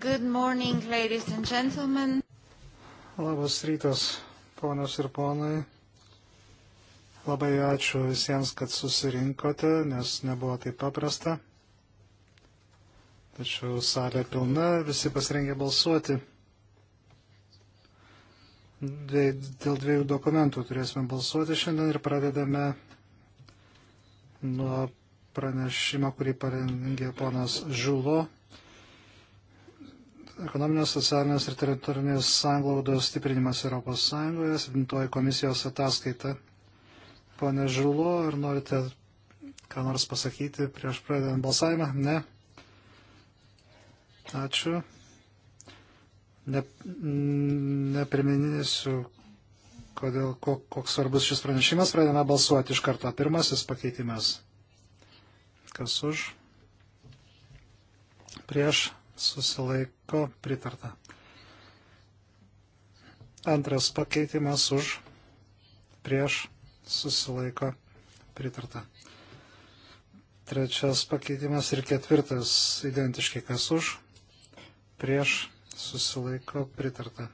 Good morning, ladies and gentlemen. Labas rytas, ponios ir ponai. Labai ačiū visiems, kad susirinkote, nes nebuvo taip paprasta. Tačiau salė pilna, visi pasirengė balsuoti. Dėl dviejų dokumentų turėsime balsuoti šiandien ir pradedame nuo pranešimo, kurį parengė ponas Žulo ekonominės, socialinės ir teritorinės sanglaudos stiprinimas Europos Sąjungoje, 7 komisijos ataskaita. Pone Žiulo, ar norite ką nors pasakyti prieš pradedant balsavimą? Ne. Ačiū. Ne, nepriminėsiu, kodėl, koks svarbus šis pranešimas. Pradedame balsuoti iš karto. Pirmasis pakeitimas. Kas už? Prieš susilaiko pritarta. Antras pakeitimas už, prieš, susilaiko pritarta. Trečias pakeitimas ir ketvirtas identiškai kas už, prieš, susilaiko pritarta.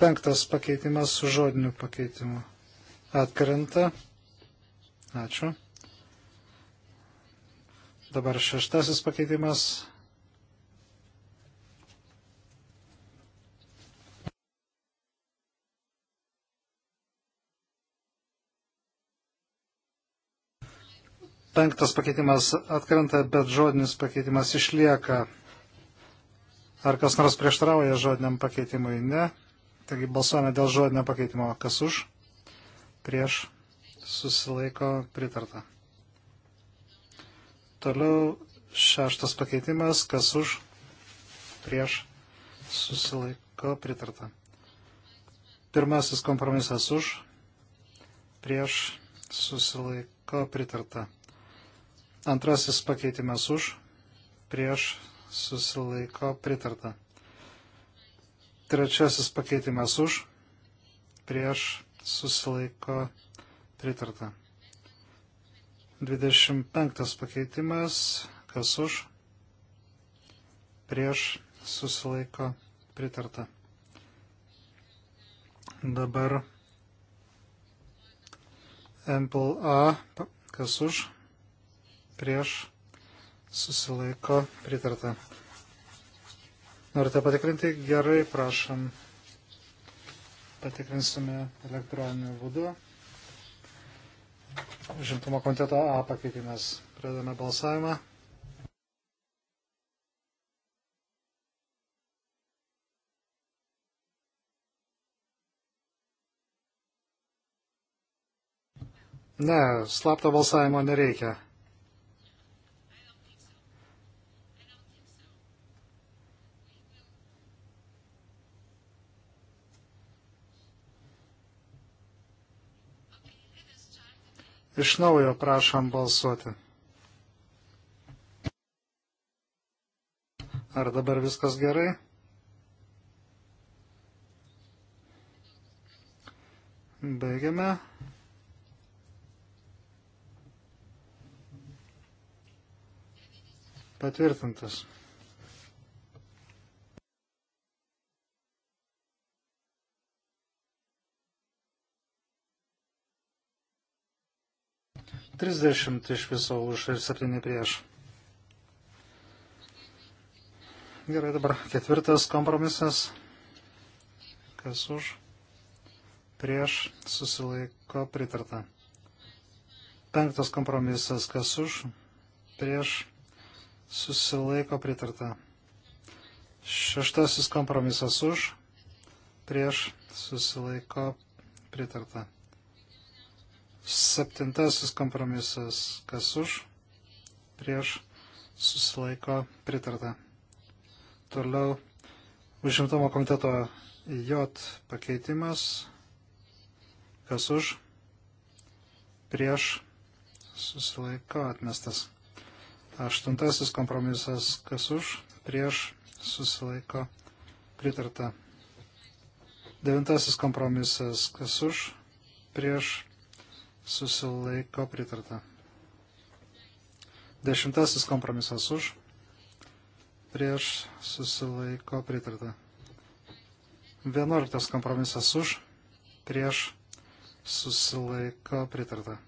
Penktas pakeitimas su žodiniu pakeitimu. Atkrenta. Ačiū. Dabar šeštasis pakeitimas. Penktas pakeitimas atkrenta, bet žodinis pakeitimas išlieka. Ar kas nors prieštarauja žodiniam pakeitimui? Ne. Taigi balsuojame dėl žodinio pakeitimo. Kas už? Prieš? Susilaiko pritarta. Toliau šeštas pakeitimas, kas už, prieš, susilaiko pritarta. Pirmasis kompromisas už, prieš, susilaiko pritarta. Antrasis pakeitimas už, prieš, susilaiko pritarta. Trečiasis pakeitimas už, prieš, susilaiko pritarta. 25 pakeitimas, kas už, prieš susilaiko pritarta. Dabar Ample A, kas už, prieš susilaiko pritarta. Norite patikrinti? Gerai, prašom. Patikrinsime elektroniniu būdu. Žimtumo komiteto A pakeitimas. Pradame balsavimą. Ne, slapto balsavimo nereikia. Iš naujo prašom balsuoti. Ar dabar viskas gerai? Baigiame. Patvirtintas. 30 iš viso už ir 7 prieš. Gerai, dabar ketvirtas kompromisas. Kas už? Prieš susilaiko pritarta. Penktas kompromisas. Kas už? Prieš susilaiko pritarta. Šeštasis kompromisas už. Prieš susilaiko pritarta. Septintasis kompromisas, kas už, prieš, susilaiko, pritarta. Toliau užimtumo komiteto J pakeitimas, kas už, prieš, susilaiko, atmestas. Aštuntasis kompromisas, kas už, prieš, susilaiko, pritarta. Devintasis kompromisas, kas už, prieš, susilaiko pritarta. Dešimtasis kompromisas už, prieš susilaiko pritarta. Vienuoliktas kompromisas už, prieš susilaiko pritarta.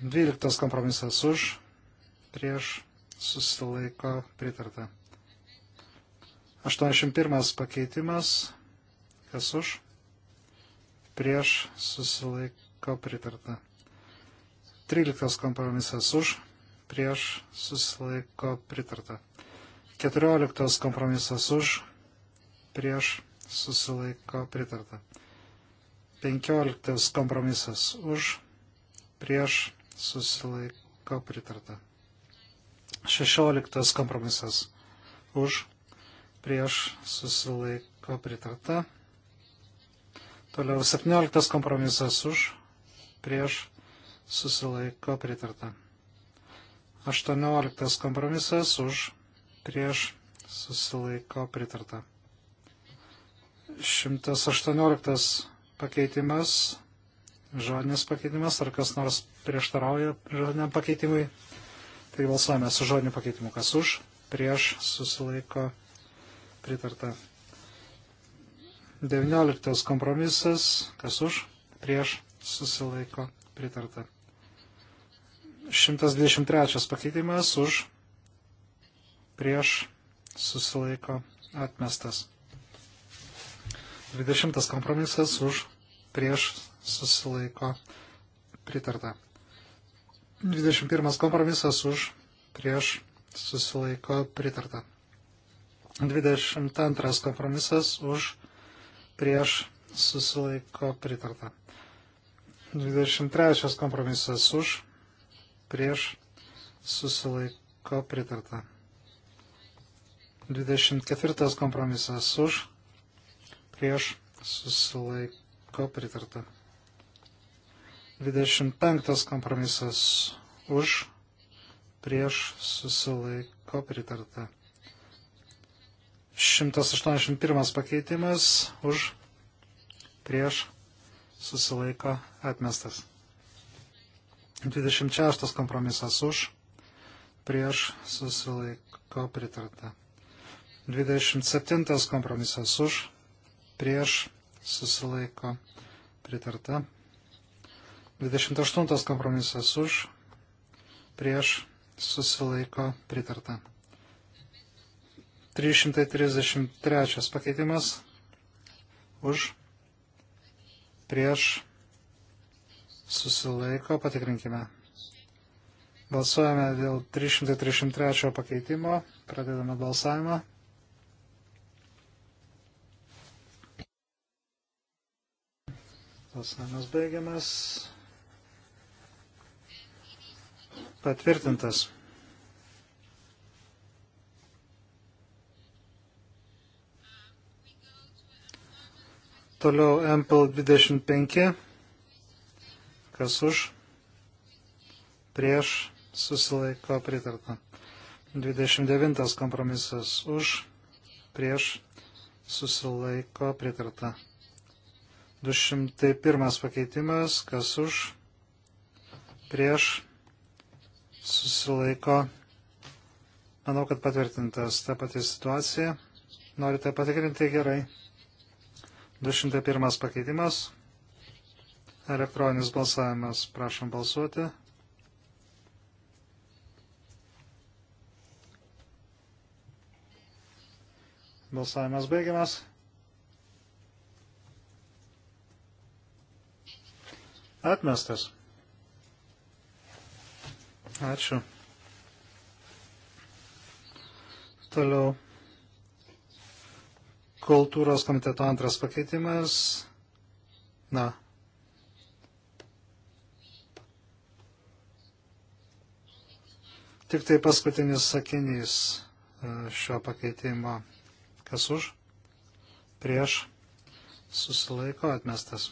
Dvyliktas kompromisas už, prieš susilaiko pritarta. 81 pakeitimas, kas už, prieš susilaiko susilaiko pritarta. 13 kompromisas už, prieš susilaiko pritarta. 14 kompromisas už, prieš susilaiko pritarta. 15 kompromisas už, prieš susilaiko pritarta. 16 kompromisas už, prieš susilaiko pritarta. Toliau 17 kompromisas už, prieš susilaiko pritarta. 18 kompromisas už prieš susilaiko pritarta. 118 pakeitimas, žodinis pakeitimas, ar kas nors prieštarauja žodiniam pakeitimui. Tai balsuojame su žodiniu pakeitimu, kas už, prieš susilaiko pritarta. 19 kompromisas, kas už, prieš susilaiko pritarta. 123 pakeitimas už prieš susilaiko atmestas. 20 kompromisas už prieš susilaiko pritarta. 21 kompromisas už prieš susilaiko pritarta. 22 kompromisas už prieš susilaiko pritarta. 23 kompromisas už, prieš, susilaiko pritarta. 24 kompromisas už, prieš, susilaiko pritarta. 25 kompromisas už, prieš, susilaiko pritarta. 181 pakeitimas už, prieš, susilaiko atmestas. 26 kompromisas už, prieš susilaiko pritarta. 27 kompromisas už, prieš susilaiko pritarta. 28 kompromisas už, prieš susilaiko pritarta. 333 pakeitimas už prieš, susilaiko, patikrinkime. Balsuojame dėl 333 pakeitimo, pradedame balsavimą. Balsavimas baigiamas. Patvirtintas. Toliau MPL 25. Kas už? Prieš susilaiko pritarta. 29 kompromisas už, prieš susilaiko pritarta. 201 pakeitimas, kas už, prieš susilaiko. Manau, kad patvirtintas ta pati situacija. Norite patikrinti gerai. 201 pakeitimas. Elektroninis balsavimas. Prašom balsuoti. Balsavimas baigiamas. Atmestas. Ačiū. Toliau kultūros komiteto antras pakeitimas. Na. Tik tai paskutinis sakinys e, šio pakeitimo. Kas už? Prieš. Susilaiko atmestas.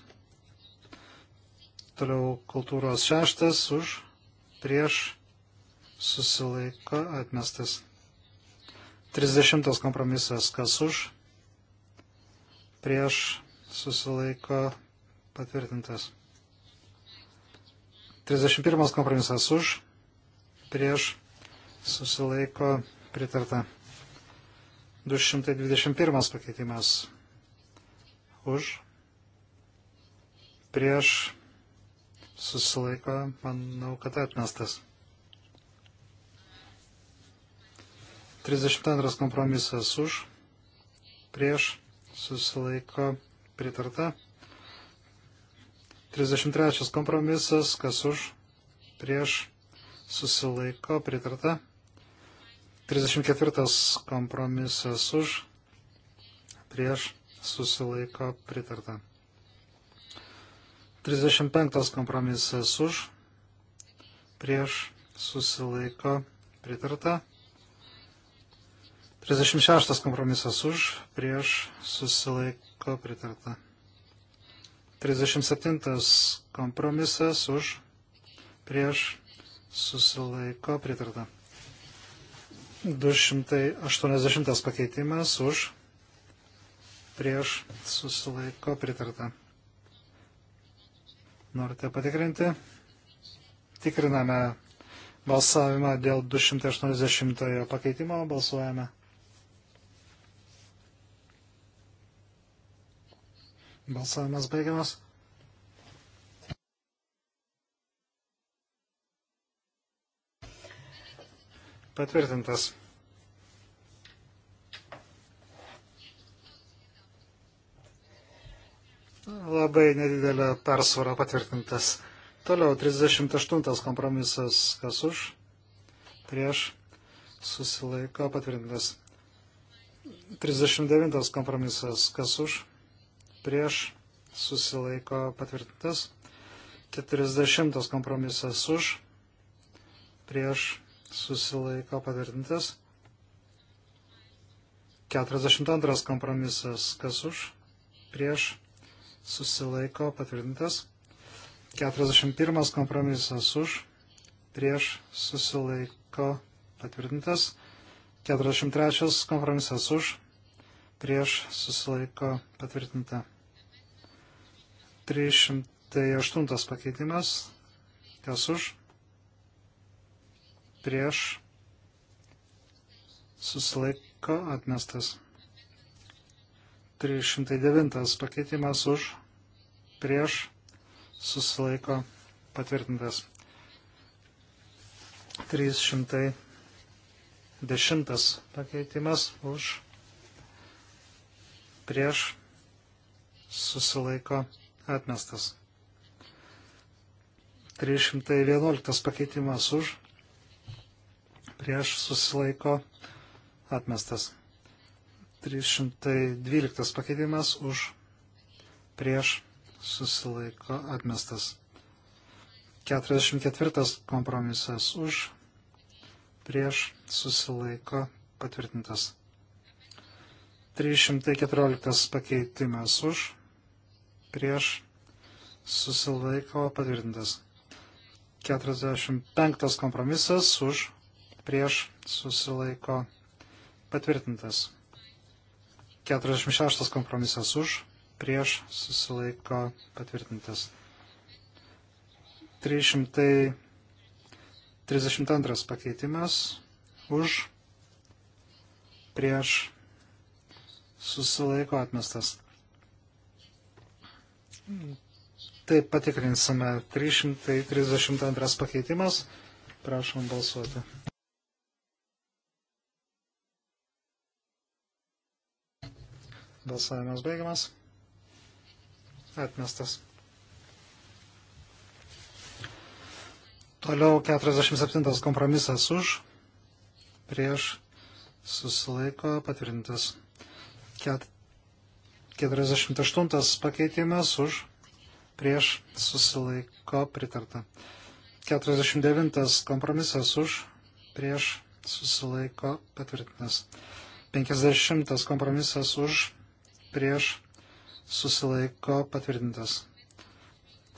Toliau kultūros šeštas už. Prieš. Susilaiko atmestas. 30 kompromisas. Kas už? prieš susilaiko patvirtintas. 31 kompromisas už, prieš susilaiko pritarta. 221 pakeitimas už, prieš susilaiko, manau, kad atmestas. 32 kompromisas už, prieš susilaiko pritarta. 33 kompromisas, kas už, prieš, susilaiko, pritarta. 34 kompromisas už, prieš, susilaiko, pritarta. 35 kompromisas už, prieš, susilaiko, pritarta. 36 kompromisas už, prieš, susilaiko pritarta. 37 kompromisas už, prieš, susilaiko pritarta. 280 pakeitimas už, prieš, susilaiko pritarta. Norite patikrinti? Tikriname balsavimą dėl 280 pakeitimo, balsuojame. Balsavimas baigiamas. Patvirtintas. Labai nedidelė persvara patvirtintas. Toliau 38 kompromisas. Kas už? Prieš. Susilaiko patvirtintas. 39 kompromisas. Kas už? prieš susilaiko patvirtintas. 40 kompromisas už prieš susilaiko patvirtintas. 42 kompromisas kas už prieš susilaiko patvirtintas. 41 kompromisas už prieš susilaiko patvirtintas. 43 kompromisas už prieš susilaiko patvirtinta. 308 pakeitimas, kas už, prieš susilaiko atmestas. 309 pakeitimas už, prieš susilaiko patvirtintas. 310 pakeitimas už prieš susilaiko atmestas. 311 pakeitimas už prieš susilaiko atmestas. 312 pakeitimas už prieš susilaiko atmestas. 44 kompromisas už prieš susilaiko patvirtintas. 314 pakeitimas už, prieš, susilaiko patvirtintas. 45 kompromisas už, prieš, susilaiko patvirtintas. 46 kompromisas už, prieš, susilaiko patvirtintas. 332 pakeitimas už, prieš, susilaiko atmestas. Taip patikrinsime. 332 pakeitimas. Prašom balsuoti. Balsavimas baigiamas. Atmestas. Toliau 47 kompromisas už, prieš, susilaiko patvirtintas. 48 pakeitimas už prieš susilaiko pritarta. 49 kompromisas už prieš susilaiko patvirtinas. 50 kompromisas už prieš susilaiko patvirtintas.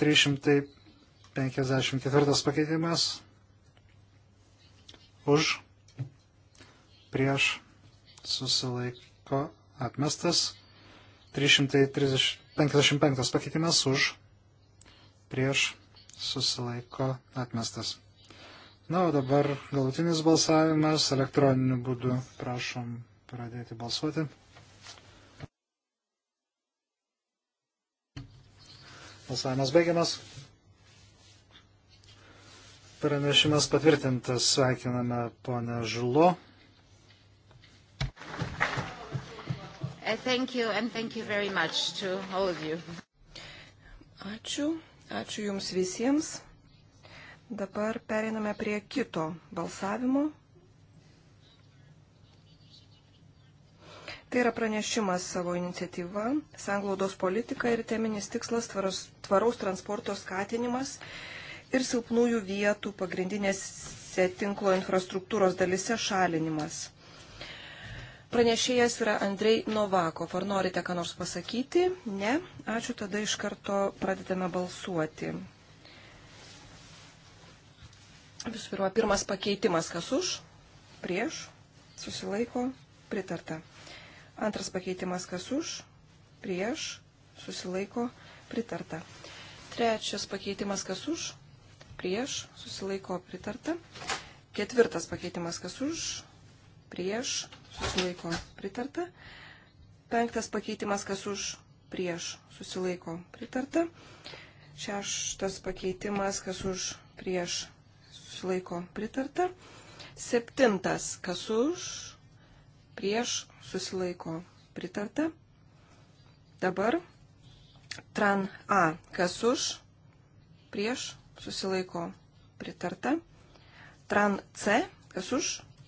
354 pakeitimas už prieš susilaiko atmestas. 355 pakeitimas už, prieš susilaiko atmestas. Na, o dabar galutinis balsavimas elektroniniu būdu. Prašom pradėti balsuoti. Balsavimas baigiamas. Pranešimas patvirtintas. Sveikiname ponę Žulo. I thank you and thank you very much to all of you. Ačiū, ačiū Jums visiems. Dabar pereiname prie kito balsavimo. Tai yra pranešimas savo iniciatyva, sanglaudos politika ir teminis tikslas tvaros, tvaraus transporto skatinimas ir silpnųjų vietų pagrindinėse tinklo infrastruktūros dalise šalinimas. Pranešėjas yra Andrei Novakov. Ar norite ką nors pasakyti? Ne. Ačiū, tada iš karto pradedame balsuoti. Visų pirma, pirmas pakeitimas, kas už, prieš, susilaiko, pritarta. Antras pakeitimas, kas už, prieš, susilaiko, pritarta. Trečias pakeitimas, kas už, prieš, susilaiko, pritarta. Ketvirtas pakeitimas, kas už, prieš, susilaiko pritarta. Penktas pakeitimas, kas už prieš susilaiko pritarta. Šeštas pakeitimas, kas už prieš susilaiko pritarta. Septintas, kas už prieš susilaiko pritarta. Dabar tran A, kas už prieš susilaiko pritarta. Tran C, kas už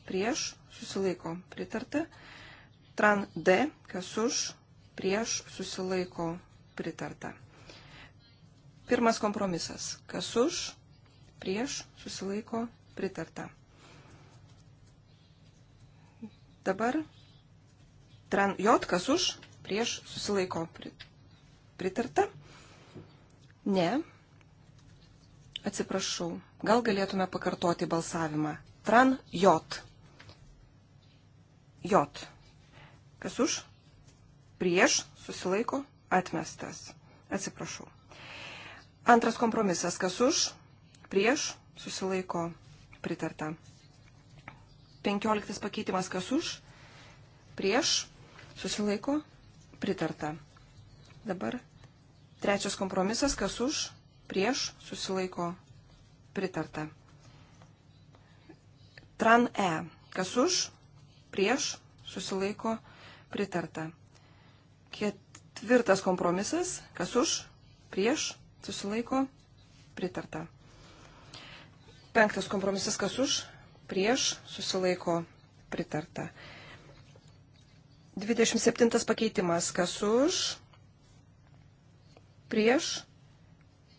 prieš susilaiko pritarta. Tran D, kas už, prieš, susilaiko pritarta. Pirmas kompromisas, kas už, prieš, susilaiko pritarta. Dabar tran J, kas už, prieš, susilaiko pritarta. Ne. Atsiprašau. Gal galėtume pakartoti balsavimą. Tran J. J. Kas už? Prieš susilaiko atmestas. Atsiprašau. Antras kompromisas. Kas už? Prieš susilaiko pritarta. Penkioliktas pakeitimas. Kas už? Prieš susilaiko pritarta. Dabar trečias kompromisas. Kas už? Prieš susilaiko pritarta. Tran E. Kas už? prieš, susilaiko, pritarta. Ketvirtas kompromisas, kas už, prieš, susilaiko, pritarta. Penktas kompromisas, kas už, prieš, susilaiko, pritarta. 27 pakeitimas, kas už, prieš,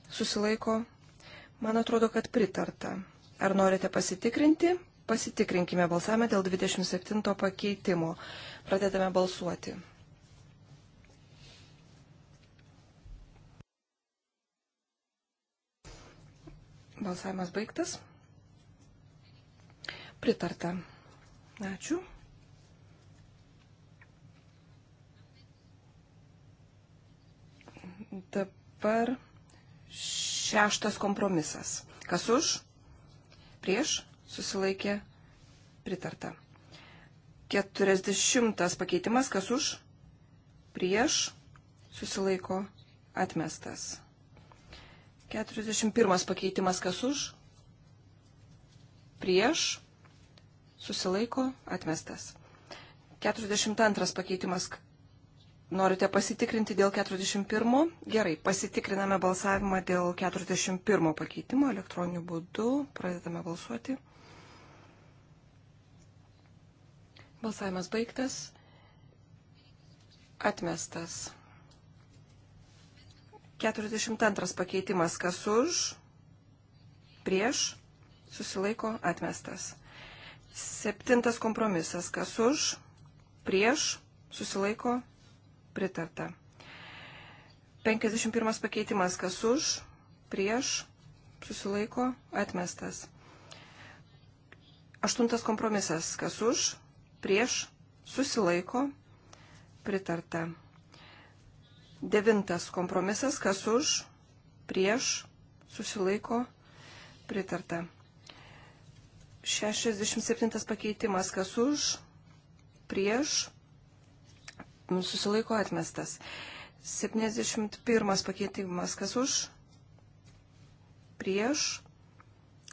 susilaiko, man atrodo, kad pritarta. Ar norite pasitikrinti? Pasitikrinkime balsavimą dėl 27 pakeitimo. Pradedame balsuoti. Balsavimas baigtas. Pritarta. Ačiū. Dabar šeštas kompromisas. Kas už? Prieš? susilaikė, pritarta. 40 pakeitimas, kas už, prieš, susilaiko, atmestas. 41 pakeitimas, kas už, prieš, susilaiko, atmestas. 42 pakeitimas, Norite pasitikrinti dėl 41? Gerai, pasitikriname balsavimą dėl 41 pakeitimo elektroniniu būdu. Pradedame balsuoti. Balsavimas baigtas. Atmestas. 42 pakeitimas kas už, prieš, susilaiko, atmestas. Septintas kompromisas kas už, prieš, susilaiko, pritarta. 51 pakeitimas kas už, prieš, susilaiko, atmestas. Aštuntas kompromisas kas už, prieš, susilaiko, pritarta. Devintas kompromisas, kas už, prieš, susilaiko, pritarta. 67 pakeitimas, kas už, prieš, susilaiko atmestas. 71 pakeitimas, kas už, prieš,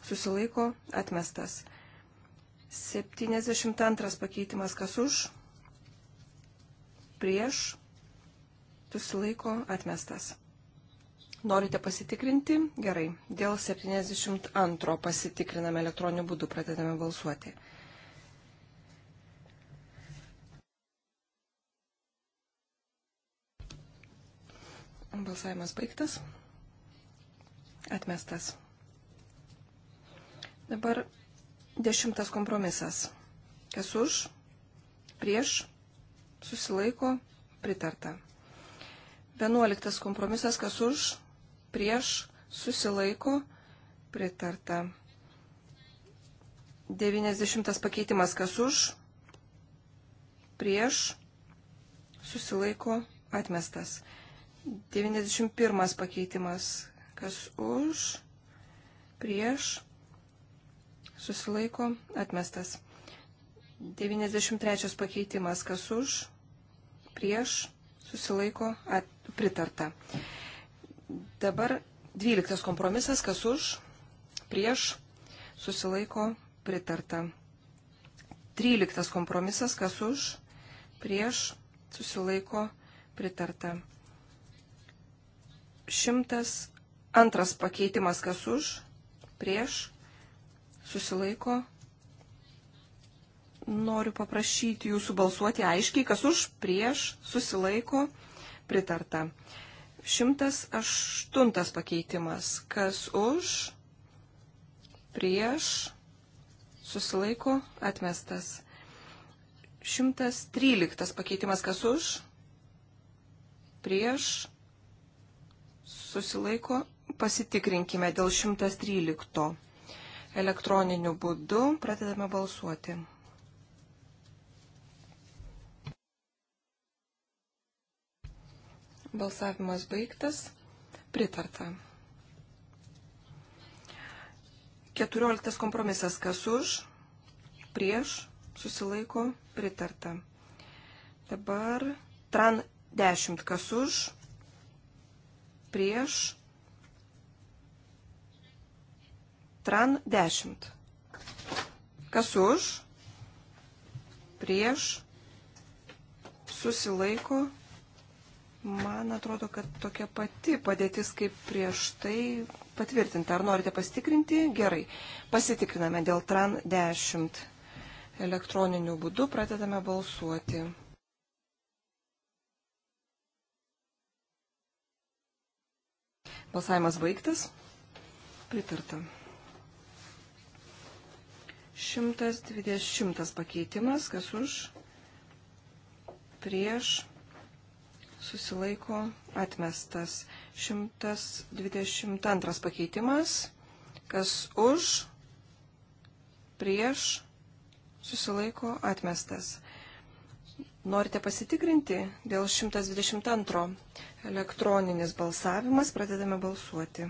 susilaiko atmestas. 72 pakeitimas kas už, prieš, susilaiko atmestas. Norite pasitikrinti? Gerai. Dėl 72 pasitikriname elektroniniu būdu, pradedame balsuoti. Balsavimas baigtas. Atmestas. Dabar Dešimtas kompromisas. Kas už, prieš, susilaiko, pritarta. Vienuoliktas kompromisas. Kas už, prieš, susilaiko, pritarta. Devyniasdešimtas pakeitimas. Kas už, prieš, susilaiko, atmestas. Devyniasdešimt pirmas pakeitimas. Kas už, prieš, susilaiko susilaiko, atmestas. 93 pakeitimas, kas už, prieš, susilaiko, at, pritarta. Dabar 12 kompromisas, kas už, prieš, susilaiko, pritarta. 13 kompromisas, kas už, prieš, susilaiko, pritarta. 102 pakeitimas, kas už, prieš, susilaiko. Noriu paprašyti jūsų balsuoti aiškiai, kas už, prieš, susilaiko, pritarta. 108 pakeitimas, kas už, prieš, susilaiko, atmestas. 113 pakeitimas, kas už, prieš, susilaiko, pasitikrinkime dėl 113 elektroniniu būdu. Pradedame balsuoti. Balsavimas baigtas. Pritarta. 14 kompromisas. Kas už? Prieš? Susilaiko? Pritarta. Dabar tran 10. Kas už? Prieš? Tran 10. Kas už, prieš, susilaiko. Man atrodo, kad tokia pati padėtis kaip prieš tai patvirtinta. Ar norite pasitikrinti? Gerai. Pasitikriname dėl TRAN 10. Elektroniniu būdu pradedame balsuoti. Balsavimas baigtas. Pritarta. 120 pakeitimas, kas už, prieš, susilaiko, atmestas. 122 pakeitimas, kas už, prieš, susilaiko, atmestas. Norite pasitikrinti dėl 122 elektroninis balsavimas, pradedame balsuoti.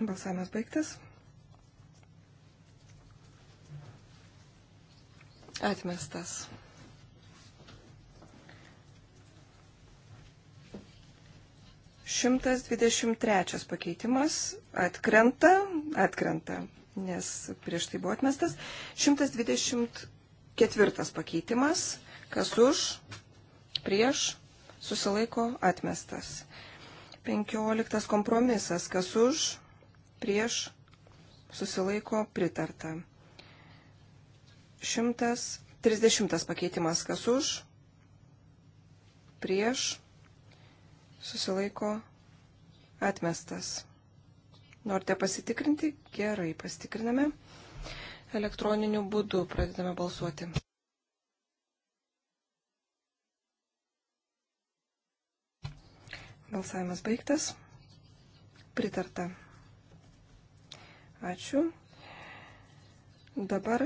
Balsavimas baigtas. Atmestas. Šimtas dvidešimt trečias pakeitimas atkrenta, atkrenta, nes prieš tai buvo atmestas. Šimtas dvidešimt ketvirtas pakeitimas, kas už, prieš, susilaiko atmestas. Penkioliktas kompromisas, kas už, prieš susilaiko pritarta. 130 pakeitimas kas už, prieš susilaiko atmestas. Norite pasitikrinti? Gerai, pasitikriname. Elektroniniu būdu pradedame balsuoti. Balsavimas baigtas. Pritarta. Ačiū. Dabar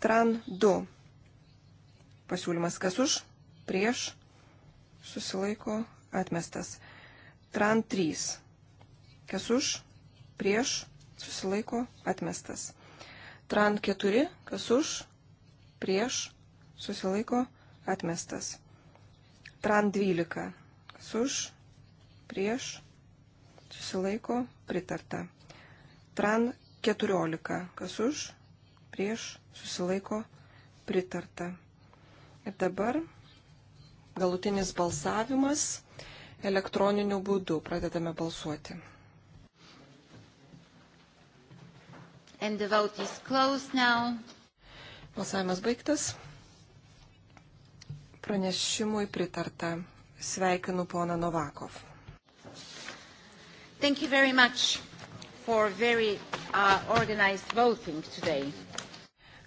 tran 2. Pasiūlymas kas už, prieš, susilaiko, atmestas. Tran 3. Kas už, prieš, susilaiko, atmestas. Tran 4. Kas už, prieš, susilaiko, atmestas. Tran 12. Kas už, prieš, susilaiko, pritarta. Tran 14. Kas už, prieš, susilaiko, pritarta. Ir dabar galutinis balsavimas elektroniniu būdu. Pradedame balsuoti. And the vote is closed now. Balsavimas baigtas. Pranešimui pritarta. Sveikinu poną Novakov. Thank you very much for very uh, organized voting today.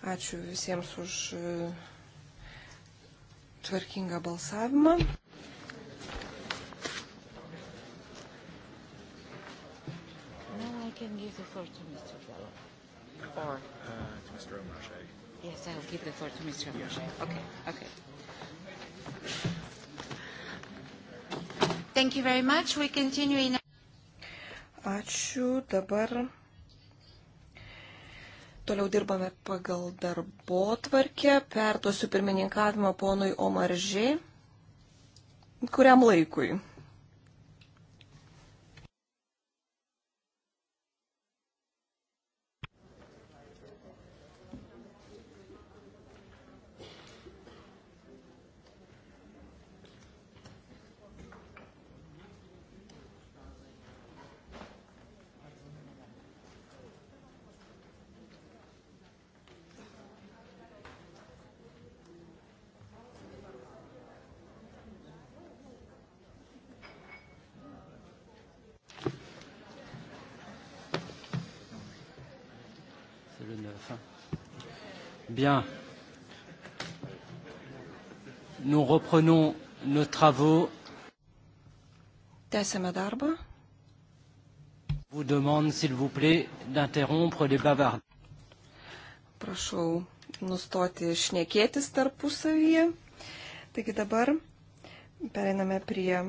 Ačiū visiems už uh, tvarkingą balsavimą. Now I can give the floor to Mr. Gallo. Or? Uh, to Mr. Omarche. Yes, I'll give the floor to Mr. Omarche. Yeah. Okay, okay. Thank you very much. We continue in Ačiū. Dabar toliau dirbame pagal darbo tvarkę. Perduosiu pirmininkavimą ponui Omaržį. Kuriam laikui? fin. Bien. Nous reprenons nos travaux. Tęsėme darbą. Vous demande, s'il vous plaît, d'interrompre les bavards. Prašau nustoti šnekėtis tarpusavyje. Taigi dabar pereiname prie e,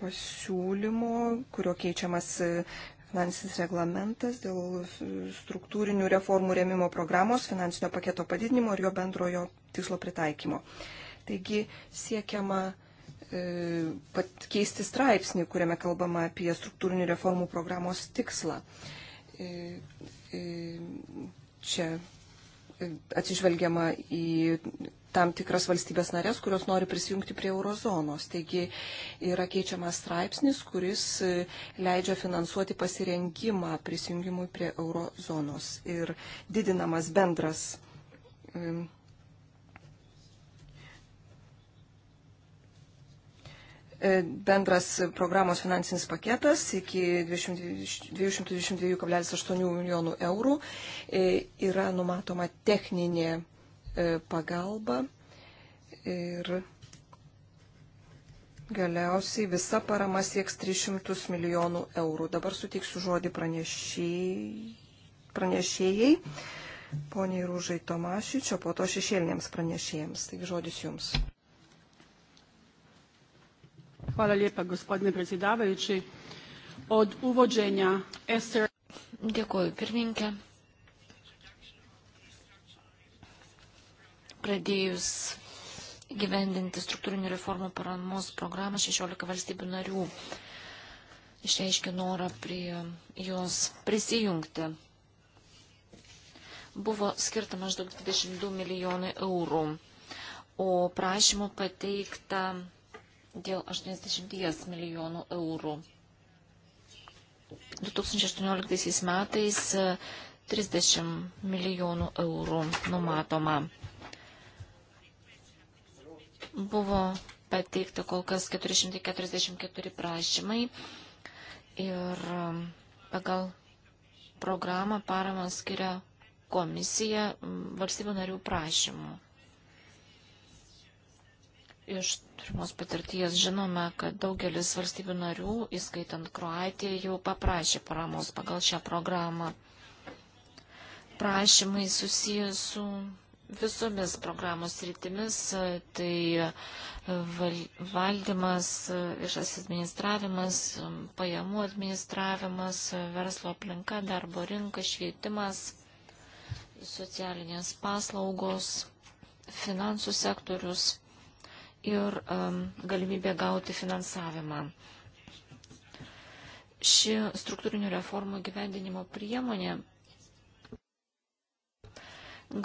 pasiūlymo, kurio keičiamas e, finansinis reglamentas dėl struktūrinių reformų remimo programos, finansinio paketo padidinimo ir jo bendrojo tikslo pritaikymo. Taigi siekiama e, keisti straipsnį, kuriame kalbama apie struktūrinių reformų programos tikslą. E, e, čia atsižvelgiama į tam tikras valstybės narės, kurios nori prisijungti prie eurozonos. Taigi yra keičiamas straipsnis, kuris e, leidžia finansuoti pasirengimą prisijungimui prie eurozonos ir didinamas bendras e, E, bendras programos finansinis paketas iki 222,8 milijonų eurų e, yra numatoma techninė e, pagalba ir galiausiai visa parama sieks 300 milijonų eurų. Dabar sutiksiu žodį pranešėjai, pranešėjai poniai Rūžai Tomašičio, po to šešėlinėms pranešėjams. Taigi žodis jums. Hvala lijepa, gospodine predsjedavajući. Od uvođenja SR... Dėkuoju, pirmininkė. Pradėjus gyvendinti struktūrinių reformų paramos programą 16 valstybių narių išreiškė norą prie um, jos prisijungti. Buvo skirta maždaug 22 milijonai eurų, o prašymų pateikta dėl 80 milijonų eurų. 2018 metais 30 e, milijonų eurų numatoma. Buvo pateikta kol kas 444 prašymai ir e, pagal programą paramą skiria komisija valstybių narių prašymų. Iš turimos patirties žinome, kad daugelis valstybių narių, įskaitant Kroatiją, jau paprašė paramos pagal šią programą. Prašymai susijęs su visomis programos rytimis, tai e, valdymas, e, viešas administravimas, pajamų administravimas, e, verslo aplinka, darbo rinka, švietimas, socialinės paslaugos, finansų sektorius ir um, galimybė gauti finansavimą. Ši struktūrinių reformų gyvendinimo priemonė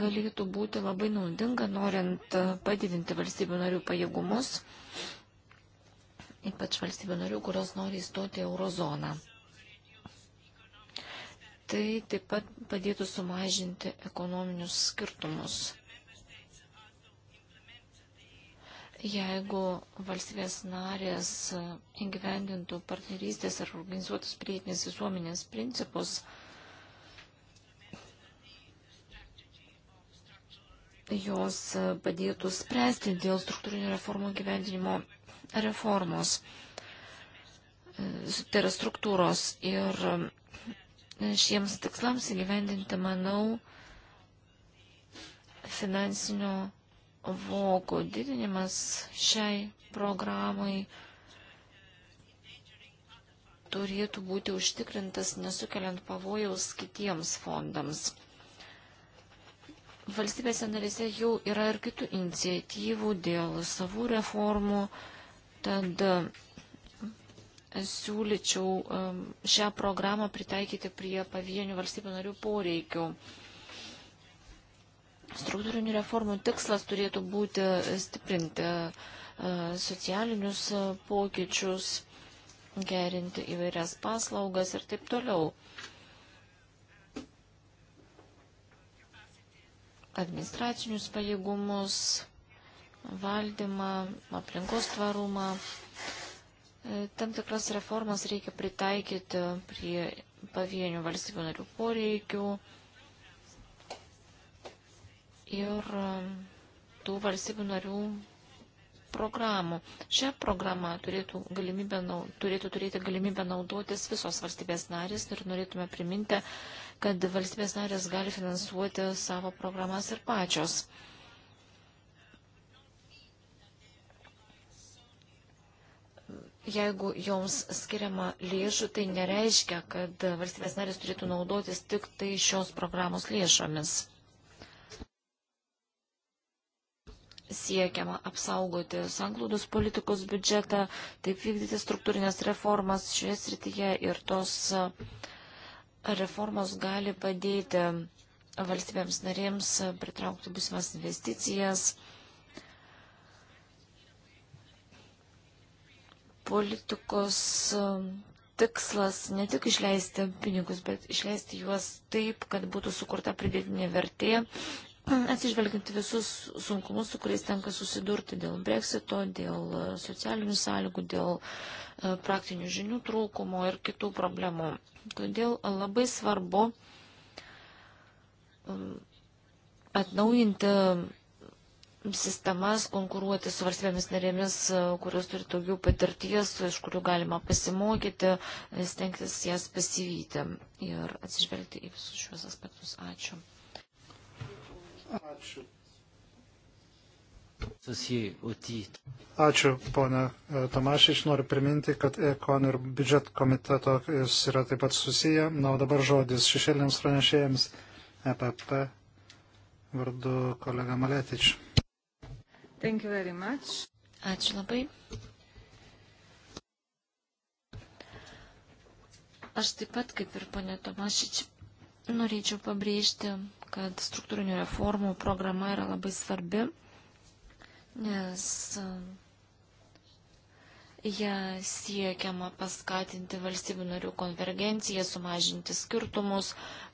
galėtų būti labai naudinga, norint uh, padidinti valstybių narių pajėgumus, ypač valstybių narių, kurios nori įstoti eurozoną. Tai taip pat padėtų sumažinti ekonominius skirtumus. Jeigu valstybės narės įgyvendintų partnerystės ar organizuotus pilietinės visuomenės principus, jos padėtų spręsti dėl struktūrinio reformų gyvendinimo reformos. Tai yra struktūros ir šiems tikslams įgyvendinti, manau, finansinio voko didinimas šiai programai turėtų būti užtikrintas nesukeliant pavojaus kitiems fondams. Valstybėse narėse jau yra ir kitų iniciatyvų dėl savų reformų, tad e, siūlyčiau e, šią programą pritaikyti prie pavienių valstybių narių poreikių. Struktūrinių reformų tikslas turėtų būti stiprinti e, socialinius e, pokyčius, gerinti įvairias paslaugas ir taip toliau. Administracinius pajėgumus, valdymą, aplinkos tvarumą. E, tam tikras reformas reikia pritaikyti prie pavienių valstybių narių poreikių, ir um, tų valstybių narių programų. Šią programą turėtų, galimybę, turėtų turėti galimybę naudotis visos valstybės narės ir norėtume priminti, kad valstybės narės gali finansuoti savo programas ir pačios. Jeigu joms skiriama lėšų, tai nereiškia, kad valstybės narės turėtų naudotis tik tai šios programos lėšomis. siekiama apsaugoti sanglūdus politikos biudžetą, taip vykdyti struktūrinės reformas šioje srityje ir tos e, reformos gali padėti valstybėms narėms pritraukti būsimas investicijas. Politikos e, tikslas ne tik išleisti pinigus, bet išleisti juos taip, kad būtų sukurta pridėtinė vertė Atsižvelgiant visus sunkumus, su kuriais tenka susidurti dėl breksito, dėl e, socialinių sąlygų, dėl e, praktinių žinių trūkumo ir kitų problemų. Todėl labai svarbu atnaujinti sistemas, konkuruoti su valstybėmis narėmis, e, kurios turi daugiau patirties, iš kurių galima pasimokyti, stengtis jas pasivyti ir atsižvelgti į visus šiuos aspektus. Ačiū. Ačiū. Ačiū, pona e, Tomašič. Noriu priminti, kad ECON ir biudžet komiteto jis yra taip pat susiję. Na, o dabar žodis šešėlėms pranešėjams EPP vardu kolega Maletič. Ačiū labai. Aš taip pat, kaip ir ponė Tomašič, norėčiau pabrėžti, kad struktūrinių reformų programa yra labai svarbi, nes e, ją siekiama paskatinti valstybių narių konvergenciją, sumažinti skirtumus,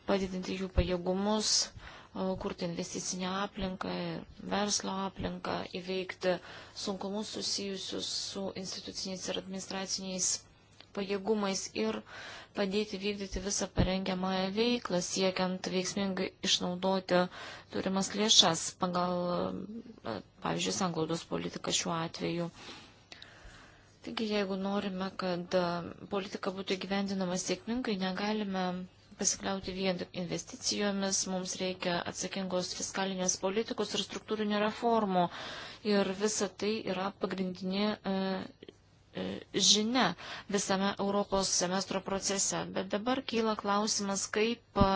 padidinti jų pajėgumus, e, kurti investicinę aplinką, verslo aplinką, įveikti sunkumus susijusius su instituciniais ir administraciniais pajėgumais ir padėti vykdyti visą parengiamąją veiklą, siekiant veiksmingai išnaudoti turimas lėšas pagal, e, pavyzdžiui, sanglaudos politiką šiuo atveju. Taigi, jeigu norime, kad e, politika būtų gyvendinama sėkmingai, negalime pasikliauti vien investicijomis, mums reikia atsakingos fiskalinės politikos ir struktūrinių reformų. Ir visa tai yra pagrindinė e, E, žinia visame Europos semestro procese. Bet dabar kyla klausimas, kaip e,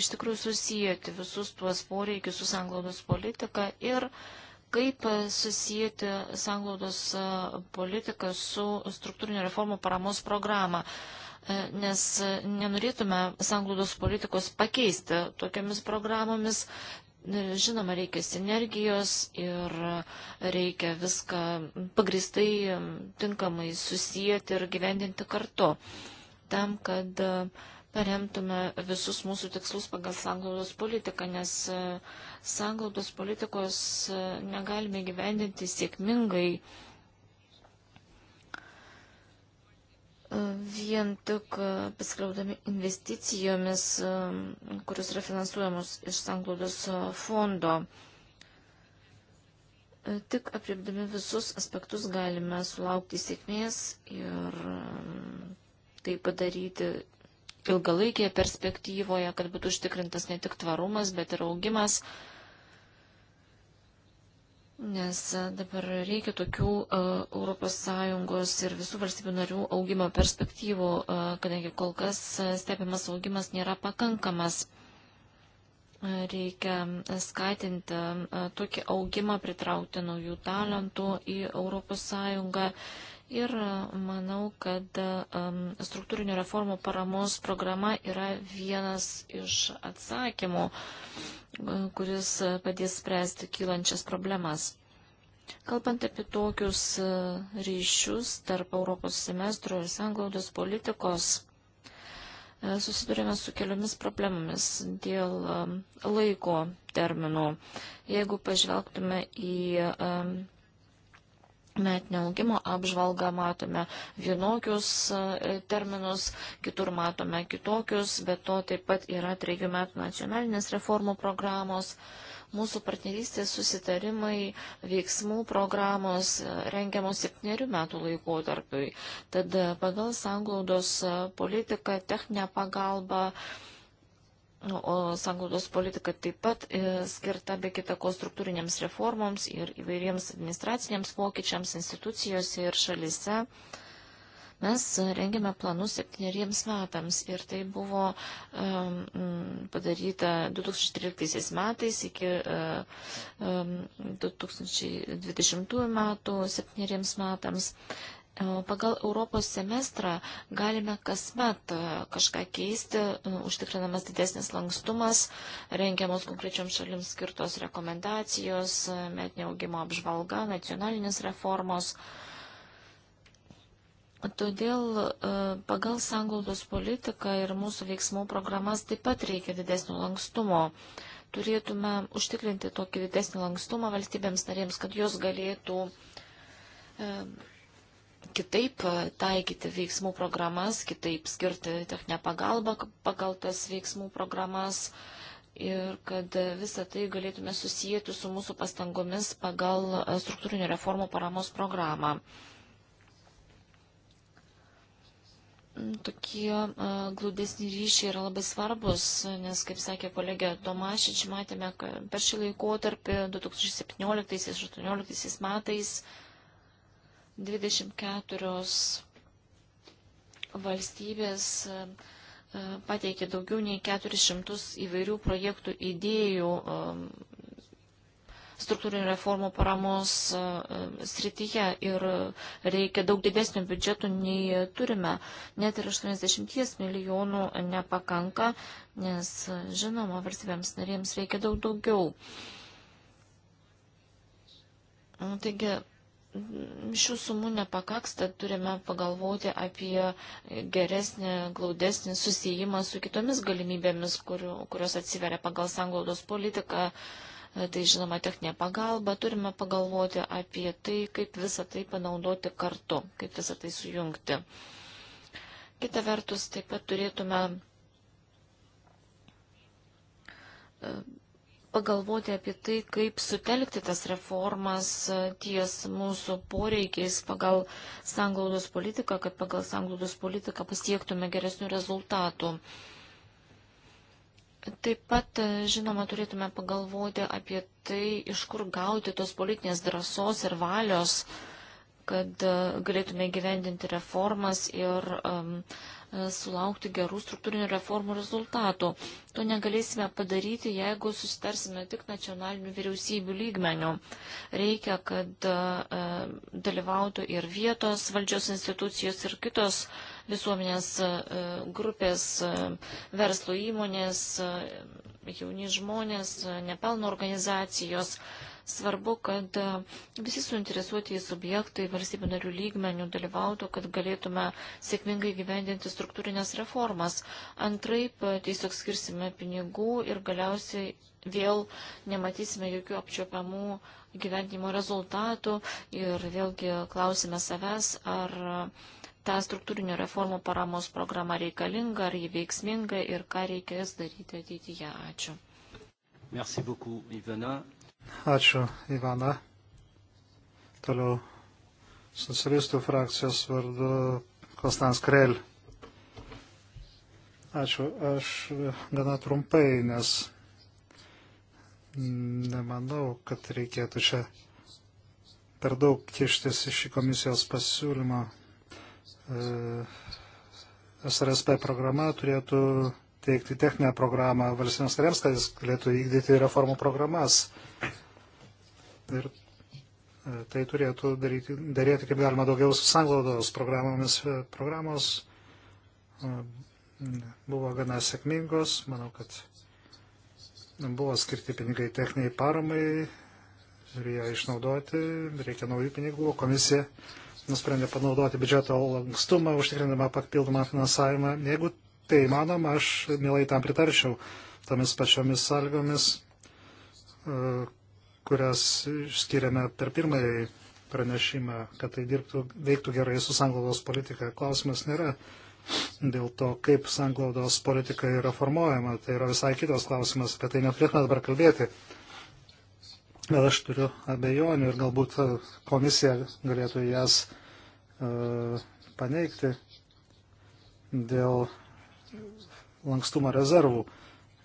iš tikrųjų susijęti visus tuos poreikius su sanglaudos politika ir kaip e, susijęti sanglaudos politiką su struktūrinio reformų paramos programa. Nes nenorėtume sanglaudos politikos pakeisti tokiamis programomis Žinoma, reikia sinergijos ir reikia viską pagristai tinkamai susijęti ir gyvendinti kartu, tam, kad e, paremtume visus mūsų tikslus pagal sanglaudos politiką, nes e, sanglaudos politikos e, negalime gyvendinti sėkmingai vien tik e, paskliaudami investicijomis, e, kurios yra finansuojamos iš sanglaudos e, fondo. Tik apriepdami visus aspektus galime sulaukti sėkmės ir tai padaryti ilgalaikėje perspektyvoje, kad būtų užtikrintas ne tik tvarumas, bet ir augimas. Nes e, dabar reikia tokių ES ir visų valstybių narių augimo perspektyvų, a, e, kadangi kol kas e, stebimas augimas nėra pakankamas. A, reikia skatinti a, tokį augimą, pritraukti naujų talentų į ES Ir e, manau, kad e, struktūrinio reformų paramos programa yra vienas iš atsakymų, e, kuris padės spręsti kylančias problemas. Kalbant apie tokius ryšius tarp Europos semestro ir sanglaudos politikos, susidurėme su keliomis problemomis dėl laiko terminų. Jeigu pažvelgtume į metinio augimo apžvalgą matome vienokius e, terminus, kitur matome kitokius, bet to taip pat yra trejų metų nacionalinės reformų programos. Mūsų partnerystės susitarimai, veiksmų programos e, rengiamos septynerių metų laikotarpiui. Tad e, pagal sanglaudos politiką, techninę pagalbą, Nu, o sanglaudos politika taip pat e, skirta be kita ko struktūrinėms reformoms ir įvairiems administraciniams pokyčiams institucijose ir šalise mes rengėme planus septyneriems metams ir tai buvo um, padaryta 2013 metais iki um, e, 2020 metų septyneriems metams. Pagal Europos semestrą galime kasmet e, kažką keisti, e, užtikrinamas didesnis lankstumas, rengiamos konkrečioms šalims skirtos rekomendacijos, e, metinio augimo apžvalga, nacionalinės reformos. Todėl pagal sanglaudos politiką ir mūsų veiksmų programas taip pat reikia didesnio lankstumo turėtume užtikrinti tokį didesnį lankstumą valstybėms narėms, kad jos galėtų kitaip e, taikyti veiksmų programas, kitaip skirti techninę pagalbą pagal tas veiksmų programas ir kad visą tai galėtume susijęti su mūsų pastangomis pagal e, struktūrinio reformų paramos programą. Mm, tokie e, glūdesni ryšiai yra labai svarbus, nes, kaip sakė kolegė Tomašič, matėme, kad per šį laikotarpį 2017-2018 metais 24 valstybės e, pateikė daugiau nei 400 įvairių projektų idėjų e, struktūrinių reformų paramos e, srityje ir reikia daug didesnių biudžetų nei turime. Net ir 80 milijonų nepakanka, nes žinoma, valstybėms narėms reikia daug daugiau. Taigi, šių sumų nepakaks, tad turime pagalvoti apie geresnį, glaudesnį susijimą su kitomis galimybėmis, kuriu, kurios atsiveria pagal sanglaudos politiką. Tai žinoma, techninė pagalba, turime pagalvoti apie tai, kaip visą tai panaudoti kartu, kaip visą tai sujungti. Kita vertus, taip pat turėtume pagalvoti apie tai, kaip sutelkti tas reformas e, ties mūsų poreikiais pagal sanglaudos politiką, kad pagal sanglaudos politiką pasiektume geresnių rezultatų. Taip pat, e, žinoma, turėtume pagalvoti apie tai, iš kur gauti tos politinės drąsos ir valios uh, kad e, galėtume gyvendinti reformas ir um, sulaukti gerų struktūrinių reformų rezultatų. To negalėsime padaryti, jeigu susitarsime tik nacionalinių vyriausybių lygmenių. Reikia, kad e, dalyvautų ir vietos valdžios institucijos, ir kitos visuomenės grupės, verslo įmonės, jauni žmonės, nepelno organizacijos. Svarbu, kad e, visi suinteresuoti į subjektai valstybių narių lygmenių dalyvautų, kad galėtume sėkmingai gyvendinti struktūrinės reformas. Antraip e, tiesiog skirsime pinigų ir galiausiai vėl nematysime jokių apčiopiamų gyvendimo rezultatų ir vėlgi klausime savęs, ar e, ta struktūrinio reformų paramos programa reikalinga, ar jį veiksminga ir ką reikės daryti ateityje. Ačiū. Merci beaucoup, Ivana. Ačiū, Ivana. Toliau socialistų frakcijos vardu Kostans Krell. Ačiū. Aš gana trumpai, nes nemanau, kad reikėtų čia per daug kištis iš šį komisijos pasiūlymą. E, SRSP programa turėtų teikti techninę programą valstybėms kariams, kad jis galėtų vykdyti reformų programas. Ir e, tai turėtų daryti, daryti kaip galima daugiau su sanglaudos programomis. E, programos e, buvo gana sėkmingos, manau, kad buvo skirti pinigai techniniai paramai ir jie išnaudoti, reikia naujų pinigų, komisija nusprendė panaudoti biudžeto lankstumą, užtikrindama papildomą finansavimą. Jeigu tai įmanoma, aš mielai tam pritarčiau tomis pačiomis sąlygomis, e, kurias skiriame per pirmąjį pranešimą, kad tai dirbtų, veiktų gerai su sanglaudos politika. Klausimas nėra dėl to, kaip sanglaudos politika yra formuojama. Tai yra visai kitas klausimas, apie tai neturėtume dabar kalbėti. Bet aš turiu abejonių ir galbūt komisija galėtų jas uh, paneigti dėl lankstumo rezervų.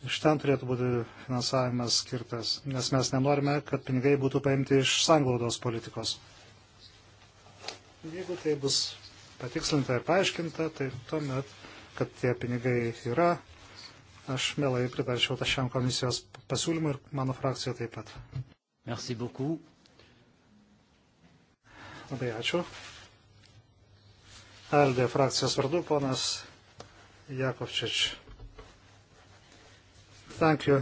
Iš ten turėtų būti finansavimas skirtas, nes mes nenorime, kad pinigai būtų paimti iš sanglaudos politikos. Jeigu tai bus patikslinta ir paaiškinta, tai tuomet, kad tie pinigai yra, aš mielai pritarčiau šiam komisijos pasiūlymui ir mano frakcija taip pat. Merci beaucoup. Labai ačiū. Aldė frakcijos vardu ponas Jakovčič. Ačiū,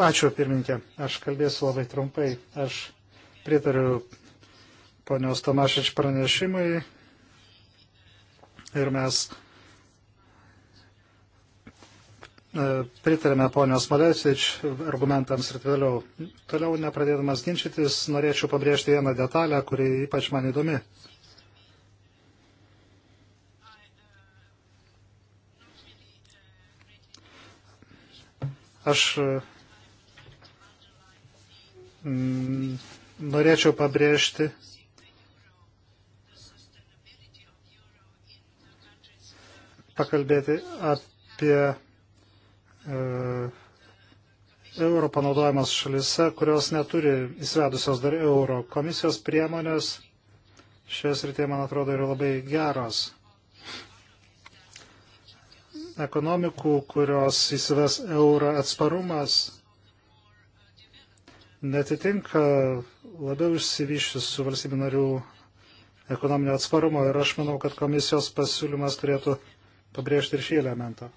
ačiū pirminkė. Aš kalbėsiu labai trumpai. Aš pritariu ponios Tomašič pranešimui ir mes e, pritarėme ponios Malesič argumentams ir vėliau. Toliau, nepradėdamas ginčytis, norėčiau pabrėžti vieną detalę, kuri ypač man įdomi. Aš e, norėčiau pabrėžti, pakalbėti apie e, euro panaudojimas šalise, kurios neturi įsvedusios dar euro. Komisijos priemonės šios rytėje, man atrodo, yra labai geros ekonomikų, kurios įsives eurą atsparumas, netitinka labiau išsivyščiusių valstybių narių ekonominio atsparumo ir aš manau, kad komisijos pasiūlymas turėtų pabrėžti ir šį elementą.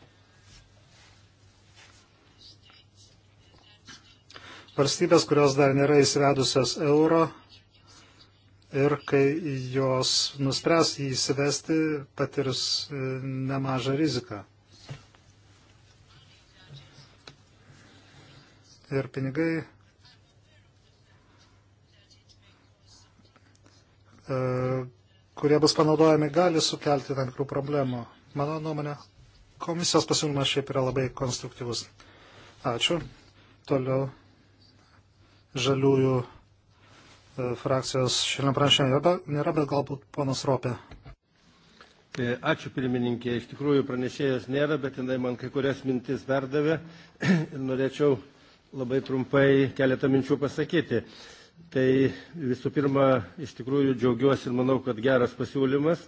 Valstybės, kurios dar nėra įsivedusios euro ir kai jos nuspręs jį įsivesti, patirs e, nemažą riziką. ir pinigai e, kurie bus panaudojami, gali sukelti tam tikrų problemų. Mano nuomonė, komisijos pasiūlymas šiaip yra labai konstruktyvus. Ačiū. Toliau žaliųjų e, frakcijos šiandien pranešėjo nėra, bet galbūt ponas Ropė. E, ačiū pirmininkė, iš tikrųjų pranešėjos nėra, bet jinai man kai kurias mintis perdavė ir norėčiau labai trumpai keletą minčių pasakyti. Tai visų pirma, iš tikrųjų džiaugiuosi ir manau, kad geras pasiūlymas,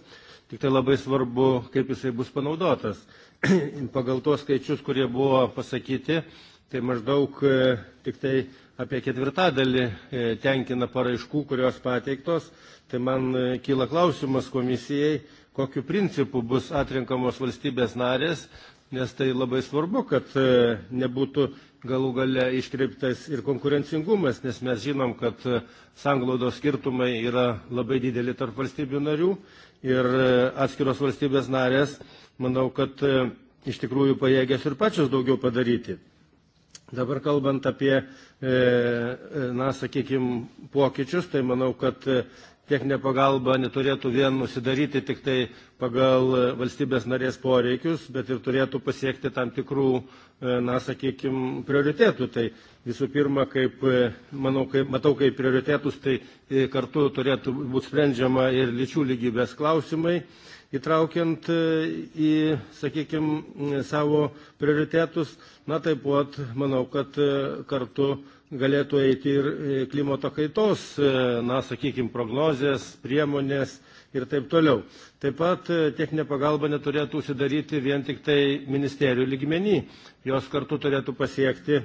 tik tai labai svarbu, kaip jisai bus panaudotas. Pagal tos skaičius, kurie buvo pasakyti, tai maždaug e, tik tai apie ketvirtadalį e, tenkina paraiškų, kurios pateiktos. Tai man e, kyla klausimas komisijai, kokiu principu bus atrenkamos valstybės narės, nes tai labai svarbu, kad nebūtų galų gale iškreiptas ir konkurencingumas, nes mes žinom, kad e, sanglaudos skirtumai yra labai dideli tarp valstybių narių ir e, atskiros valstybės narės, manau, kad e, iš tikrųjų pajėgės ir pačios daugiau padaryti. Dabar kalbant apie, na, sakykime, pokyčius, tai manau, kad techninė pagalba neturėtų vien užsidaryti tik tai pagal e, valstybės narės poreikius, bet ir turėtų pasiekti tam tikrų, e, na, sakykime, prioritėtų. Tai visų pirma, kaip, e, manau, kaip, matau, kaip prioritėtus, tai kartu turėtų būti sprendžiama ir lyčių lygybės klausimai įtraukiant į, sakykime, savo prioritetus. Na, taip pat manau, kad kartu galėtų eiti ir e, klimato kaitos, e, na, sakykime, prognozės, priemonės ir taip toliau. Taip pat e, techninė pagalba neturėtų užsidaryti vien tik tai ministerijų lygmenį, jos kartu turėtų pasiekti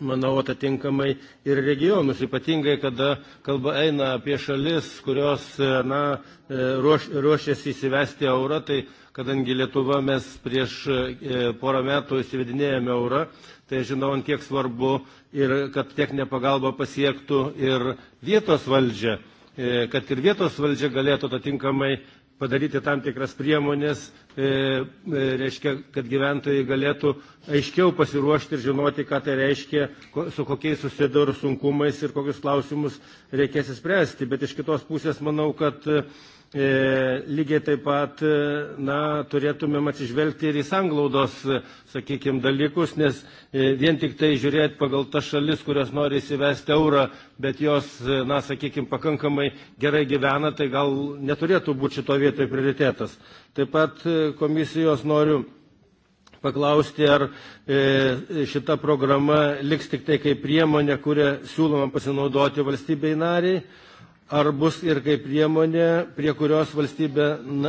manau, atitinkamai ir regionus, ypatingai, kada kalba eina apie šalis, kurios e, na, e, ruoš, ruošiasi įsivesti eurą, tai kadangi Lietuva mes prieš e, porą metų įsivedinėjome eurą, tai žinau, kiek svarbu ir kad techninė pagalba pasiektų ir vietos valdžią kad ir vietos valdžia galėtų atitinkamai padaryti tam tikras priemonės, e, e, reiškia, kad gyventojai galėtų aiškiau pasiruošti ir žinoti, ką tai reiškia, su kokiais susidaro sunkumais ir kokius klausimus reikės įspręsti. Bet iš kitos pusės manau, kad e, E, lygiai taip pat e, na, turėtumėm atsižvelgti ir į sanglaudos, e, sakykime, dalykus, nes vien tik tai žiūrėti pagal tas šalis, kurios nori įsivesti eurą, bet jos, na, sakykime, pakankamai gerai gyvena, tai gal neturėtų būti šito vietoje prioritetas. Taip pat komisijos noriu paklausti, ar šita programa liks tik tai kaip priemonė, kurią siūloma pasinaudoti valstybei nariai ar bus ir kaip priemonė, prie kurios valstybė,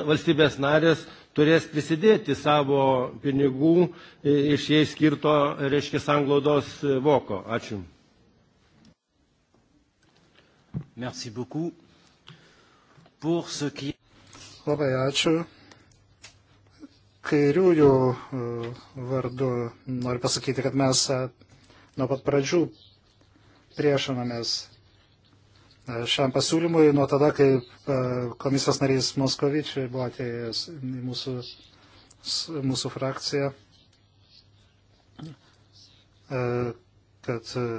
valstybės narės turės prisidėti savo pinigų e, iš jais skirto, reiškia, sanglaudos voko. Ačiū. Merci beaucoup. Pour ce qui... Labai ačiū. Kairiųjų e, vardu noriu pasakyti, kad mes e, nuo pat pradžių priešinamės šiam pasiūlymui nuo tada, kai e, komisijos narys Moskovičiai buvo atėjęs į mūsų, mūsų frakciją, e, kad e,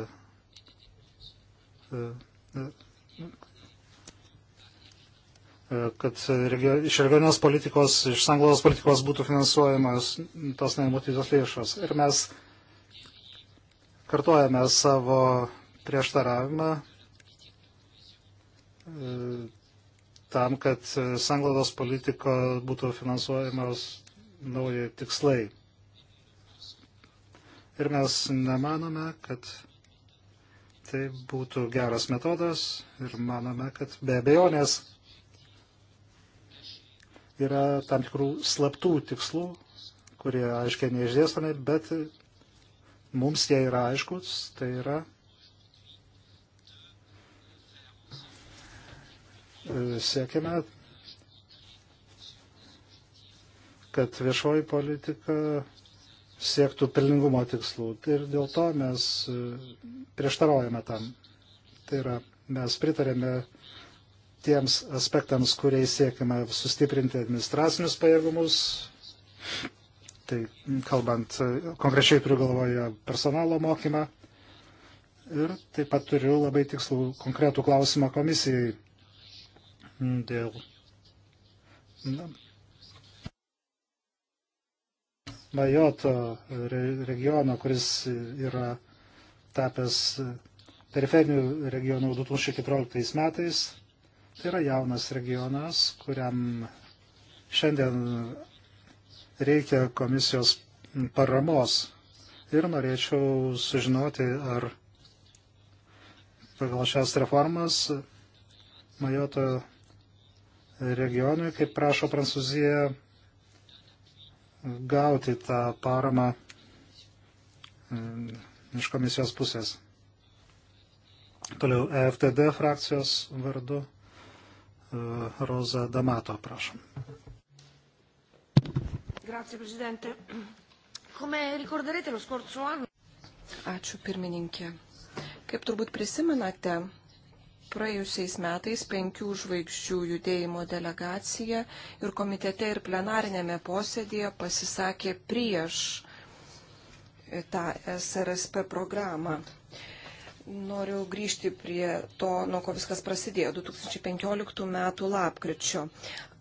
kad regio, iš regioninės politikos, iš sanglos politikos būtų finansuojamas tos nenumatytos lėšos. Ir mes kartuojame savo prieštaravimą tam, kad sanglaudos politiko būtų finansuojamos nauji tikslai. Ir mes nemanome, kad tai būtų geras metodas ir manome, kad be abejonės yra tam tikrų slaptų tikslų, kurie aiškiai neišdėstomi, bet mums jie yra aiškus, tai yra siekiame, kad viešoji politika siektų pelningumo tikslų. Tai ir dėl to mes e, prieštaraujame tam. Tai yra, mes pritarėme tiems aspektams, kuriais siekime sustiprinti administracinius pajėgumus. Tai kalbant, e, konkrečiai turiu galvoje personalo mokymą. Ir taip pat turiu labai tikslų konkretų klausimą komisijai dėl na, Majoto regiono, kuris yra tapęs periferinių regionų 2014 metais. Tai yra jaunas regionas, kuriam šiandien reikia komisijos paramos. Ir norėčiau sužinoti, ar pagal šias reformas Majoto regionui, kaip prašo Prancūzija, gauti tą paramą mm, iš komisijos pusės. Toliau EFTD frakcijos vardu e, Roza Damato, prašom. Grazie, Presidente. Come ricorderete lo scorso anno? Ačiū, pirmininkė. Kaip turbūt prisimenate, Praėjusiais metais penkių žvaigždžių judėjimo delegacija ir komitete ir plenarinėme posėdėje pasisakė prieš tą SRSP programą. Noriu grįžti prie to, nuo ko viskas prasidėjo 2015 m. lapkričio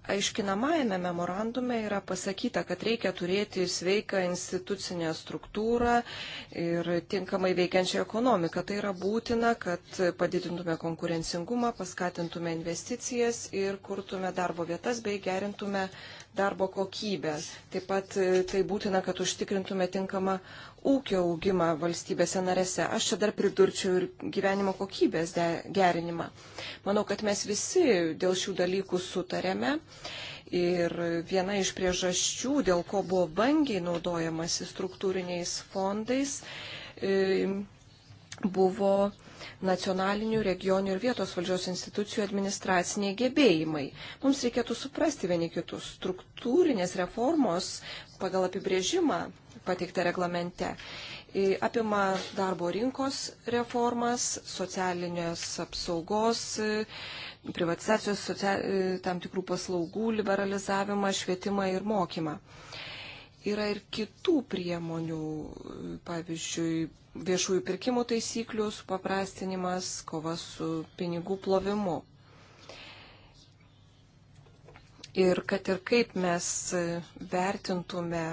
aiškinamajame memorandume yra pasakyta, kad reikia turėti sveiką institucinę struktūrą ir tinkamai veikiančią ekonomiką. Tai yra būtina, kad padidintume konkurencingumą, paskatintume investicijas ir kurtume darbo vietas bei gerintume darbo kokybę. Taip pat e, tai būtina, kad užtikrintume tinkamą ūkio augimą valstybėse narėse. Aš čia dar pridurčiau ir gyvenimo kokybės gerinimą. Manau, kad mes visi dėl šių dalykų sutarėme. Ir viena iš priežasčių, dėl ko buvo vangiai naudojamasi struktūriniais fondais, e, buvo nacionalinių, regionių ir vietos valdžios institucijų administraciniai gebėjimai. Mums reikėtų suprasti vieni kitus. Struktūrinės reformos pagal apibrėžimą pateikta reglamente. Apima darbo rinkos reformas, socialinės apsaugos, privatizacijos social, tam tikrų paslaugų liberalizavimą, švietimą ir mokymą. Yra ir kitų priemonių, pavyzdžiui, viešųjų pirkimų taisyklių supaprastinimas, kova su pinigų plovimu. Ir kad ir kaip mes vertintume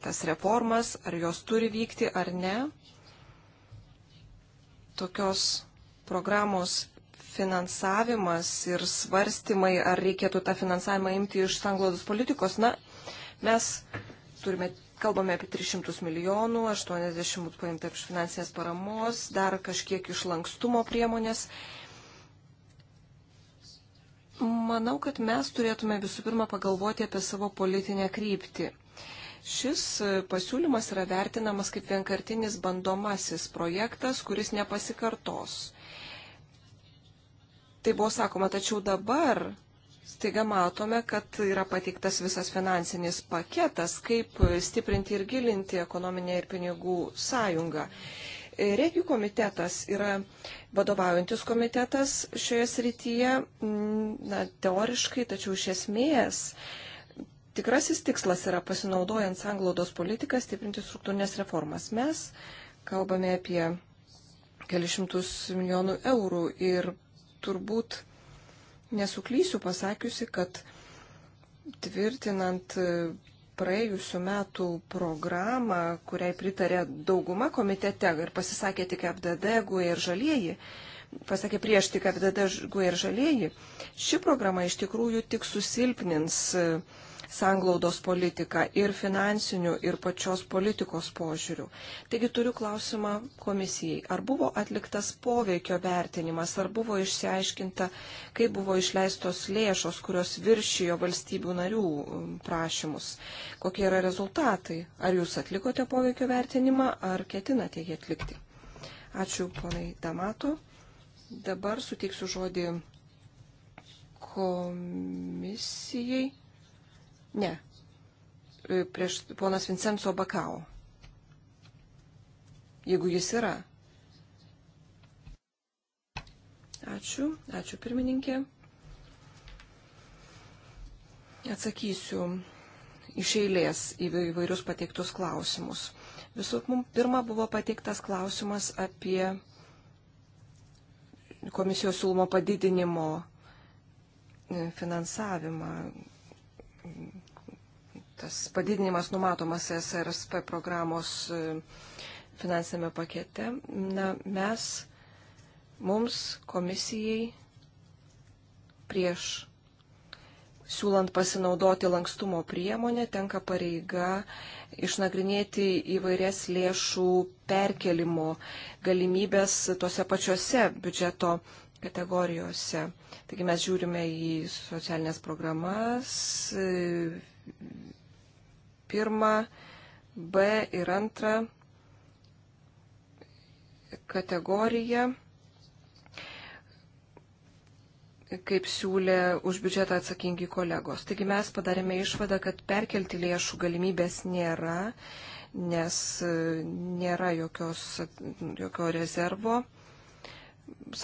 tas reformas, ar jos turi vykti ar ne. Tokios programos finansavimas ir svarstymai, ar reikėtų tą finansavimą imti iš sanglaudos politikos. Na, mes turime, kalbame apie 300 milijonų, 80 būtų paimta iš finansinės paramos, dar kažkiek iš lankstumo priemonės. Manau, kad mes turėtume visų pirma pagalvoti apie savo politinę kryptį. Šis e, pasiūlymas yra vertinamas kaip vienkartinis bandomasis projektas, kuris nepasikartos. Tai buvo sakoma, tačiau dabar staiga matome, kad yra pateiktas visas finansinis paketas, kaip stiprinti ir gilinti ekonominę ir pinigų sąjungą. E, Regijų komitetas yra vadovaujantis komitetas šioje srityje, na, teoriškai, tačiau iš esmės tikrasis tikslas yra pasinaudojant sanglaudos politiką stiprinti struktūrinės reformas. Mes kalbame apie kelišimtus milijonų eurų ir turbūt nesuklysiu pasakiusi, kad tvirtinant praėjusiu metu programą, kuriai pritarė dauguma komitete ir pasisakė tik FDD, GUE ir žalieji, pasakė prieš tik FDD, GUE ir žalieji, ši programa iš tikrųjų tik susilpnins uh, sanglaudos politiką ir finansinių, ir pačios politikos požiūrių. Taigi turiu klausimą komisijai. Ar buvo atliktas poveikio vertinimas, ar buvo išsiaiškinta, kaip buvo išleistos lėšos, kurios viršijo valstybių narių um, prašymus? Kokie yra rezultatai? Ar jūs atlikote poveikio vertinimą, ar ketinate jį atlikti? Ačiū ponai Damato. Dabar suteiksiu žodį komisijai. Ne. E, prieš ponas Vincenzo Bakao. Jeigu jis yra. Ačiū, ačiū pirmininkė. Atsakysiu iš eilės į įvairius pateiktus klausimus. Visų pirma buvo pateiktas klausimas apie komisijos siūlymo padidinimo e, finansavimą tas padidinimas numatomas SRSP programos e, finansinėme pakete. Na, mes, mums, komisijai prieš siūlant pasinaudoti lankstumo priemonę, tenka pareiga išnagrinėti įvairias lėšų perkelimo galimybės tose pačiose biudžeto kategorijose. Taigi mes žiūrime į socialinės programas, pirmą, B ir antrą kategoriją, kaip siūlė už biudžetą atsakingi kolegos. Taigi mes padarėme išvadą, kad perkelti lėšų galimybės nėra, nes e, nėra jokios, jokio rezervo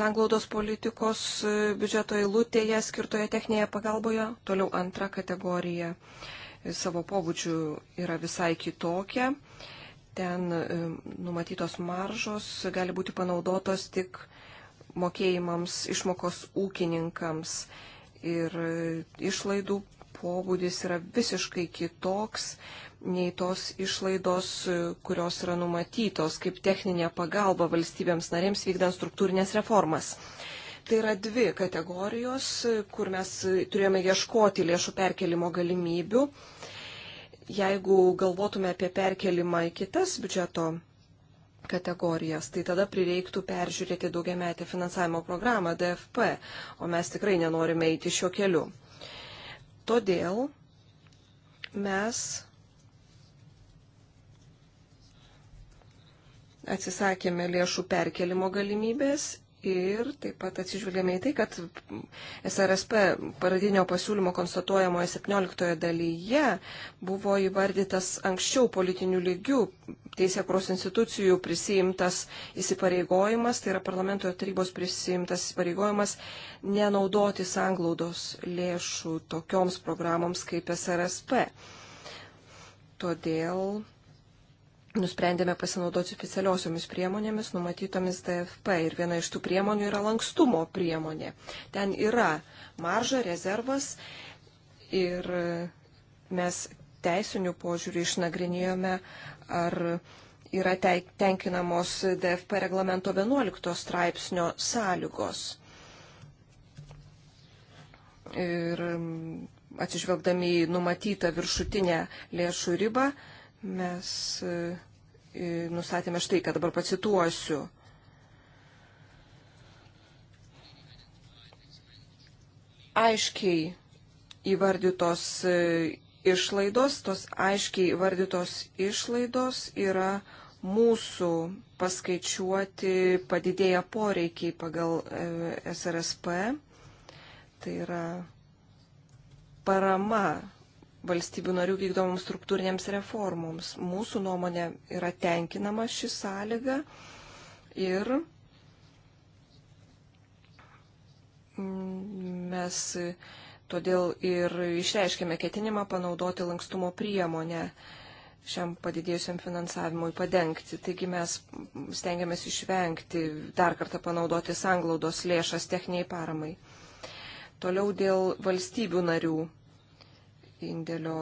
sanglaudos politikos e, biudžeto eilutėje skirtoje techninėje pagalboje, toliau antrą kategoriją savo pobūdžių yra visai kitokia. Ten e, numatytos maržos gali būti panaudotos tik mokėjimams išmokos ūkininkams ir e, išlaidų pobūdis yra visiškai kitoks nei tos išlaidos, e, kurios yra numatytos kaip techninė pagalba valstybėms narėms vykdant struktūrinės reformas. Tai yra dvi kategorijos, kur mes turėjome ieškoti lėšų perkelimo galimybių. Jeigu galvotume apie perkelimą į kitas biudžeto kategorijas, tai tada prireiktų peržiūrėti daugiametę finansavimo programą DFP, o mes tikrai nenorime eiti šiuo keliu. Todėl mes atsisakėme lėšų perkelimo galimybės Ir taip pat atsižvelgiame į tai, kad SRSP paradinio pasiūlymo konstatuojamoje 17 dalyje buvo įvardytas anksčiau politinių lygių teisėkros institucijų prisijimtas įsipareigojimas, tai yra parlamento ir tarybos prisijimtas įsipareigojimas nenaudoti sanglaudos lėšų tokioms programoms kaip SRSP. Todėl nusprendėme pasinaudoti specialiosiomis priemonėmis numatytomis DFP. Ir viena iš tų priemonių yra lankstumo priemonė. Ten yra marža, rezervas ir mes teisinių požiūrį išnagrinėjome, ar yra tenkinamos DFP reglamento 11 straipsnio sąlygos. Ir mm, atsižvelgdami į numatytą viršutinę lėšų ribą, Mes e, e, nustatėme štai, kad dabar pacituosiu. Aiškiai įvardytos e, išlaidos, tos aiškiai įvardytos išlaidos yra mūsų paskaičiuoti padidėję poreikiai pagal SRSP. Tai yra parama valstybių narių vykdomoms struktūrinėms reformoms. Mūsų nuomonė yra tenkinama ši sąlyga ir mes todėl ir išreiškėme ketinimą panaudoti lankstumo priemonę šiam padidėjusiam finansavimui padengti. Taigi mes stengiamės išvengti dar kartą panaudoti sanglaudos lėšas techniniai paramai. Toliau dėl valstybių narių indėlio.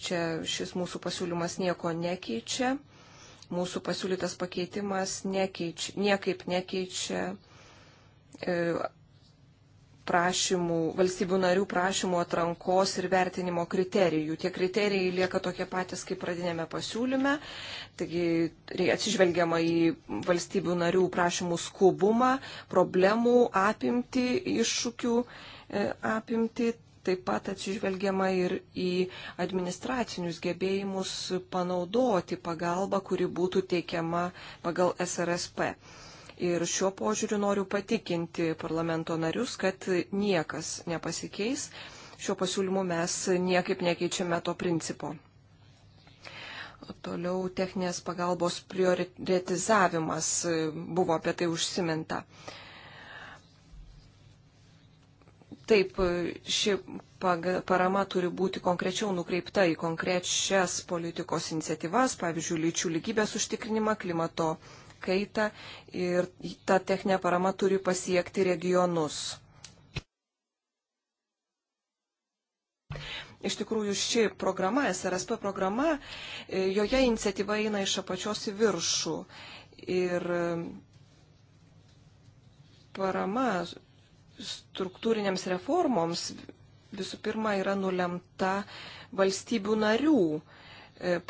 Čia šis mūsų pasiūlymas nieko nekeičia. Mūsų pasiūlytas pakeitimas nekeič, niekaip nekeičia e, prašymų, valstybių narių prašymų atrankos ir vertinimo kriterijų. Tie kriterijai lieka tokie patys, kaip pradinėme pasiūlyme. Taigi atsižvelgiama į valstybių narių prašymų skubumą, problemų apimti, iššūkių e, apimti taip pat atsižvelgiama ir į administracinius gebėjimus panaudoti pagalbą, kuri būtų teikiama pagal SRSP. Ir šiuo požiūriu noriu patikinti parlamento narius, kad niekas nepasikeis. Šiuo pasiūlymu mes niekaip nekeičiame to principo. Toliau techninės pagalbos prioritizavimas buvo apie tai užsiminta. Taip, ši parama turi būti konkrečiau nukreipta į konkrečias politikos iniciatyvas, pavyzdžiui, lyčių lygybės užtikrinimą, klimato kaitą ir ta techninė parama turi pasiekti regionus. Iš tikrųjų, ši programa, SRSP programa, e, joje iniciatyva eina iš apačios į viršų. Ir e, parama struktūrinėms reformoms visų pirma yra nulemta valstybių narių e,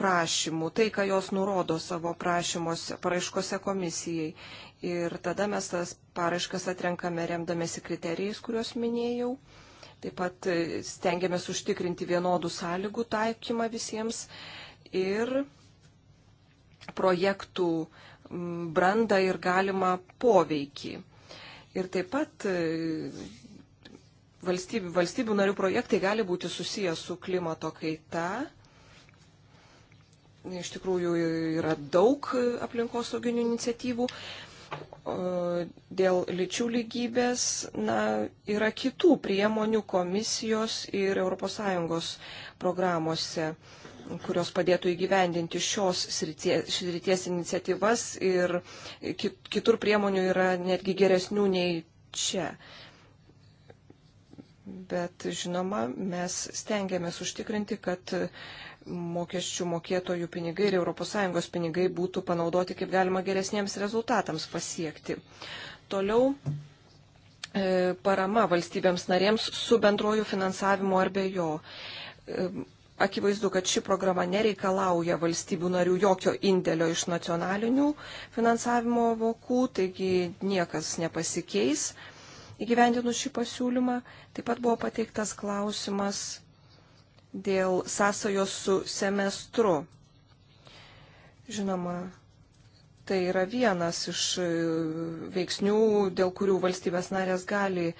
prašymų, tai, ką jos nurodo savo prašymuose, paraiškose komisijai. Ir tada mes tas paraiškas atrenkame remdamėsi kriterijais, kuriuos minėjau. Taip pat e, stengiamės užtikrinti vienodų sąlygų taikymą visiems ir projektų brandą ir galimą poveikį. Ir taip pat e, valstybių, valstybių narių projektai gali būti susijęs su klimato kaita. Iš tikrųjų yra daug aplinkosauginių iniciatyvų. Dėl lyčių lygybės na, yra kitų priemonių komisijos ir ES programuose kurios padėtų įgyvendinti šios srities iniciatyvas ir kitur priemonių yra netgi geresnių nei čia. Bet žinoma, mes stengiamės užtikrinti, kad mokesčių mokėtojų pinigai ir ES pinigai būtų panaudoti kaip galima geresniems rezultatams pasiekti. Toliau e, parama valstybėms narėms su bendruoju finansavimu ar be jo. E, akivaizdu, kad ši programa nereikalauja valstybių narių jokio indėlio iš nacionalinių finansavimo vokų, taigi niekas nepasikeis įgyvendinus šį pasiūlymą. Taip pat buvo pateiktas klausimas dėl sąsajos su semestru. Žinoma, tai yra vienas iš e, veiksnių, dėl kurių valstybės narės gali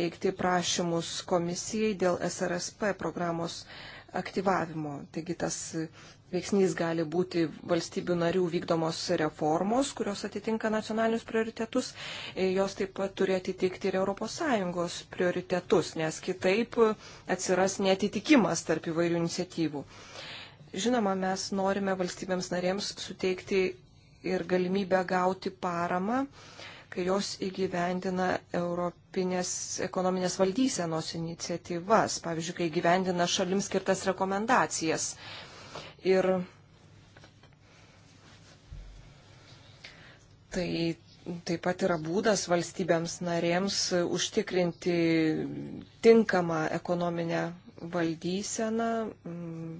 teikti prašymus komisijai dėl SRSP programos aktyvavimo. Taigi tas veiksnys gali būti valstybių narių vykdomos reformos, kurios atitinka nacionalinius prioritetus, e, jos taip pat turi atitikti ir ES prioritetus, nes kitaip atsiras netitikimas tarp įvairių iniciatyvų. Žinoma, mes norime valstybėms narėms suteikti ir galimybę gauti paramą, uh, kai jos įgyvendina Europinės ekonominės valdysenos iniciatyvas, pavyzdžiui, kai įgyvendina šalims skirtas rekomendacijas. Ir tai taip pat yra būdas valstybėms narėms užtikrinti tinkamą ekonominę valdyseną mm,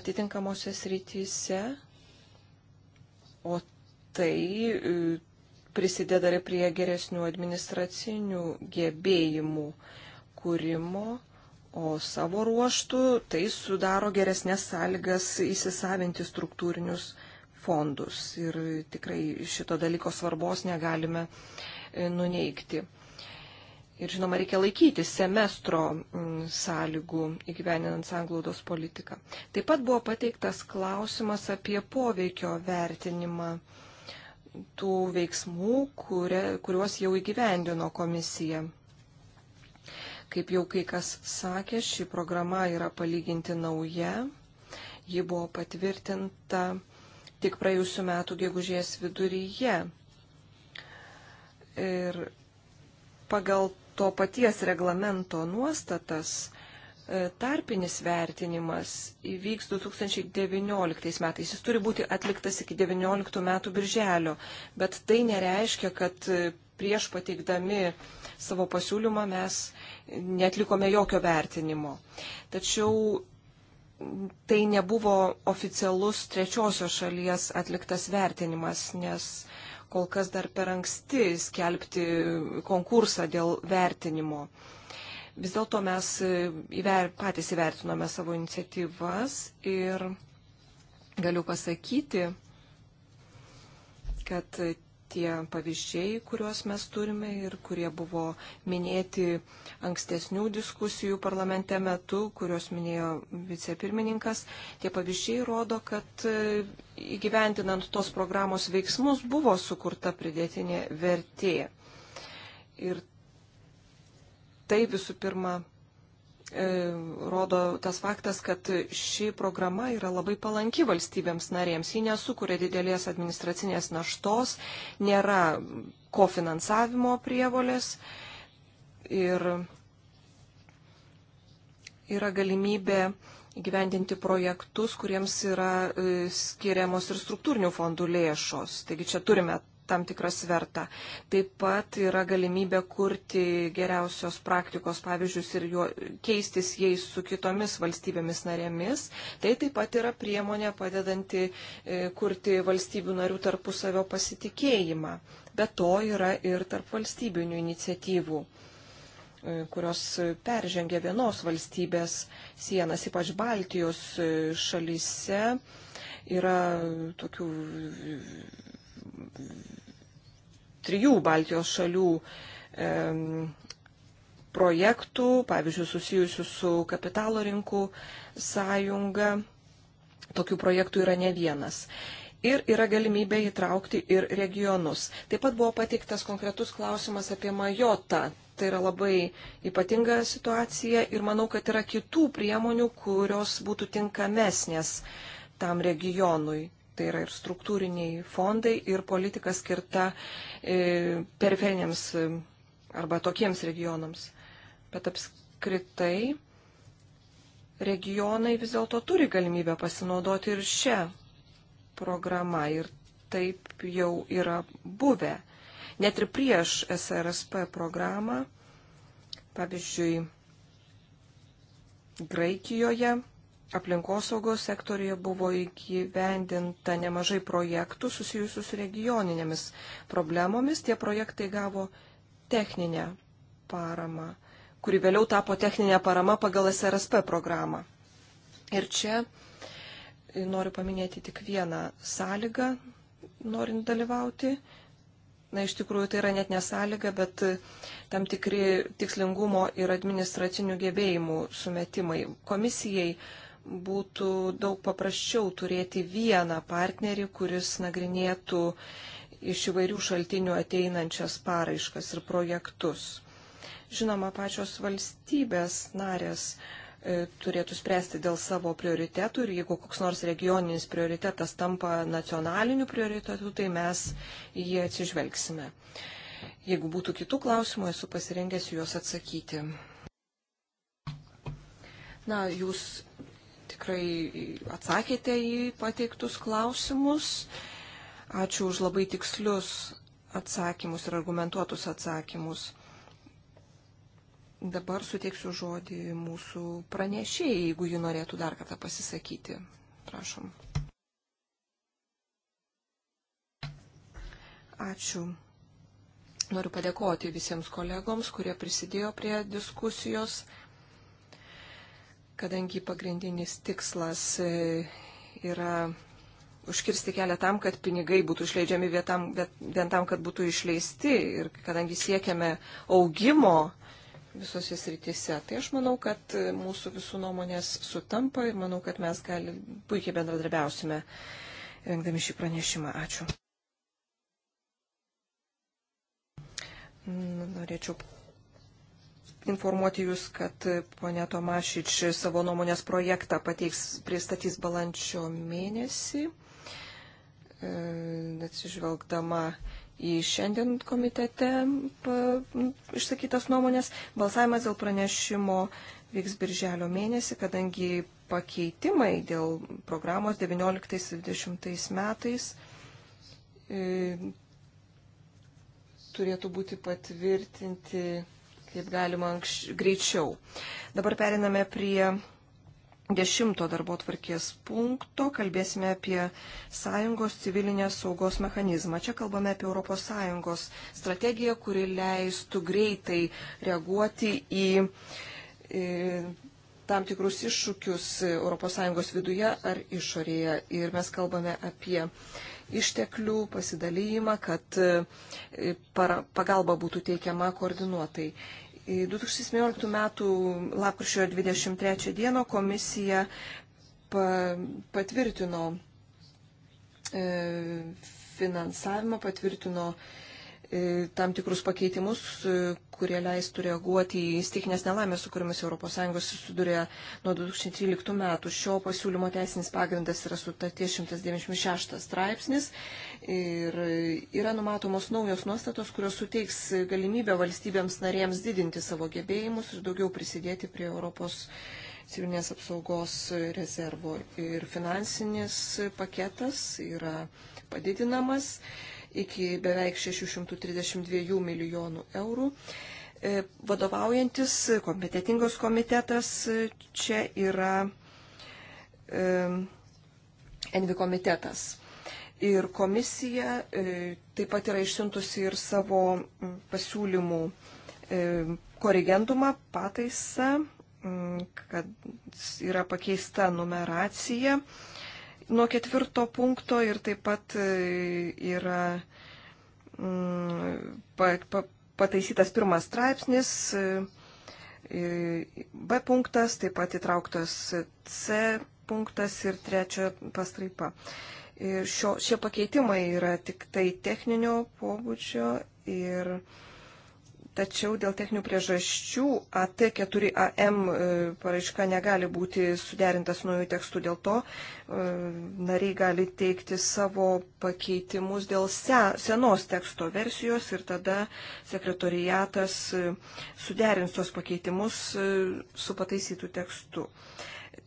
atitinkamosios rytise. O tai e, prisideda ir prie geresnių administracinių gebėjimų kūrimo, o savo ruoštų tai sudaro geresnės sąlygas įsisavinti struktūrinius fondus. Ir tikrai šito dalyko svarbos negalime e, nuneikti. Ir žinoma, reikia laikyti semestro sąlygų įgyveninant sanglaudos politiką. Taip pat buvo pateiktas klausimas apie poveikio vertinimą tų veiksmų, kurie, kuriuos jau įgyvendino komisija. Kaip jau kai kas sakė, ši programa yra palyginti nauja. Ji buvo patvirtinta tik praėjusiu metu gegužės viduryje. Ir pagal to paties reglamento nuostatas E, tarpinis vertinimas įvyks 2019 metais. Jis turi būti atliktas iki 2019 metų birželio, bet tai nereiškia, kad e, prieš pateikdami savo pasiūlymą mes netlikome jokio vertinimo. Tačiau tai nebuvo oficialus trečiosios šalies atliktas vertinimas, nes kol kas dar per anksti skelbti konkursą dėl vertinimo. Vis dėlto mes e, įver, patys įvertinome savo iniciatyvas ir galiu pasakyti, kad tie pavyzdžiai, kuriuos mes turime ir kurie buvo minėti ankstesnių diskusijų parlamente metu, kuriuos minėjo vicepirmininkas, tie pavyzdžiai rodo, kad e, įgyventinant tos programos veiksmus buvo sukurta pridėtinė vertė. Ir tai visų pirma e, rodo tas faktas, kad ši programa yra labai palanki valstybėms narėms. Ji nesukuria didelės administracinės naštos, nėra kofinansavimo prievolės ir yra galimybė įgyvendinti projektus, kuriems yra e, skiriamos ir struktūrinių fondų lėšos. Taigi čia turime tam tikrą svertą. Taip pat yra galimybė kurti geriausios praktikos pavyzdžius ir juo, keistis jais su kitomis valstybėmis narėmis. Tai taip pat yra priemonė padedanti e, kurti valstybių narių tarpusavio pasitikėjimą. Be to yra ir tarp valstybinių iniciatyvų e, kurios peržengia vienos valstybės sienas, ypač Baltijos e, šalyse, yra tokių trijų Baltijos šalių e, projektų, pavyzdžiui, susijusių su kapitalo rinkų sąjunga. Tokių projektų yra ne vienas. Ir yra galimybė įtraukti ir regionus. Taip pat buvo pateiktas konkretus klausimas apie Majotą. Tai yra labai ypatinga situacija ir manau, kad yra kitų priemonių, kurios būtų tinkamesnės tam regionui. Tai yra ir struktūriniai fondai, ir politika skirta e, periferiniams e, arba tokiems regionams. Bet apskritai regionai vis dėlto turi galimybę pasinaudoti ir šią programą. Ir taip jau yra buvę. Net ir prieš SRSP programą, pavyzdžiui, Graikijoje aplinkosaugos sektorija buvo įgyvendinta nemažai projektų susijusių su regioninėmis problemomis. Tie projektai gavo techninę paramą, kuri vėliau tapo techninė parama pagal SRSP programą. Ir čia noriu paminėti tik vieną sąlygą, norint dalyvauti. Na, iš tikrųjų, tai yra net nesąlyga, bet tam tikri tikslingumo ir administracinių gebėjimų sumetimai. Komisijai uh, būtų daug paprasčiau turėti vieną partnerį, kuris nagrinėtų iš įvairių šaltinių ateinančias paraiškas ir projektus. Žinoma, pačios valstybės narės e, turėtų spręsti dėl savo prioritetų ir jeigu koks nors regioninis prioritetas tampa nacionaliniu prioritetu, tai mes į jį atsižvelgsime. Jeigu būtų kitų klausimų, esu pasirengęs juos atsakyti. Na, jūs tikrai atsakėte į pateiktus klausimus. Ačiū už labai tikslius atsakymus ir argumentuotus atsakymus. Dabar suteiksiu žodį mūsų pranešėjai, jeigu ji norėtų dar kartą pasisakyti. Prašom. Ačiū. Noriu padėkoti visiems kolegoms, kurie prisidėjo prie diskusijos kadangi pagrindinis tikslas e, yra užkirsti kelią tam, kad pinigai būtų išleidžiami vietam, vien tam, kad būtų išleisti ir kadangi siekiame augimo visose srityse, tai aš manau, kad e, mūsų visų nuomonės sutampa ir manau, kad mes gali, puikiai bendradarbiausime rengdami šį pranešimą. Ačiū. Norėčiau informuoti Jūs, kad ponė Tomašič savo nuomonės projektą pateiks, pristatys balandžio mėnesį, e, atsižvelgdama į šiandien komitete išsakytas nuomonės. Balsavimas dėl pranešimo vyks birželio mėnesį, kadangi pakeitimai dėl programos 19-20 metais e, turėtų būti patvirtinti kaip galima anks... greičiau. Dabar periname prie dešimto darbo tvarkės punkto. Kalbėsime apie Sąjungos civilinės saugos mechanizmą. Čia kalbame apie ES strategiją, kuri leistų greitai reaguoti į. į tam tikrus iššūkius ES viduje ar išorėje. Ir mes kalbame apie išteklių pasidalymą, kad e, pagalba būtų teikiama koordinuotai. 2017 m. lapkričio 23 d. komisija patvirtino e, finansavimą, patvirtino E, tam tikrus pakeitimus, e, kurie leistų reaguoti į stikinės nelaimės, su kuriamis ES susidurė nuo 2013 metų. Šio pasiūlymo teisinis pagrindas yra sutarties 196 straipsnis ir yra numatomos naujos nuostatos, kurios suteiks galimybę valstybėms narėms didinti savo gebėjimus ir daugiau prisidėti prie Europos civilinės apsaugos rezervo. Ir finansinis paketas yra padidinamas iki beveik 632 milijonų eurų. E, vadovaujantis kompetitingos komitetas e, čia yra e, Envi komitetas. Ir komisija taip pat yra išsiuntusi ir savo pasiūlymų korigendumą, pataisą, kad yra pakeista numeracija nuo ketvirto punkto ir taip pat e, yra mm, pa, pa, pataisytas pirmas straipsnis, e, e, B punktas, taip pat įtrauktas C punktas ir trečia pastraipa. Ir šio, šie pakeitimai yra tik tai techninio pobūdžio ir Tačiau dėl techninių priežasčių AT4AM e, paraiška negali būti suderintas naujų tekstų, dėl to e, nariai gali teikti savo pakeitimus dėl senos teksto versijos ir tada sekretoriatas e, suderins tos pakeitimus su pataisytų tekstu.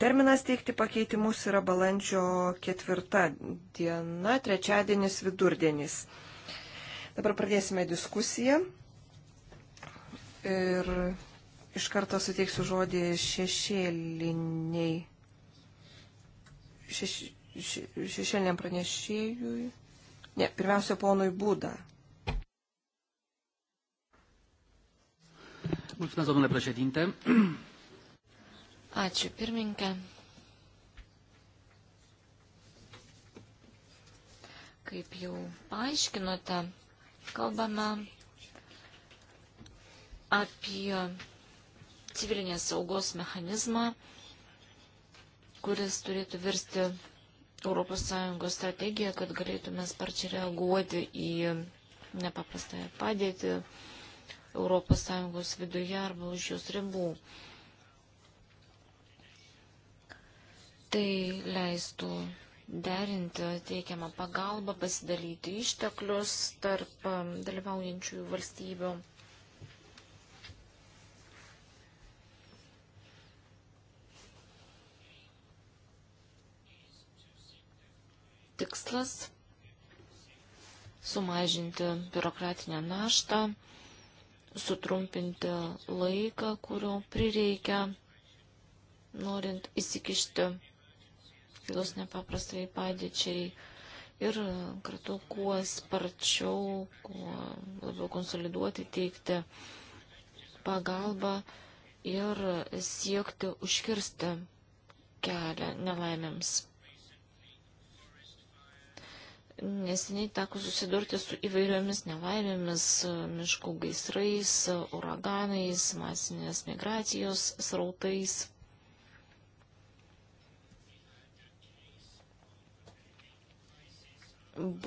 Terminas teikti pakeitimus yra balandžio ketvirta diena, trečiadienis vidurdienis. Dabar pradėsime diskusiją. Ir iš karto suteiksiu žodį šešėliniai. Šeš, še, šešėliniam pranešėjui. Ne, pirmiausia, ponui Būda. Mulțumesc, domnule președinte. Ačiū, pirmininkė. Kaip jau paaiškinote, kalbame apie civilinės saugos mechanizmą, kuris turėtų virsti ES strategiją, kad galėtume sparčiai reaguoti į nepaprastąją padėtį ES viduje arba už jos ribų. Tai leistų derinti teikiamą pagalbą, pasidalyti išteklius tarp um, dalyvaujančiųjų valstybių. tikslas sumažinti biurokratinę naštą, sutrumpinti laiką, kurio prireikia, norint įsikišti kilus nepaprastai padėčiai ir kartu kuo sparčiau, kuo labiau konsoliduoti, teikti pagalbą ir siekti užkirsti kelią nelaimėms. Neseniai teko susidurti su įvairiomis nelaimėmis, e, miškų gaisrais, e, uraganais, masinės migracijos srautais.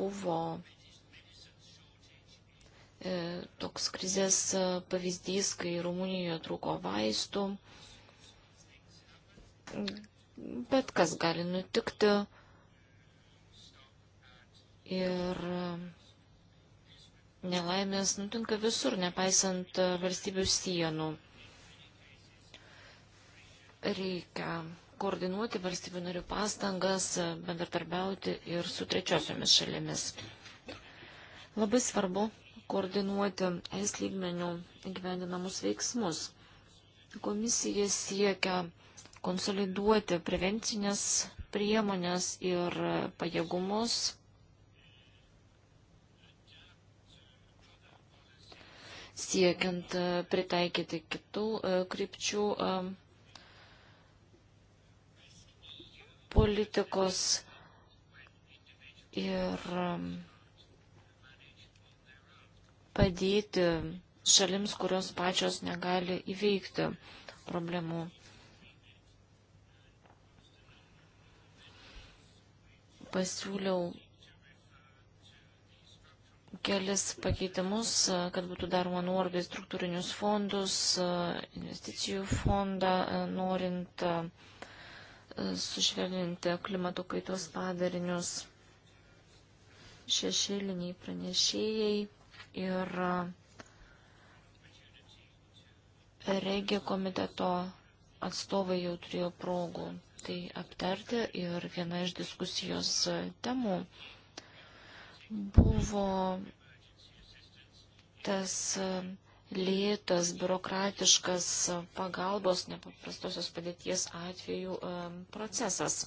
Buvo e, toks krizės pavyzdys, kai Rumunijoje trūko vaistų. Bet kas gali nutikti, Ir e, nelaimės nutinka visur, nepaisant e, valstybių sienų. Reikia koordinuoti valstybių narių pastangas, e, bendratarbiauti ir su trečiosiomis šalimis. Labai svarbu koordinuoti es lygmenių įgyvendinamus veiksmus. Komisija siekia konsoliduoti prevencinės priemonės ir pajėgumus siekiant e, pritaikyti kitų e, krypčių e, politikos ir padėti šalims, kurios pačios negali įveikti problemų. Pasiūliau kelis pakeitimus, kad būtų daroma nuoroda į struktūrinius fondus, investicijų fondą, norint e, sušvelninti klimato kaitos padarinius šešėliniai pranešėjai ir e, regė komiteto atstovai jau turėjo progų tai aptarti ir viena iš diskusijos e, temų buvo tas e, lėtas, biurokratiškas e, pagalbos nepaprastosios padėties atveju e, procesas.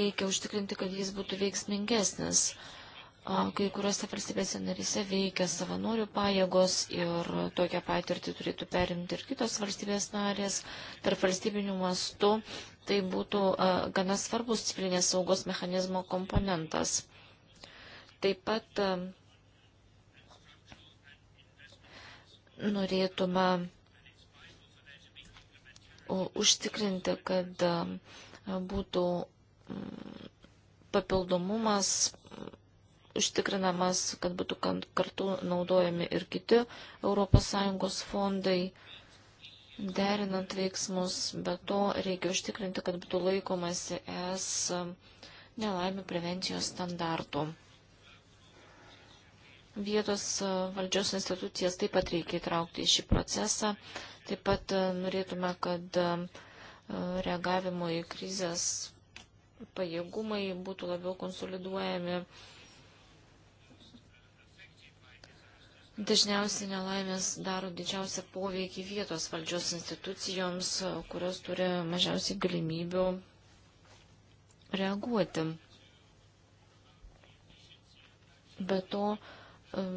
Reikia užtikrinti, kad jis būtų veiksmingesnis. Kai kuriuose valstybėse narise veikia savanorių pajėgos ir tokią patirtį turėtų perimti ir kitos valstybės narės tarp valstybinių mastų. Tai būtų e, gana svarbus civilinės saugos mechanizmo komponentas. Taip pat e, norėtume užtikrinti, kad e, būtų papildomumas užtikrinamas, kad būtų kartu naudojami ir kiti ES fondai, derinant veiksmus, bet to reikia užtikrinti, kad būtų laikomasi es um, nelaimių prevencijos standartų. Vietos uh, valdžios institucijas taip pat reikia įtraukti į šį procesą. Taip pat uh, norėtume, kad um, uh, reagavimo į krizės pajėgumai būtų labiau konsoliduojami Dažniausiai nelaimės daro didžiausią poveikį vietos valdžios institucijoms, kurios turi mažiausiai galimybių reaguoti. Be to, um,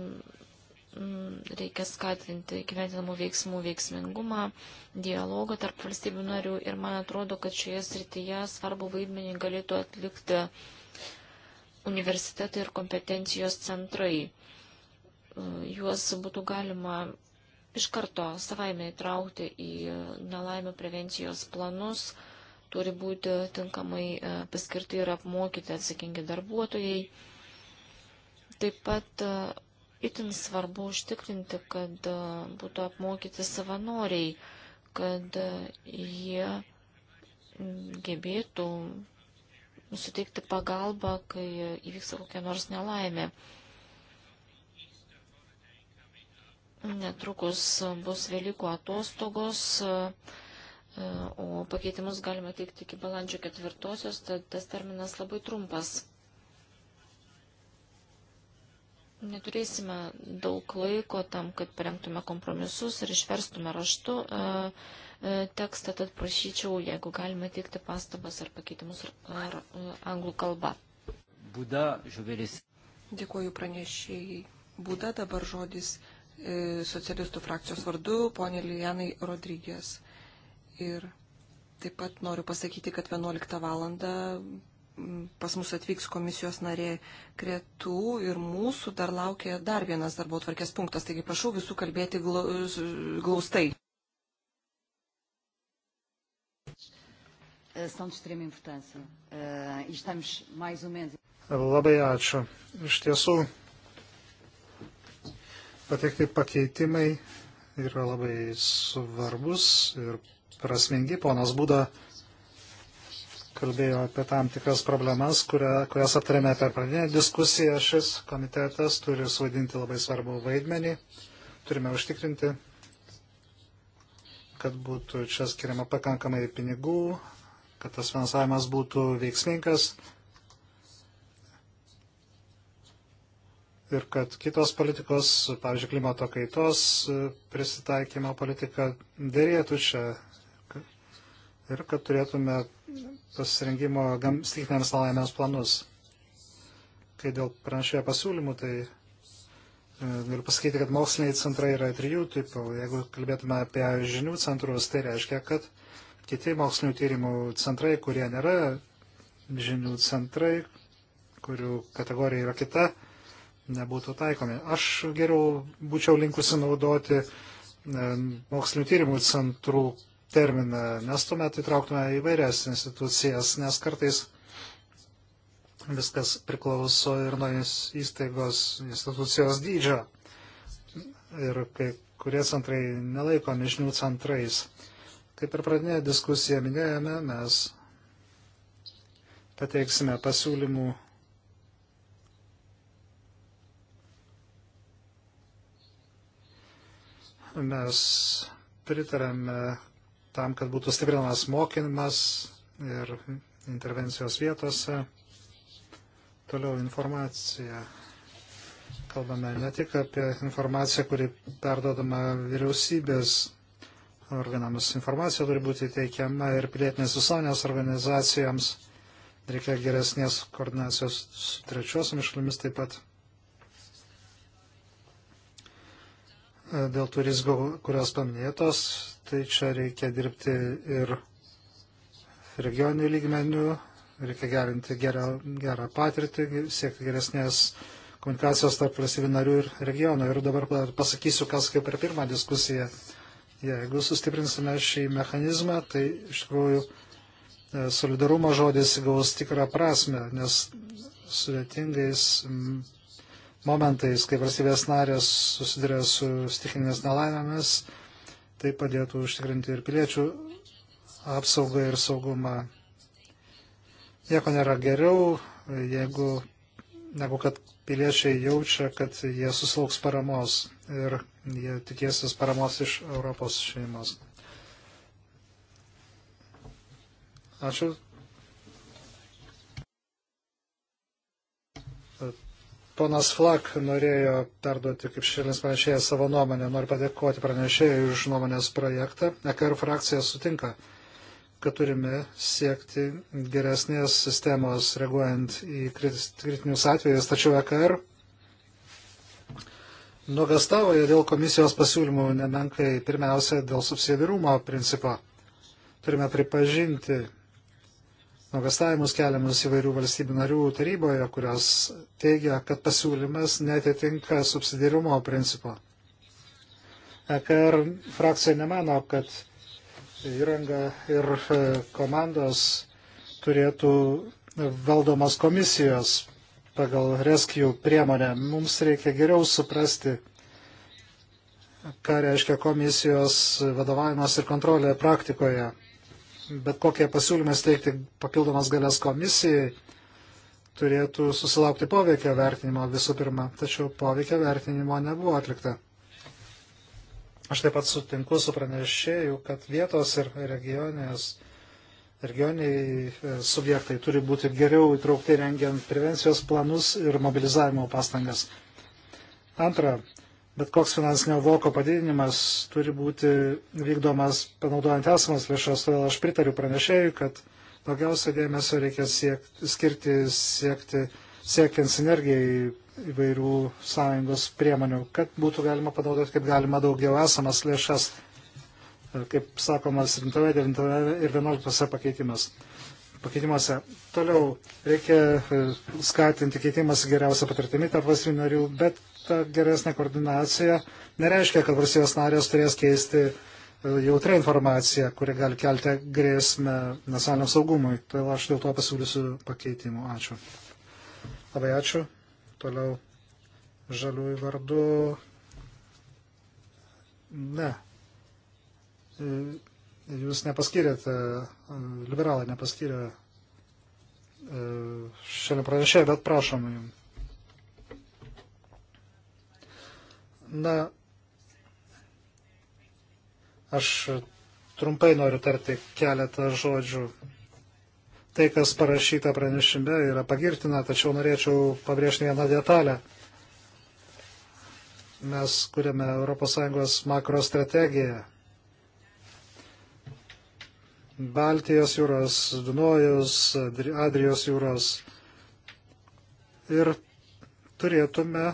mm, reikia skatinti gyventinamų veiksmų veiksmingumą, dialogą tarp valstybių narių ir man atrodo, kad šioje srityje svarbu vaidmenį galėtų atlikti universitetai ir kompetencijos centrai juos būtų galima iš karto savaime įtraukti į nelaimio prevencijos planus, turi būti tinkamai e, paskirti ir apmokyti atsakingi darbuotojai. Taip pat e, itin svarbu užtikrinti, kad e, būtų apmokyti savanoriai, kad jie gebėtų suteikti pagalbą, kai įvyks kokia nors nelaimė. Netrukus bus Velykų atostogos, o pakeitimus galima teikti iki balandžio ketvirtosios, tad tas terminas labai trumpas. Neturėsime daug laiko tam, kad parengtume kompromisus ir išverstume raštu e, e, tekstą, tad prašyčiau, jeigu galime teikti pastabas ar pakeitimus ar, ar, ar e, anglų kalba. Būda, žuvelis. Dėkuoju pranešėjai. Būda dabar žodis E, socialistų frakcijos vardu, ponė Lilianai Rodrygės. Ir taip pat noriu pasakyti, kad 11 valandą pas mus atvyks komisijos narė Kretų ir mūsų dar laukia dar vienas darbo tvarkės punktas, taigi prašau visų kalbėti glaustai. E, são de extrema importância. Uh, estamos mais ou menos. Labai ačiū. Iš tiesų, pateikti pakeitimai yra labai svarbus ir prasmingi. Ponas Būda kalbėjo apie tam tikras problemas, kuria, kurias aptarėme per pradinę diskusiją. Šis komitetas turi suvaidinti labai svarbų vaidmenį. Turime užtikrinti, kad būtų čia skiriama pakankamai pinigų, kad tas finansavimas būtų veiksmingas ir kad kitos politikos, pavyzdžiui, klimato kaitos e, prisitaikymo politika dėrėtų čia ir kad turėtume pasirengimo stiklinėms nelaimėms planus. Kai dėl pranešėjo pasiūlymų, tai e, galiu pasakyti, kad moksliniai centrai yra trijų tipų. Jeigu kalbėtume apie žinių centrus, tai reiškia, kad kiti mokslinių tyrimų centrai, kurie nėra žinių centrai, kurių kategorija yra kita, nebūtų taikomi. Aš geriau būčiau linkusi naudoti e, mokslinių tyrimų centrų terminą, nes tuomet įtrauktume įvairias institucijas, nes kartais viskas priklauso ir nuo įstaigos institucijos dydžio. Ir kai kurie centrai nelaiko mišnių centrais. Kaip ir pradinėje diskusijoje minėjome, mes pateiksime pasiūlymų mes pritarame tam, kad būtų stiprinamas mokymas ir intervencijos vietose. Toliau informacija. Kalbame ne tik apie informaciją, kuri perdodama vyriausybės organams. Informacija turi būti teikiama ir pilietinės visuomenės organizacijoms. Reikia geresnės koordinacijos su trečiosiomis šalimis taip pat. E, dėl tų rizikų, kurios paminėtos, tai čia reikia dirbti ir regioninių lygmenių, reikia gerinti gerą, gerą patirtį, siekti geresnės komunikacijos tarp valstybių narių ir regionų. Ir dabar pasakysiu, kas kaip per pirmą diskusiją. Jeigu sustiprinsime šį mechanizmą, tai iš tikrųjų e, solidarumo žodis gaus tikrą prasme, nes sudėtingais momentais, kai valstybės narės susiduria su stichinėmis nelaimėmis, tai padėtų užtikrinti ir piliečių apsaugą ir saugumą. Nieko nėra geriau, jeigu, negu kad piliečiai jaučia, kad jie susilauks paramos ir jie tikėsis paramos iš Europos šeimos. Ačiū. ponas Flak norėjo perduoti kaip šalinis pranešėjas savo nuomonę. Noriu padėkoti pranešėjui už nuomonės projektą. EKR frakcija sutinka, kad turime siekti geresnės sistemos reaguojant į kritinius atvejus, tačiau EKR nuogastavoje dėl komisijos pasiūlymų nemenkai pirmiausia dėl subsidiarumo principo. Turime pripažinti, nuogastavimus keliamus įvairių valstybių narių taryboje, kurios teigia, kad pasiūlymas netitinka subsidiarumo principo. EKR frakcija nemano, kad įranga ir e, komandos turėtų valdomos komisijos pagal rescue priemonę. Mums reikia geriau suprasti, ką reiškia komisijos vadovavimas ir kontrolė praktikoje bet kokie pasiūlymai steigti papildomas galės komisijai turėtų susilaukti poveikio vertinimo visų pirma, tačiau poveikio vertinimo nebuvo atlikta. Aš taip pat sutinku su pranešėju, kad vietos ir regionės, regioniai e, subjektai turi būti geriau įtraukti rengiant prevencijos planus ir mobilizavimo pastangas. Antra, bet koks finansinio voko padidinimas turi būti vykdomas panaudojant esamas lėšas, todėl aš pritariu pranešėjui, kad daugiausia dėmesio reikia siek, skirti siekti, siekiant sinergijai įvairių sąjungos priemonių, kad būtų galima panaudoti kaip galima daugiau esamas lėšas, e, kaip sakoma, 7, 9 ir 11 pakeitimas. Pakeitimuose. Toliau reikia e, skatinti keitimas geriausią patirtimį tarp valstybių narių, bet ta geresnė koordinacija nereiškia, kad valstybės narės turės keisti e, jautrę informaciją, kuri gali kelti grėsmę nacionaliniam saugumui. Tai aš dėl to pasiūlysiu pakeitimų. Ačiū. Labai ačiū. Toliau žaliųjų vardu. Ne. E, jūs nepaskirėte, e, liberalai nepaskirė šiandien pranešė, bet prašom jums. Na, aš trumpai noriu tarti keletą žodžių. Tai, kas parašyta pranešime, yra pagirtina, tačiau norėčiau pabrėžti vieną detalę. Mes kuriame ES makro strategiją. Baltijos jūros, Dunojus, Adrijos jūros. Ir turėtume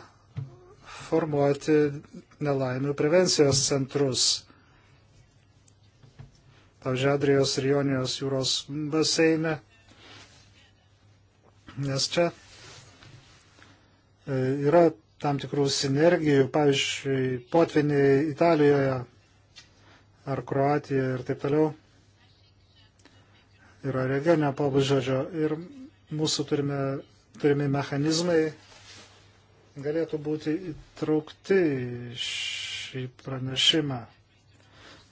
reformuoti nelaimių prevencijos centrus. Pavyzdžiui, Adrijos ir Jonijos jūros baseine. Nes čia e, yra tam tikrų sinergijų, pavyzdžiui, potviniai Italijoje ar Kroatijoje ir taip toliau yra regioninio pabudžodžio ir mūsų turime, turime mechanizmai galėtų būti įtraukti šį pranešimą.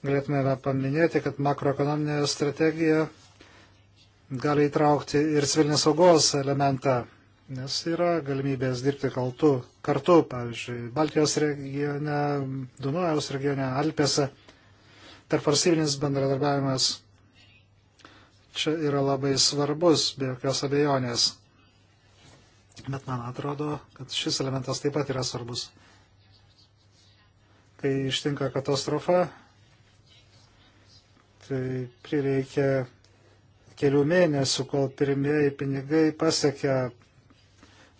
Galėtume paminėti, kad makroekonominė strategija gali įtraukti ir civilinės saugos elementą, nes yra galimybės dirbti kaltu, kartu, pavyzdžiui, Baltijos regione, Dunojaus regione, Alpėse, tarp varsybinis bendradarbiavimas čia yra labai svarbus, be jokios abejonės. Bet man atrodo, kad šis elementas taip pat yra svarbus. Kai ištinka katastrofa, tai prireikia kelių mėnesių, kol pirmieji pinigai pasiekia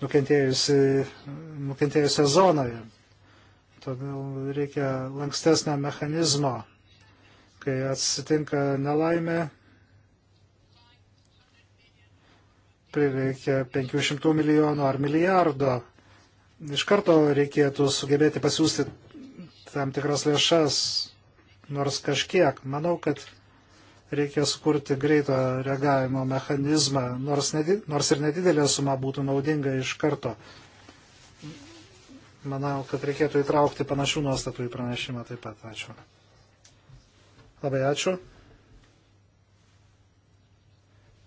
nukentėjusią zonoje. Todėl reikia lankstesnio mechanizmo. Kai atsitinka nelaimė, prireikia 500 milijonų ar milijardo, iš karto reikėtų sugebėti pasiūsti tam tikras lėšas, nors kažkiek. Manau, kad reikia sukurti greito reagavimo mechanizmą, nors, nedi, nors ir nedidelė suma būtų naudinga iš karto. Manau, kad reikėtų įtraukti panašių nuostatų į pranešimą taip pat. Ačiū. Labai ačiū.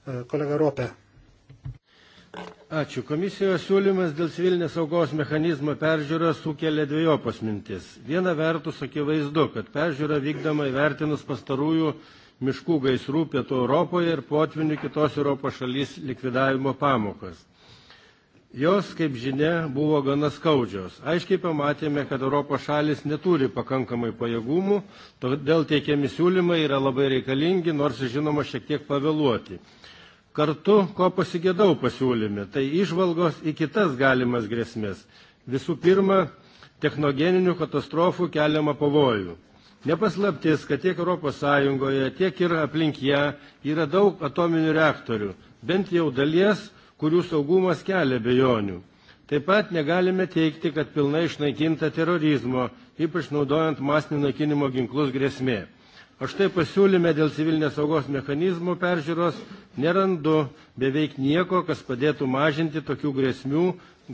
E, kolega Ropė. Ačiū. Komisijos siūlymas dėl civilinės saugos mechanizmo peržiūros sukelia dviejopas mintis. Viena vertus akivaizdu, kad peržiūra vykdama įvertinus pastarųjų miškų gaisrų pietų Europoje ir potvinių kitos Europos šalys likvidavimo pamokas. Jos, kaip žinia, buvo gana skaudžios. Aiškiai pamatėme, kad Europos šalis neturi pakankamai pajėgumų, todėl teikiami siūlymai yra labai reikalingi, nors žinoma šiek tiek pavėluoti. Kartu, ko pasigėdau pasiūlyme, tai išvalgos į kitas galimas grėsmės. Visų pirma, technogeninių katastrofų keliamą pavojų. Nepaslaptis, kad tiek ES, tiek ir aplink ją yra daug atominių reaktorių, bent jau dalies, kurių saugumas kelia bejonių. Taip pat negalime teikti, kad pilnai išnaikinta terorizmo, ypač naudojant masinį naikinimo ginklus grėsmė. Aš tai pasiūlyme dėl civilinės saugos mechanizmų peržiūros nerandu beveik nieko, kas padėtų mažinti tokių grėsmių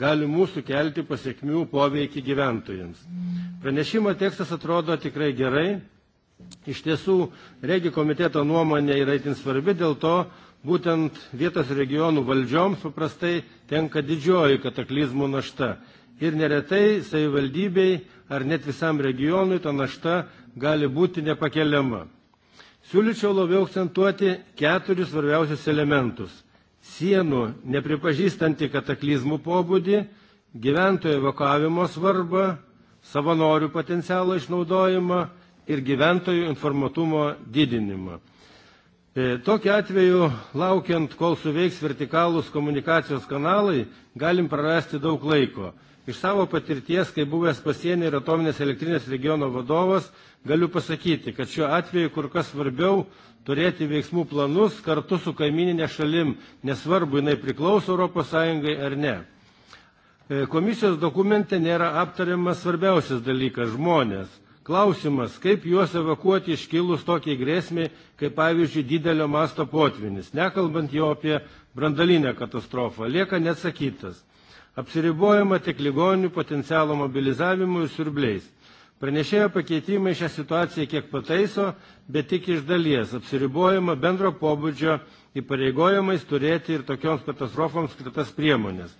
galimų sukelti pasiekmių poveikį gyventojams. Pranešimo tekstas atrodo tikrai gerai. Iš tiesų, regi komiteto nuomonė yra itin svarbi, dėl to būtent vietos regionų valdžioms paprastai tenka didžioji kataklizmų našta. Ir neretai savivaldybei ar net visam regionui ta našta gali būti nepakeliama. Siūlyčiau labiau akcentuoti keturis svarbiausius elementus - sienų nepripažįstanti kataklizmų pobūdį, gyventojų evakavimo svarbą, savanorių potencialo išnaudojimą ir gyventojų informatumo didinimą. E, tokiu atveju, laukiant, kol suveiks vertikalūs komunikacijos kanalai, galim prarasti daug laiko. Iš savo patirties, kai buvęs pasienio ir atominės elektrinės regiono vadovas, Galiu pasakyti, kad šiuo atveju kur kas svarbiau turėti veiksmų planus kartu su kaimininė šalim, nesvarbu, jinai priklauso ES ar ne. E, komisijos dokumente nėra aptariamas svarbiausias dalykas - žmonės. Klausimas, kaip juos evakuoti iškilus tokiai grėsmiai, kaip pavyzdžiui didelio masto potvinis, nekalbant jau apie brandalinę katastrofą, lieka neatsakytas. Apsiribojama tik ligonių potencialo mobilizavimu ir siurbliais. Pranešėjo pakeitimai šią situaciją kiek pataiso, bet tik iš dalies apsiribojama bendro pobūdžio įpareigojimais turėti ir tokioms katastrofoms skirtas priemonės.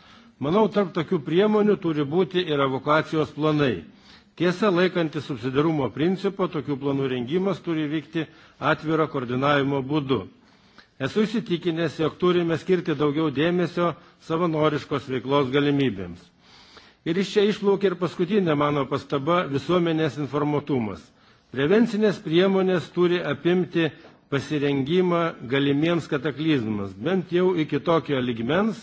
Manau, tarp tokių priemonių turi būti ir evakuacijos planai. Tiesa, laikantis subsidarumo principo, tokių planų rengimas turi vykti atviro koordinavimo būdu. Esu įsitikinęs, jog turime skirti daugiau dėmesio savanoriškos veiklos galimybėms. Ir iš čia išplaukia ir paskutinė mano pastaba - visuomenės informatumas. Prevencinės priemonės turi apimti pasirengimą galimiems kataklizmams, bent jau iki tokio ligmens,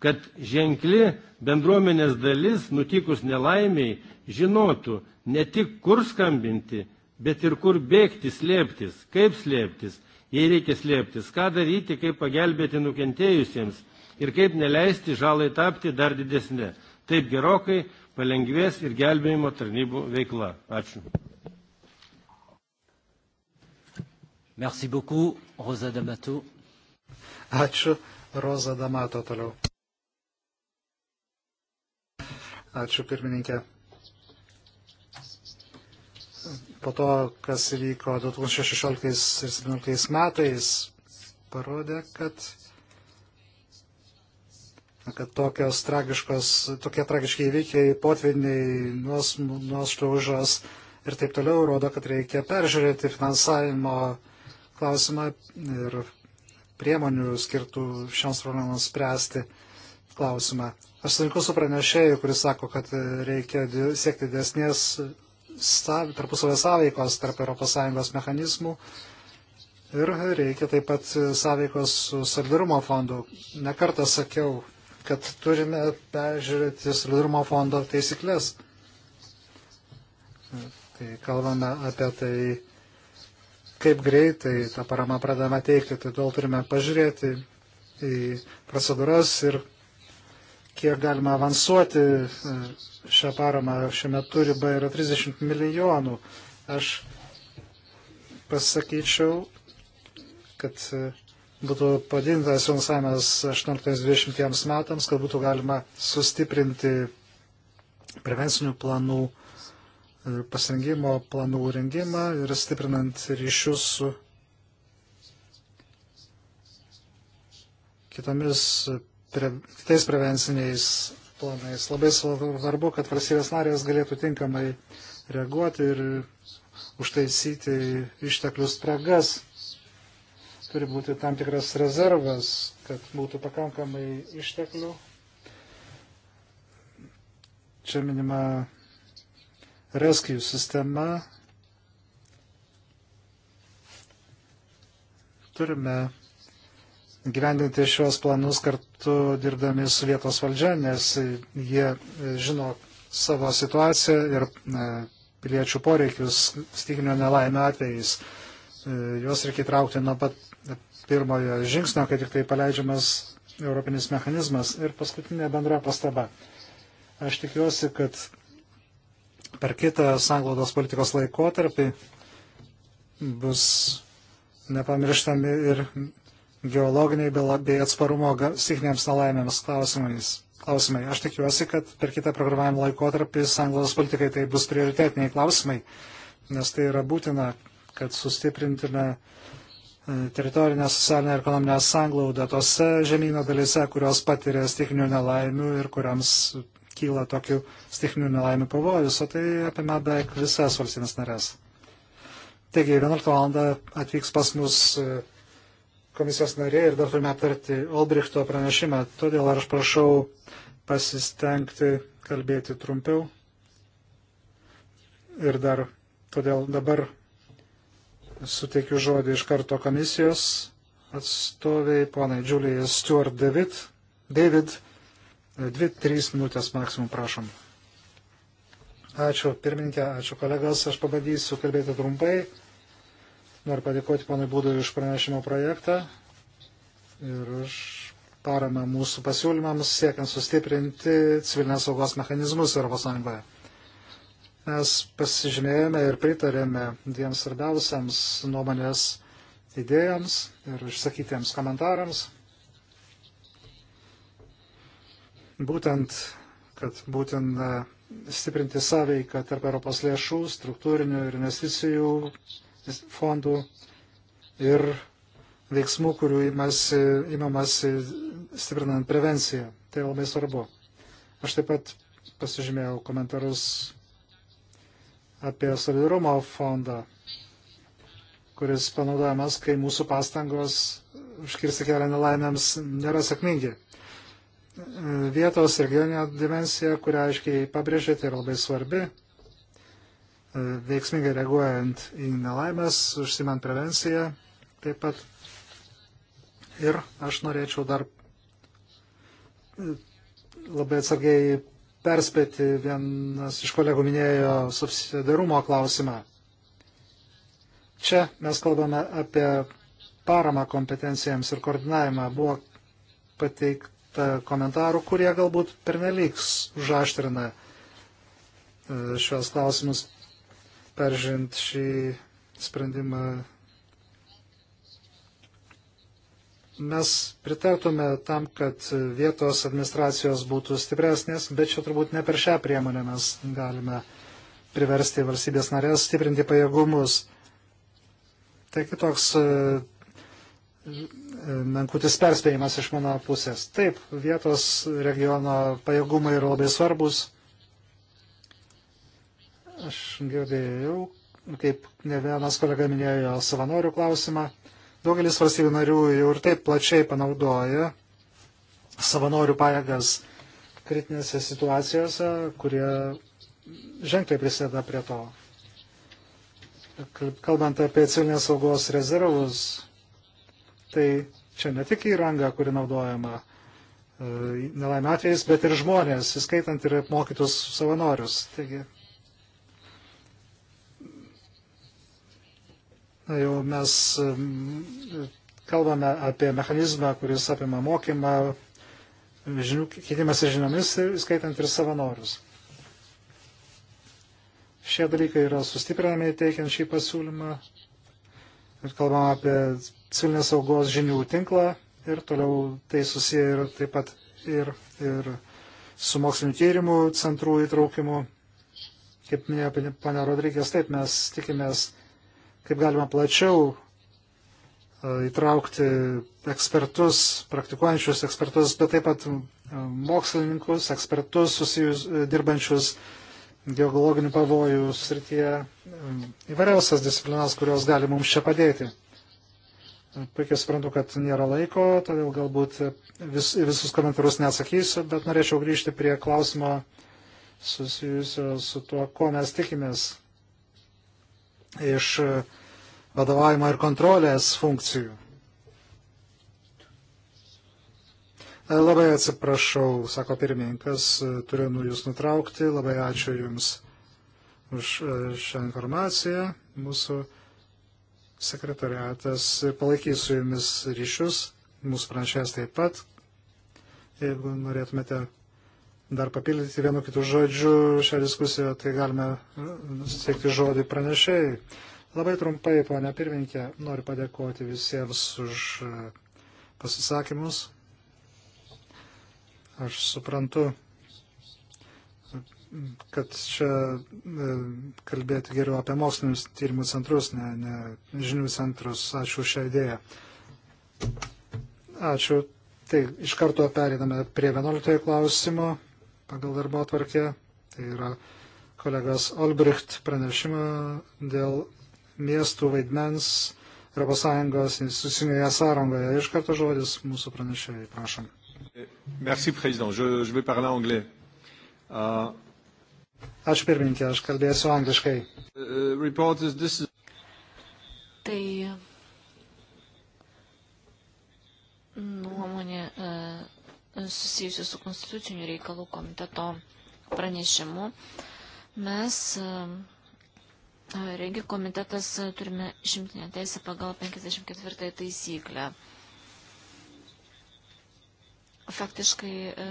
kad ženkli bendruomenės dalis nutikus nelaimiai žinotų ne tik kur skambinti, bet ir kur bėgti, slėptis, kaip slėptis, jei reikia slėptis, ką daryti, kaip pagelbėti nukentėjusiems ir kaip neleisti žalai tapti dar didesnė. Taip gerokai palengvės ir gelbėjimo tarnybų veikla. Ačiū. Merci beaucoup, Rosa D'Amato. Ačiū, Rosa D'Amato toliau. Ačiū, pirmininkė. Po to, kas įvyko 2016 ir 2017 metais, parodė, kad kad tokios tragiškos, tokie tragiški įvykiai, potviniai, nuoslaužas ir taip toliau rodo, kad reikia peržiūrėti finansavimo klausimą ir priemonių skirtų šioms problemams spręsti klausimą. Aš sutinku su pranešėju, kuris sako, kad reikia siekti desnės sav, tarpusavio sąveikos tarp ES mechanizmų ir reikia taip pat sąveikos su solidarumo fondu. Nekartą sakiau kad turime peržiūrėti solidarumo fondo taisyklės. Tai kalbame apie tai, kaip greitai tą paramą pradame teikti. Tai todėl tai turime pažiūrėti į procedūras ir kiek galima avansuoti e, šią paramą. Šiame turi B yra 30 milijonų. Aš pasakyčiau, kad e, būtų padintas finansavimas 18-20 metams, kad būtų galima sustiprinti prevencinių planų, e, pasirengimo planų rengimą ir stiprinant ryšius su kitomis, pre, kitais prevenciniais planais. Labai svarbu, kad valstybės narės galėtų tinkamai reaguoti ir užtaisyti išteklius spragas turi būti tam tikras rezervas, kad būtų pakankamai išteklių. Čia minima reskijų sistema. Turime gyvendinti šios planus kartu dirbdami su vietos valdžia, nes jie žino savo situaciją ir e, piliečių poreikius stiklinio nelaimę atvejais. E, juos reikia įtraukti nuo pat pirmojo žingsnio, kai tik tai paleidžiamas europinis mechanizmas. Ir paskutinė bendra pastaba. Aš tikiuosi, kad per kitą sanglaudos politikos laikotarpį bus nepamirštami ir geologiniai bei atsparumo stikniams nelaimėms klausimais. Klausimai. Aš tikiuosi, kad per kitą programavimo laikotarpį sanglaudos politikai tai bus prioritetiniai klausimai, nes tai yra būtina, kad sustiprintume teritorinę socialinę ir ekonominę sanglaudą tose žemynų dalise, kurios patiria stichinių nelaimių ir kuriams kyla tokių stichinių nelaimių pavojus, o tai apima beveik visas valstybės narės. Taigi, 11 val. atvyks pas mus e, komisijos narė ir dar turime aptarti Olbrichto pranešimą, todėl aš prašau pasistengti kalbėti trumpiau. Ir dar, todėl dabar suteikiu žodį iš karto komisijos atstoviai, ponai Julie Stuart David. David, 2-3 minutės maksimum prašom. Ačiū pirmininkė, ačiū kolegas, aš pabandysiu kalbėti trumpai. Noriu padėkoti ponui Būdui už pranešimo projektą ir už paramą mūsų pasiūlymams siekiant sustiprinti civilinės saugos mechanizmus Europos Sąjungoje. Mes pasižymėjome ir pritarėme dviem svarbiausiams nuomonės idėjams ir išsakytiems komentarams. Būtent, kad būtina e, stiprinti sąveiką tarp Europos lėšų, struktūrinių ir investicijų fondų ir veiksmų, kurių imasi, imamasi stiprinant prevenciją. Tai labai svarbu. Aš taip pat pasižymėjau komentarus apie solidarumo fondą, kuris panaudojamas, kai mūsų pastangos užkirsti kelią nelaimėms nėra sėkmingi. Vietos regioninė dimensija, kurią aiškiai pabrėžėte, yra labai svarbi, veiksmingai reaguojant į nelaimės, užsimant prevenciją taip pat. Ir aš norėčiau dar labai atsargiai perspėti, vienas iš kolegų minėjo subsidarumo klausimą. Čia mes kalbame apie paramą kompetencijams ir koordinavimą. Buvo pateikta komentarų, kurie galbūt pernelygs užaštrina e, šios klausimus, peržiūrint šį sprendimą Mes pritartume tam, kad vietos administracijos būtų stipresnės, bet čia turbūt ne per šią priemonę mes galime priversti valstybės narės stiprinti pajėgumus. Tai kitoks e, e, menkutis perspėjimas iš mano pusės. Taip, vietos regiono pajėgumai yra labai svarbus. Aš girdėjau, kaip ne vienas kolega minėjo savanorių klausimą. Daugelis valstybių narių jau ir taip plačiai panaudoja savanorių pajėgas kritinėse situacijose, kurie ženkliai prisėda prie to. Kalbant apie civilinės saugos rezervus, tai čia ne tik įranga, kuri naudojama e, nelaimė atvejais, bet ir žmonės, įskaitant ir apmokytus savanorius. Taigi jau mes kalbame apie mechanizmą, kuris apima mokymą, žinių, keitimas žiniomis, skaitant ir savanorius. Šie dalykai yra sustiprinami teikiant šį pasiūlymą ir kalbam apie civilinės saugos žinių tinklą ir toliau tai susiję ir taip pat ir, ir su mokslinio tyrimų centrų įtraukimu. Kaip minėjo pane Rodrygės, taip mes tikimės kaip galima plačiau e, įtraukti ekspertus, praktikuojančius ekspertus, bet taip pat e, mokslininkus, ekspertus susijus, e, dirbančius geologinių pavojų srityje, įvairiausias disciplinas, kurios gali mums čia padėti. Puikiai suprantu, kad nėra laiko, todėl galbūt vis, visus komentarus neatsakysiu, bet norėčiau grįžti prie klausimo susijusio su tuo, ko mes tikimės iš e, vadovavimo ir kontrolės funkcijų. E, labai atsiprašau, sako pirmininkas, e, turiu nu jūs nutraukti. Labai ačiū Jums už šią informaciją. Mūsų sekretariatas palaikys su Jumis ryšius, mūsų pranešės taip pat. Jeigu norėtumėte dar papildyti vienu kitu žodžiu šią diskusiją, tai galime uh, susiekti žodį pranešėjai. Labai trumpai, ponia pirmininkė, noriu padėkoti visiems už uh, pasisakymus. Aš suprantu, kad čia uh, kalbėti geriau apie mokslinius tyrimų centrus, ne, ne žinių centrus. Ačiū šią idėją. Ačiū. Tai iš karto periname prie 11 klausimo pagal darbo atvarkę. Tai yra kolegas Olbricht pranešimą dėl miestų vaidmens ES institucinėje sąrangoje. Iš karto žodis mūsų pranešėjai, prašom. Merci, président. Je, je vais parler anglais. Uh, ah. Aš pirmininkė, aš kalbėsiu angliškai. Uh, is... Tai susijusių su konstitucinių reikalų komiteto pranešimu. Mes, e, regi komitetas, turime šimtinę teisę pagal 54 taisyklę. Faktiškai e,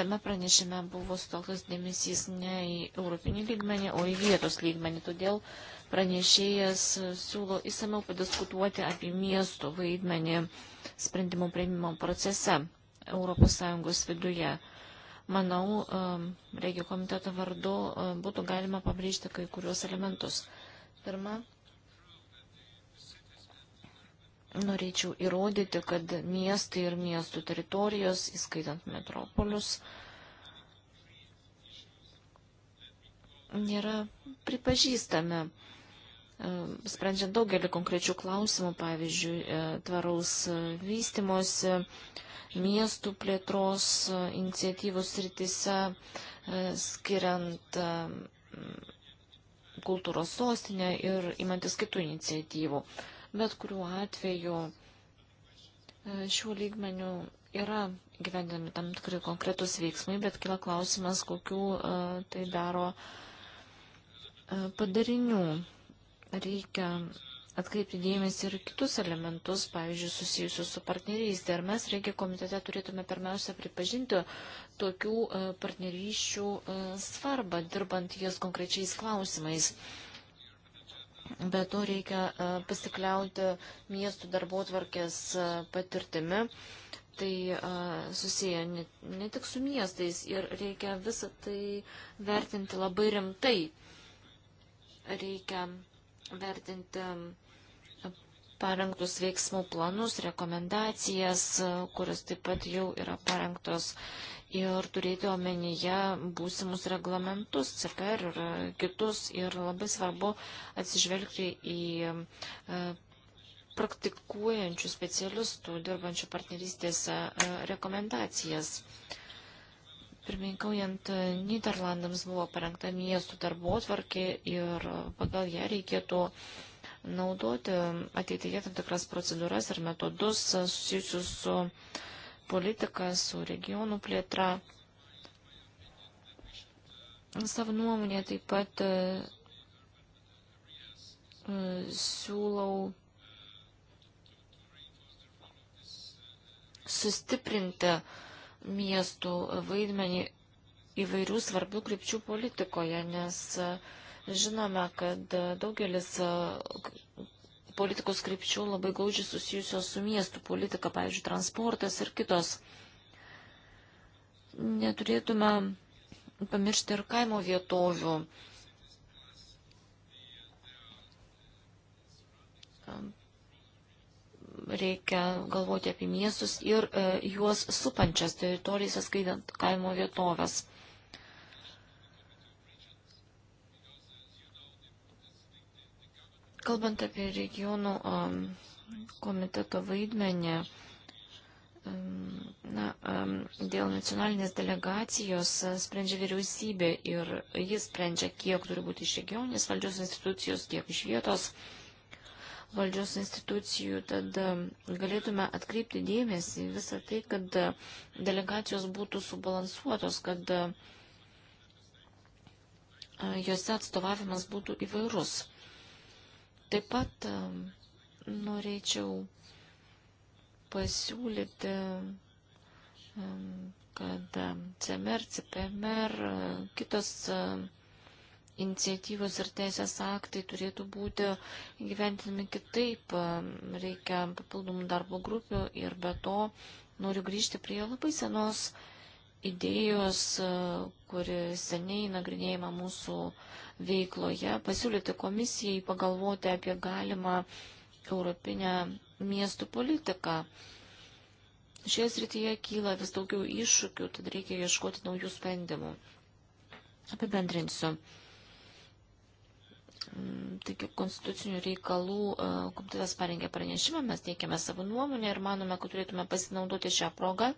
tame pranešime buvo stoktas dėmesys ne į europinį lygmenį, o į vietos lygmenį. Todėl pranešėjas e, siūlo įsameu padiskutuoti apie miesto vaidmenį sprendimų prieimimo procese. ES viduje. Manau, um, regio komiteto vardu um, būtų galima pabrėžti kai kuriuos elementus. Pirma, norėčiau įrodyti, kad miestai ir miestų teritorijos, įskaitant metropolius, nėra pripažįstame um, sprendžiant daugelį konkrečių klausimų, pavyzdžiui, e, tvaraus e, vystimosi, miestų plėtros e, iniciatyvų sritise, e, skiriant e, kultūros sostinę ir imantis kitų iniciatyvų. Bet kuriuo atveju šiuo lygmeniu yra gyvendami tam tikrai konkretus veiksmai, bet kila klausimas, kokiu tai daro padarinių. Reikia atkreipti dėmesį ir kitus elementus, pavyzdžiui, susijusius su partnerystė. Ar mes reikia komitete turėtume pirmiausia pripažinti tokių e, partnerysčių e, svarbą, dirbant jas konkrečiais klausimais. Be to reikia e, pasikliauti miestų darbo tvarkės patirtimi. Tai susiję ne, ne tik su miestais ir reikia visą tai vertinti labai rimtai. Reikia vertinti parengtus veiksmų planus, rekomendacijas, kurios taip pat jau yra parengtos ir turėti omenyje būsimus reglamentus, CPR ir e, kitus. Ir labai svarbu atsižvelgti į e, praktikuojančių specialistų, dirbančių partnerystėse e, rekomendacijas. Pirmininkaujant Niderlandams buvo parengta miestų darbo tvarkė ir pagal ją reikėtų uh, naudoti ateityje tam tikras procedūras ir metodus susijusius su politika, su regionų plėtra. Savo nuomonė taip pat e, siūlau sustiprinti miestų vaidmenį įvairių svarbių krypčių politikoje, nes uh, Žinome, kad e, daugelis e, politikos krypčių labai glaudžiai susijusios su miestų politika, pavyzdžiui, transportas ir kitos. Neturėtume pamiršti ir kaimo vietovių. E, reikia galvoti apie miestus ir e, juos supančias teritorijas, skaitant kaimo vietovės. Kalbant apie regionų komiteto vaidmenį, na, dėl nacionalinės delegacijos sprendžia vyriausybė ir jis sprendžia, kiek turi būti iš regioninės valdžios institucijos, kiek iš vietos valdžios institucijų, tad galėtume atkreipti dėmesį visą tai, kad delegacijos būtų subalansuotos, kad jose atstovavimas būtų įvairus. Taip pat um, norėčiau pasiūlyti, um, kad um, CMR, CPMR, uh, kitos iniciatyvos ir teisės aktai turėtų būti gyventinami kitaip, reikia papildomų darbo grupių ir be to noriu grįžti prie labai senos idėjos, uh, kuri seniai nagrinėjama mūsų uh, veikloje, pasiūlyti komisijai pagalvoti apie galimą europinę miestų politiką. Šioje srityje kyla vis daugiau iššūkių, tad reikia ieškoti naujų sprendimų. Apibendrinsiu. Mm, taigi, konstitucinių reikalų e, komitetas parengė pranešimą, mes teikiame savo nuomonę ir manome, kad turėtume pasinaudoti šią progą,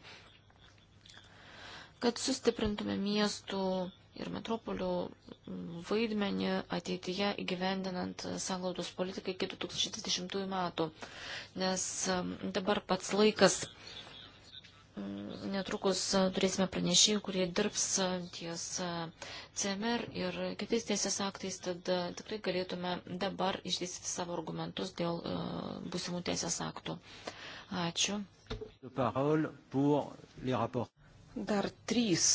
kad sustiprintume miestų ir metropolių vaidmenį ateityje įgyvendinant sanglaudos politiką iki 2020 metų, nes um, dabar pats laikas. Mm, netrukus uh, turėsime pranešėjų, kurie dirbs uh, ties uh, CMR ir kitais teisės aktais, tad tikrai galėtume dabar išdėstyti savo argumentus dėl būsimų teisės aktų. Ačiū. Dar trys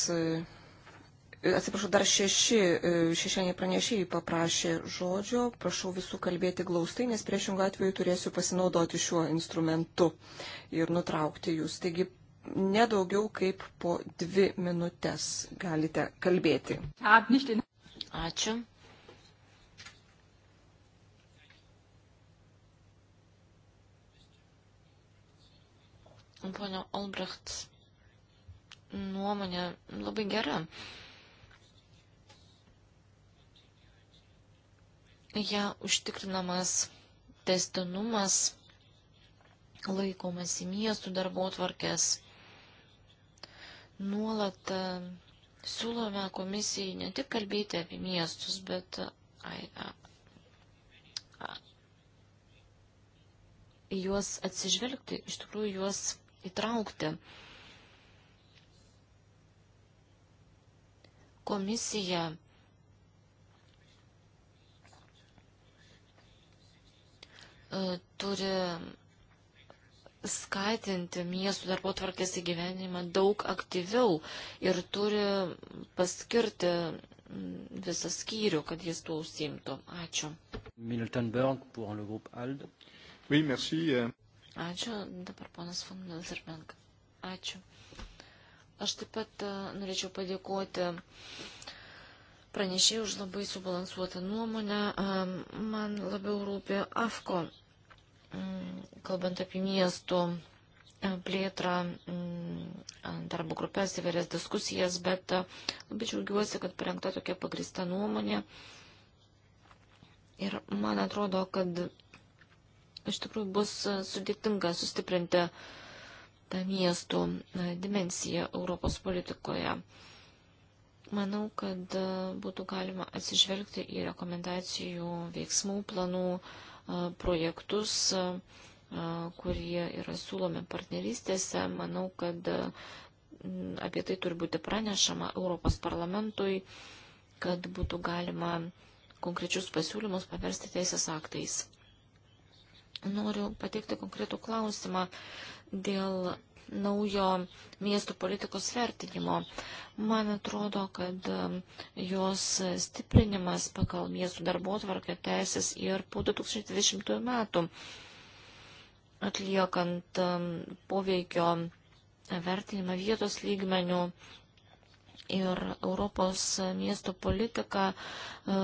Atsiprašau, dar šeši e, šešėniai pranešėjai paprašė žodžio. Prašau visų kalbėti glaustai, nes priešingų atveju turėsiu pasinaudoti šiuo instrumentu ir nutraukti jūs. Taigi, nedaugiau kaip po dvi minutės galite kalbėti. Ačiū. Pone Olbrecht, nuomonė labai gera. ją užtikrinamas testinumas, laikomas į miestų darbo tvarkės. Nuolat e, siūlome komisijai ne tik kalbėti apie miestus, bet ai, a, a, juos atsižvelgti, iš tikrųjų juos įtraukti. Komisija E, turi skatinti miestų darbo tvarkės įgyvenimą daug aktyviau ir turi paskirti mm, visą skyrių, kad jis tuo užsimtų. Ačiū. Miltenberg pour le groupe ALDE. Oui, merci. Euh. Ačiū. Dabar ponas von Miltenberg. Ačiū. Aš taip pat e, norėčiau padėkoti pranešėjai už labai subalansuotą nuomonę. E, man labiau rūpi AFKO Mm, kalbant apie miestų e, plėtrą, mm, darbo grupės įvairias diskusijas, bet e, labai džiaugiuosi, kad parengta tokia pagrista nuomonė. Ir man atrodo, kad iš tikrųjų bus e, sudėtinga sustiprinti tą miestų dimensiją Europos politikoje. Manau, kad būtų galima atsižvelgti į rekomendacijų, veiksmų planų, uh, projektus, kurie yra siūlomi partnerystėse. Manau, kad apie tai turi būti pranešama Europos parlamentui, kad būtų galima konkrečius pasiūlymus paversti teisės aktais. Noriu pateikti konkretų klausimą dėl naujo miestų politikos vertinimo. Man atrodo, kad um, jos stiprinimas pagal miestų darbo tvarkę teisės ir po 2020 metų atliekant um, poveikio vertinimą vietos lygmenių ir Europos miestų politika e,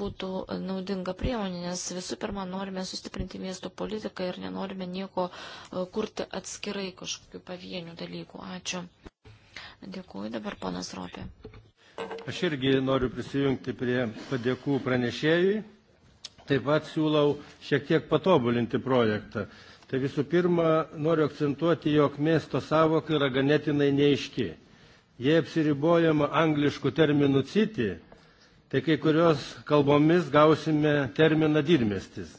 būtų naudinga priemonė, nes visų pirma norime sustiprinti miestų politiką ir nenorime nieko e, kurti atskirai kažkokių pavienių dalykų. Ačiū. Dėkuoju dabar ponas Ropė. Aš irgi noriu prisijungti prie padėkų pranešėjui. Taip pat siūlau šiek tiek patobulinti projektą. Tai visų pirma, noriu akcentuoti, jog miesto savoka yra ganėtinai neiški jei apsiribojama angliškų terminų city, tai kai kurios kalbomis gausime terminą didmestis.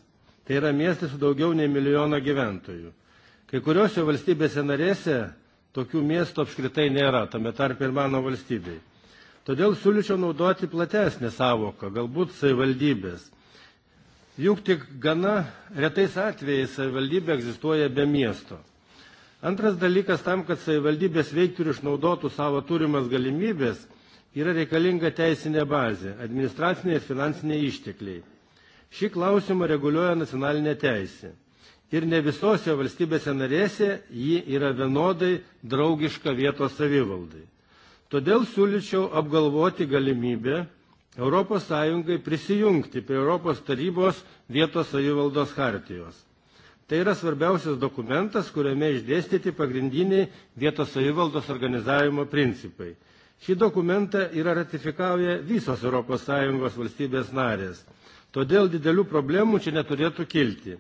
Tai yra miestas su daugiau nei milijono gyventojų. Kai kuriuose valstybėse narėse tokių miestų apskritai nėra, tame tarp ir mano valstybei. Todėl siūlyčiau naudoti platesnę savoką, galbūt savivaldybės. Juk tik gana retais atvejais savivaldybė egzistuoja be miesto. Antras dalykas, tam, kad savivaldybės veiktų ir išnaudotų savo turimas galimybės, yra reikalinga teisinė bazė, administraciniai ir finansiniai ištekliai. Šį klausimą reguliuoja nacionalinė teisė. Ir ne visose valstybėse narėse ji yra vienodai draugiška vietos savivaldai. Todėl siūlyčiau apgalvoti galimybę ES prisijungti prie Europos tarybos vietos savivaldos hartijos. Tai yra svarbiausias dokumentas, kuriame išdėstyti pagrindiniai vietos savivaldos organizavimo principai. Šį dokumentą yra ratifikavę visos ES valstybės narės. Todėl didelių problemų čia neturėtų kilti.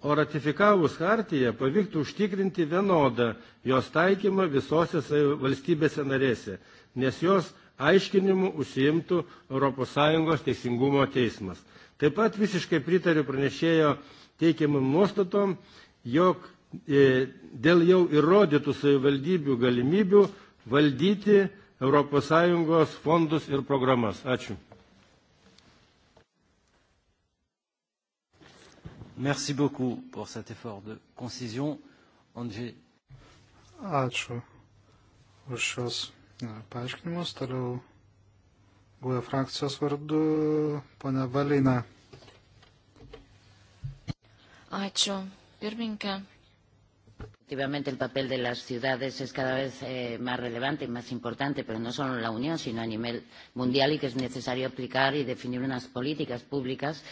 O ratifikavus hartiją pavyktų užtikrinti vienodą jos taikymą visose valstybėse narėse, nes jos aiškinimu užsiimtų ES teisingumo teismas. Taip pat visiškai pritariu pranešėjo teikiamam nuostatom, jog e, dėl jau įrodytų savivaldybių galimybių valdyti ES fondus ir programas. Ačiū. Merci beaucoup pour cet effort de concision. Andžiai. Ačiū už šios e, paaiškinimus. Toliau guoja e frakcijos vardu, ponia Valina. Ačiū. Pirminkė. Efectivamente, el papel de las ciudades es cada vez eh, más relevante y más importante, pero no solo en la Unión, sino a nivel mundial y que es necesario aplicar y definir unas políticas públicas.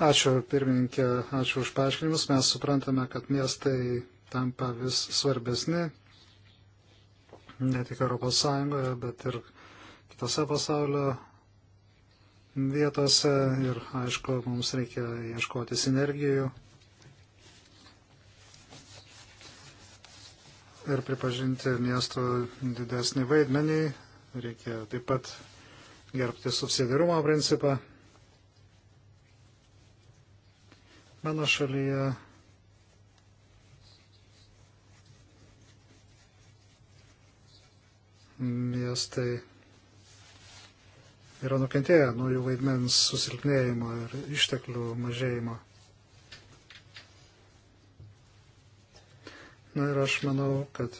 Ačiū pirmininkė, ačiū už paaiškinimus. Mes suprantame, kad miestai tampa vis svarbesni, ne tik Europos Sąjungoje, bet ir kitose pasaulio vietose. Ir aišku, mums reikia ieškoti sinergijų ir pripažinti miestų didesnį vaidmenį. Reikia taip pat gerbti subsidiarumo principą. Mano šalyje miestai yra nukentėję nuo jų vaidmens susilpnėjimo ir išteklių mažėjimo. Na ir aš manau, kad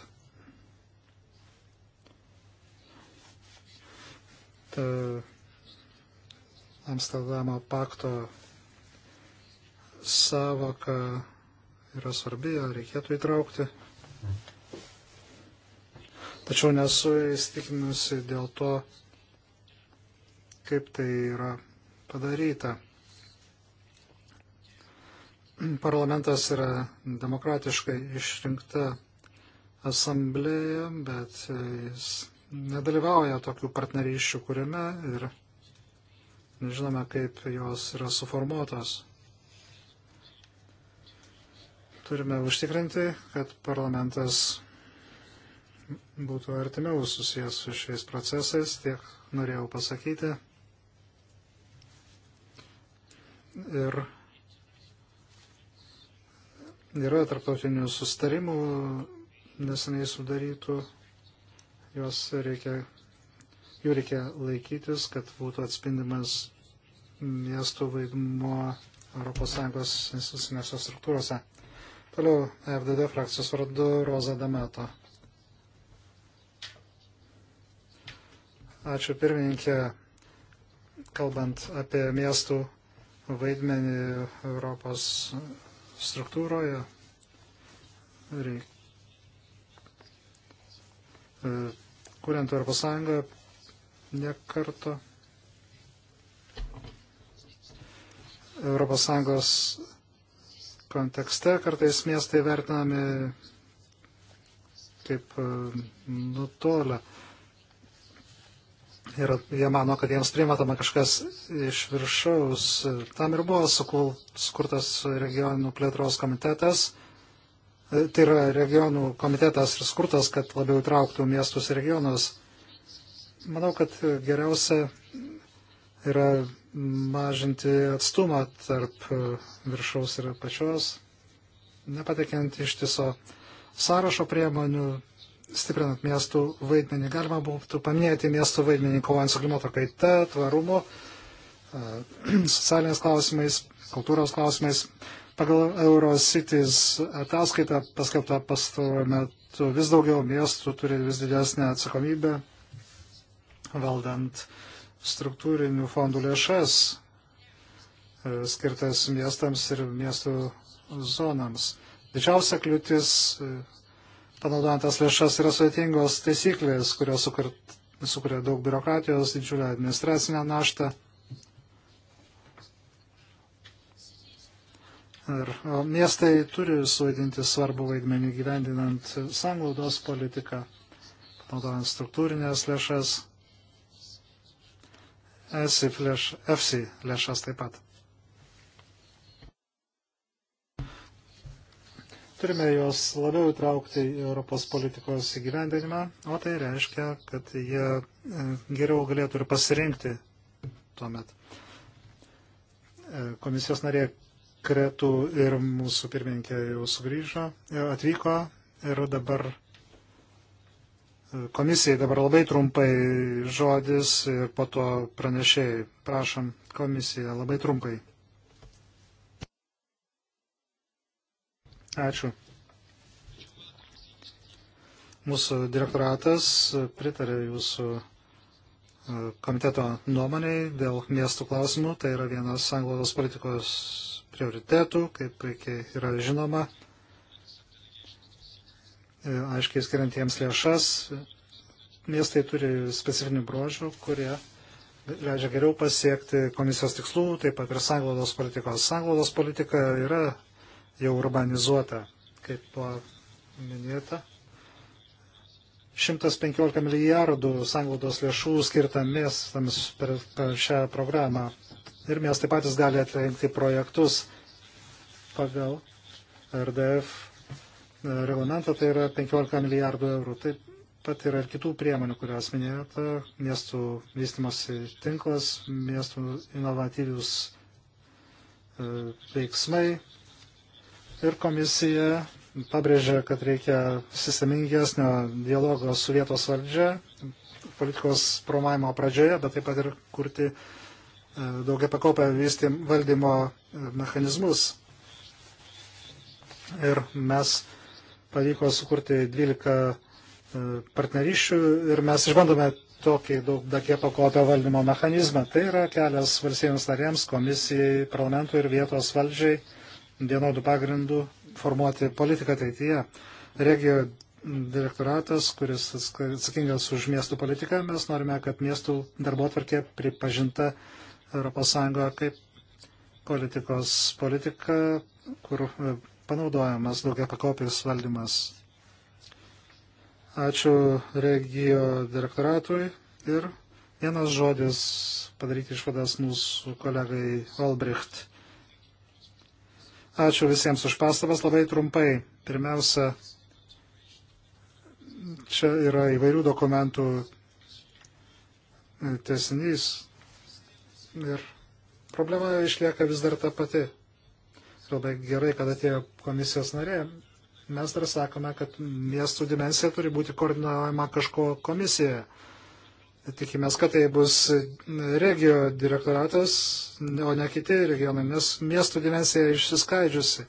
ta Amsterdamo pakto savoka yra svarbi, ją reikėtų įtraukti. Tačiau nesu įstikinusi dėl to, kaip tai yra padaryta parlamentas yra demokratiškai išrinkta asamblėje, bet jis nedalyvauja tokių partnerysčių kūrime ir nežinome, kaip jos yra suformuotos. Turime užtikrinti, kad parlamentas būtų artimiau susijęs su šiais procesais, tiek norėjau pasakyti. Ir Yra tarptautinių sustarimų neseniai sudarytų, juos reikia, jų reikia laikytis, kad būtų atspindimas miestų vaidmuo ES institucinėse struktūrose. Toliau FDD frakcijos vardu Roza Dameto. Ačiū pirmininkė, kalbant apie miestų vaidmenį Europos struktūroje reik, e, kuriant Europos Sąjungą nekarto Europos Sąjungos kontekste kartais miestai vertinami kaip e, nutolę ir jie mano, kad jiems primatoma kažkas iš viršaus. Tam ir buvo sukurtas regionų plėtros komitetas. Tai yra regionų komitetas ir skurtas, kad labiau įtrauktų miestus ir regionus. Manau, kad geriausia yra mažinti atstumą tarp viršaus ir pačios, nepatekiant ištiso sąrašo priemonių, stiprinant miestų vaidmenį. Galima būtų paminėti miestų vaidmenį kovojant su klimato kaita, tvarumu, socialinės klausimais, kultūros klausimais. Pagal Eurocities ataskaitą paskelbtą pastaruoju metu vis daugiau miestų turi vis didesnę atsakomybę valdant struktūrinių fondų lėšas e, skirtas miestams ir miestų zonams. Didžiausia kliūtis e, panaudojant tas lėšas yra sudėtingos taisyklės, kurios sukuria daug biurokratijos, didžiulę administracinę naštą. Ir miestai turi suvaidinti svarbu vaidmenį gyvendinant sanglaudos politiką, panaudojant struktūrinės lėšas, ESIF lėš, e EFSI lėšas e taip pat. Turime juos labiau įtraukti į Europos politikos įgyvendinimą, o tai reiškia, kad jie e, geriau galėtų ir pasirinkti tuomet. E, komisijos narė Kretų ir mūsų pirmininkė jau sugrįžo, e, atvyko ir dabar komisijai dabar labai trumpai žodis ir po to pranešėjai. Prašom, komisija labai trumpai. Ačiū. Mūsų direktoratas pritarė jūsų e, komiteto nuomoniai dėl miestų klausimų. Tai yra vienas anglos politikos prioritetų, kaip puikiai yra žinoma, e, aiškiai skiriantiems lėšas. Miestai turi specifinių brožių, kurie leidžia geriau pasiekti komisijos tikslų, taip pat ir sanglaudos politikos. Sanglaudos politika yra jau urbanizuota, kaip tuo minėta. 115 milijardų sanglaudos lėšų skirta miestams per, per šią programą. Ir miestai patys gali atrenkti projektus pagal RDF reglamentą, tai yra 15 milijardų eurų. Taip pat yra ir kitų priemonių, kurias minėjote, miestų vystimosi tinklas, miestų inovatyvius e, veiksmai, ir komisija pabrėžė, kad reikia sistemingesnio dialogo su vietos valdžia, politikos promavimo pradžioje, bet taip pat ir kurti e, daugia pakopę valdymo e, mechanizmus. Ir mes pavyko sukurti 12 e, partnerysčių ir mes išbandome tokį daugia pakopę valdymo mechanizmą. Tai yra kelias valstybėms narėms, komisijai, parlamentui ir vietos valdžiai vienodų pagrindų formuoti politiką ateityje. Regio direktoratas, kuris atsakingas už miestų politiką, mes norime, kad miestų darbo atvarkė pripažinta ES kaip politikos politika, kur e, panaudojamas daugia pakopis valdymas. Ačiū regijo direktoratui ir vienas žodis padaryti išvadas mūsų kolegai Albrecht. Ačiū visiems už pastabas labai trumpai. Pirmiausia, čia yra įvairių dokumentų e, tesinys ir problema išlieka vis dar ta pati. Labai gerai, kad atėjo komisijos narė. Mes dar sakome, kad miestų dimensija turi būti koordinuojama kažko komisijoje. Tikimės, kad tai bus regio direktoratas, o ne kiti regionai, nes miestų dimensija išsiskaidžiusi.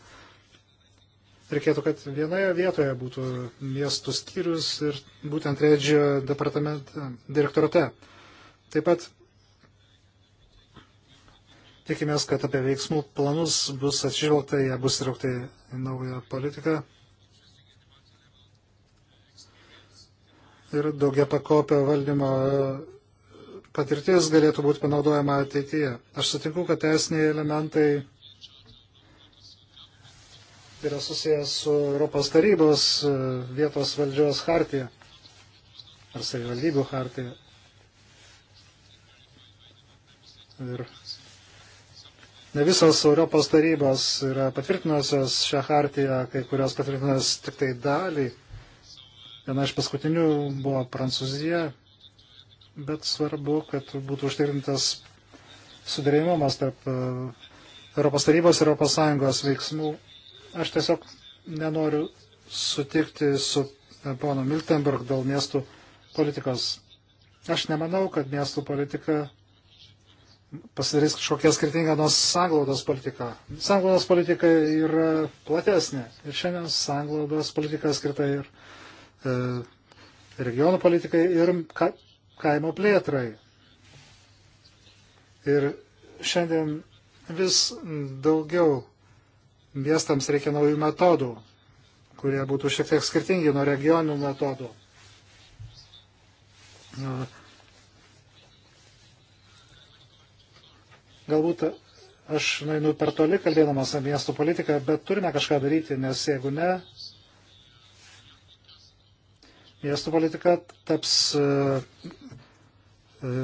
Reikėtų, kad vienoje vietoje būtų miestų skyrius ir būtent regio direktorate. Taip pat tikimės, kad apie veiksmų planus bus atšilgta, jie bus įtraukta į naują politiką ir daugia pakopio valdymo patirtis galėtų būti panaudojama ateityje. Aš sutinku, kad esniai elementai yra susijęs su Europos tarybos e, vietos valdžios hartija ar savivaldybių hartija. Ir ne visos Europos tarybos yra patvirtinusios šią hartiją, kai kurios patvirtinęs tik tai dalį. Viena iš paskutinių buvo Prancūzija, bet svarbu, kad būtų užtikrintas sudėrėjimumas tarp e, Europos tarybos ir Europos Sąjungos veiksmų. Aš tiesiog nenoriu sutikti su e, pono Miltenberg dėl miestų politikos. Aš nemanau, kad miestų politika pasidarys kažkokia skirtinga nuo sanglaudos politika. Sanglaudos politika yra platesnė ir šiandien sanglaudos politika skirta ir E, regionų politikai ir kaimo plėtrai. Ir šiandien vis daugiau miestams reikia naujų metodų, kurie būtų šiek tiek skirtingi nuo regioninių metodų. E, galbūt aš nainu per toli kalbėdamas apie miestų politiką, bet turime kažką daryti, nes jeigu ne, miestų politika taps e, e,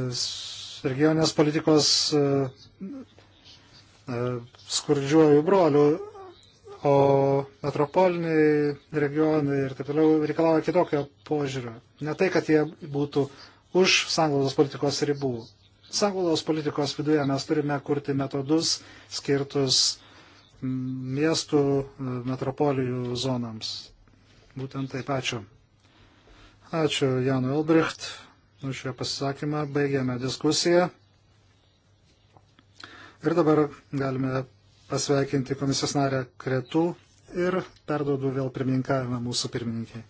regioninės politikos e, skurdžiuoju broliu, o metropoliniai regionai ir taip toliau reikalauja kitokio požiūrio. Ne tai, kad jie būtų už sanglaudos politikos ribų. Sanglaudos politikos viduje mes turime kurti metodus skirtus miestų metropolijų zonams. Būtent taip, ačiū. Ačiū Janui Albrecht už šio pasisakymą. Baigėme diskusiją. Ir dabar galime pasveikinti komisijos narę Kretų ir perduodu vėl pirmininkavimą mūsų pirmininkiai.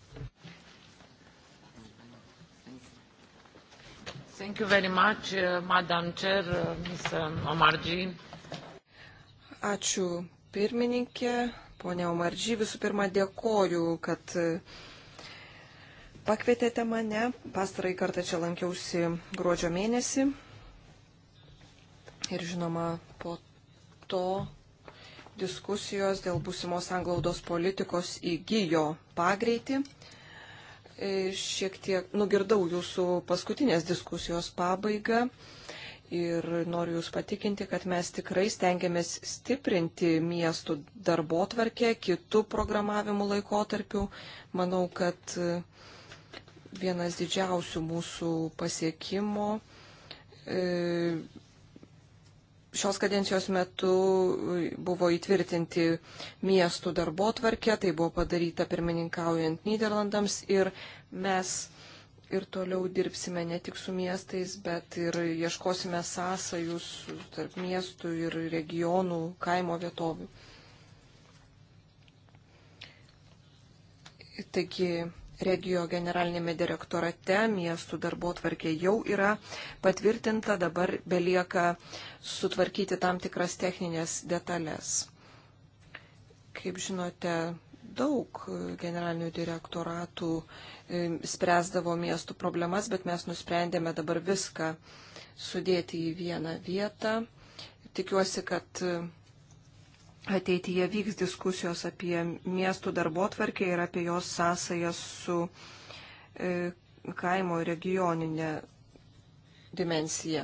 Thank you very much, uh, Madam Chair, uh, Ms. Um, Omarji. Ačiū pirmininkė, ponia Omarji. Visų pirma, dėkoju, kad uh, pakvietėte mane. Pastarai kartą čia lankiausi gruodžio mėnesį. Ir žinoma, po to diskusijos dėl būsimos anglaudos politikos įgyjo pagreitį. E, šiek tiek nugirdau jūsų paskutinės diskusijos pabaigą ir noriu jūs patikinti, kad mes tikrai stengiamės stiprinti miestų darbo tvarkę kitų programavimų laikotarpių. Manau, kad vienas didžiausių mūsų pasiekimų. E, šios kadencijos metu buvo įtvirtinti miestų darbo tvarkė, tai buvo padaryta pirmininkaujant Niderlandams ir mes ir toliau dirbsime ne tik su miestais, bet ir ieškosime sąsajus tarp miestų ir regionų, kaimo vietovių. Taigi Regio generalinėme direktorate miestų darbo tvarkė jau yra patvirtinta, dabar belieka sutvarkyti tam tikras techninės detalės. Kaip žinote, daug generalinių direktoratų e, spręsdavo miestų problemas, bet mes nusprendėme dabar viską sudėti į vieną vietą. Tikiuosi, kad e, ateityje vyks diskusijos apie miestų darbo tvarkę ir apie jos sąsajas su e, kaimo regioninė dimensija.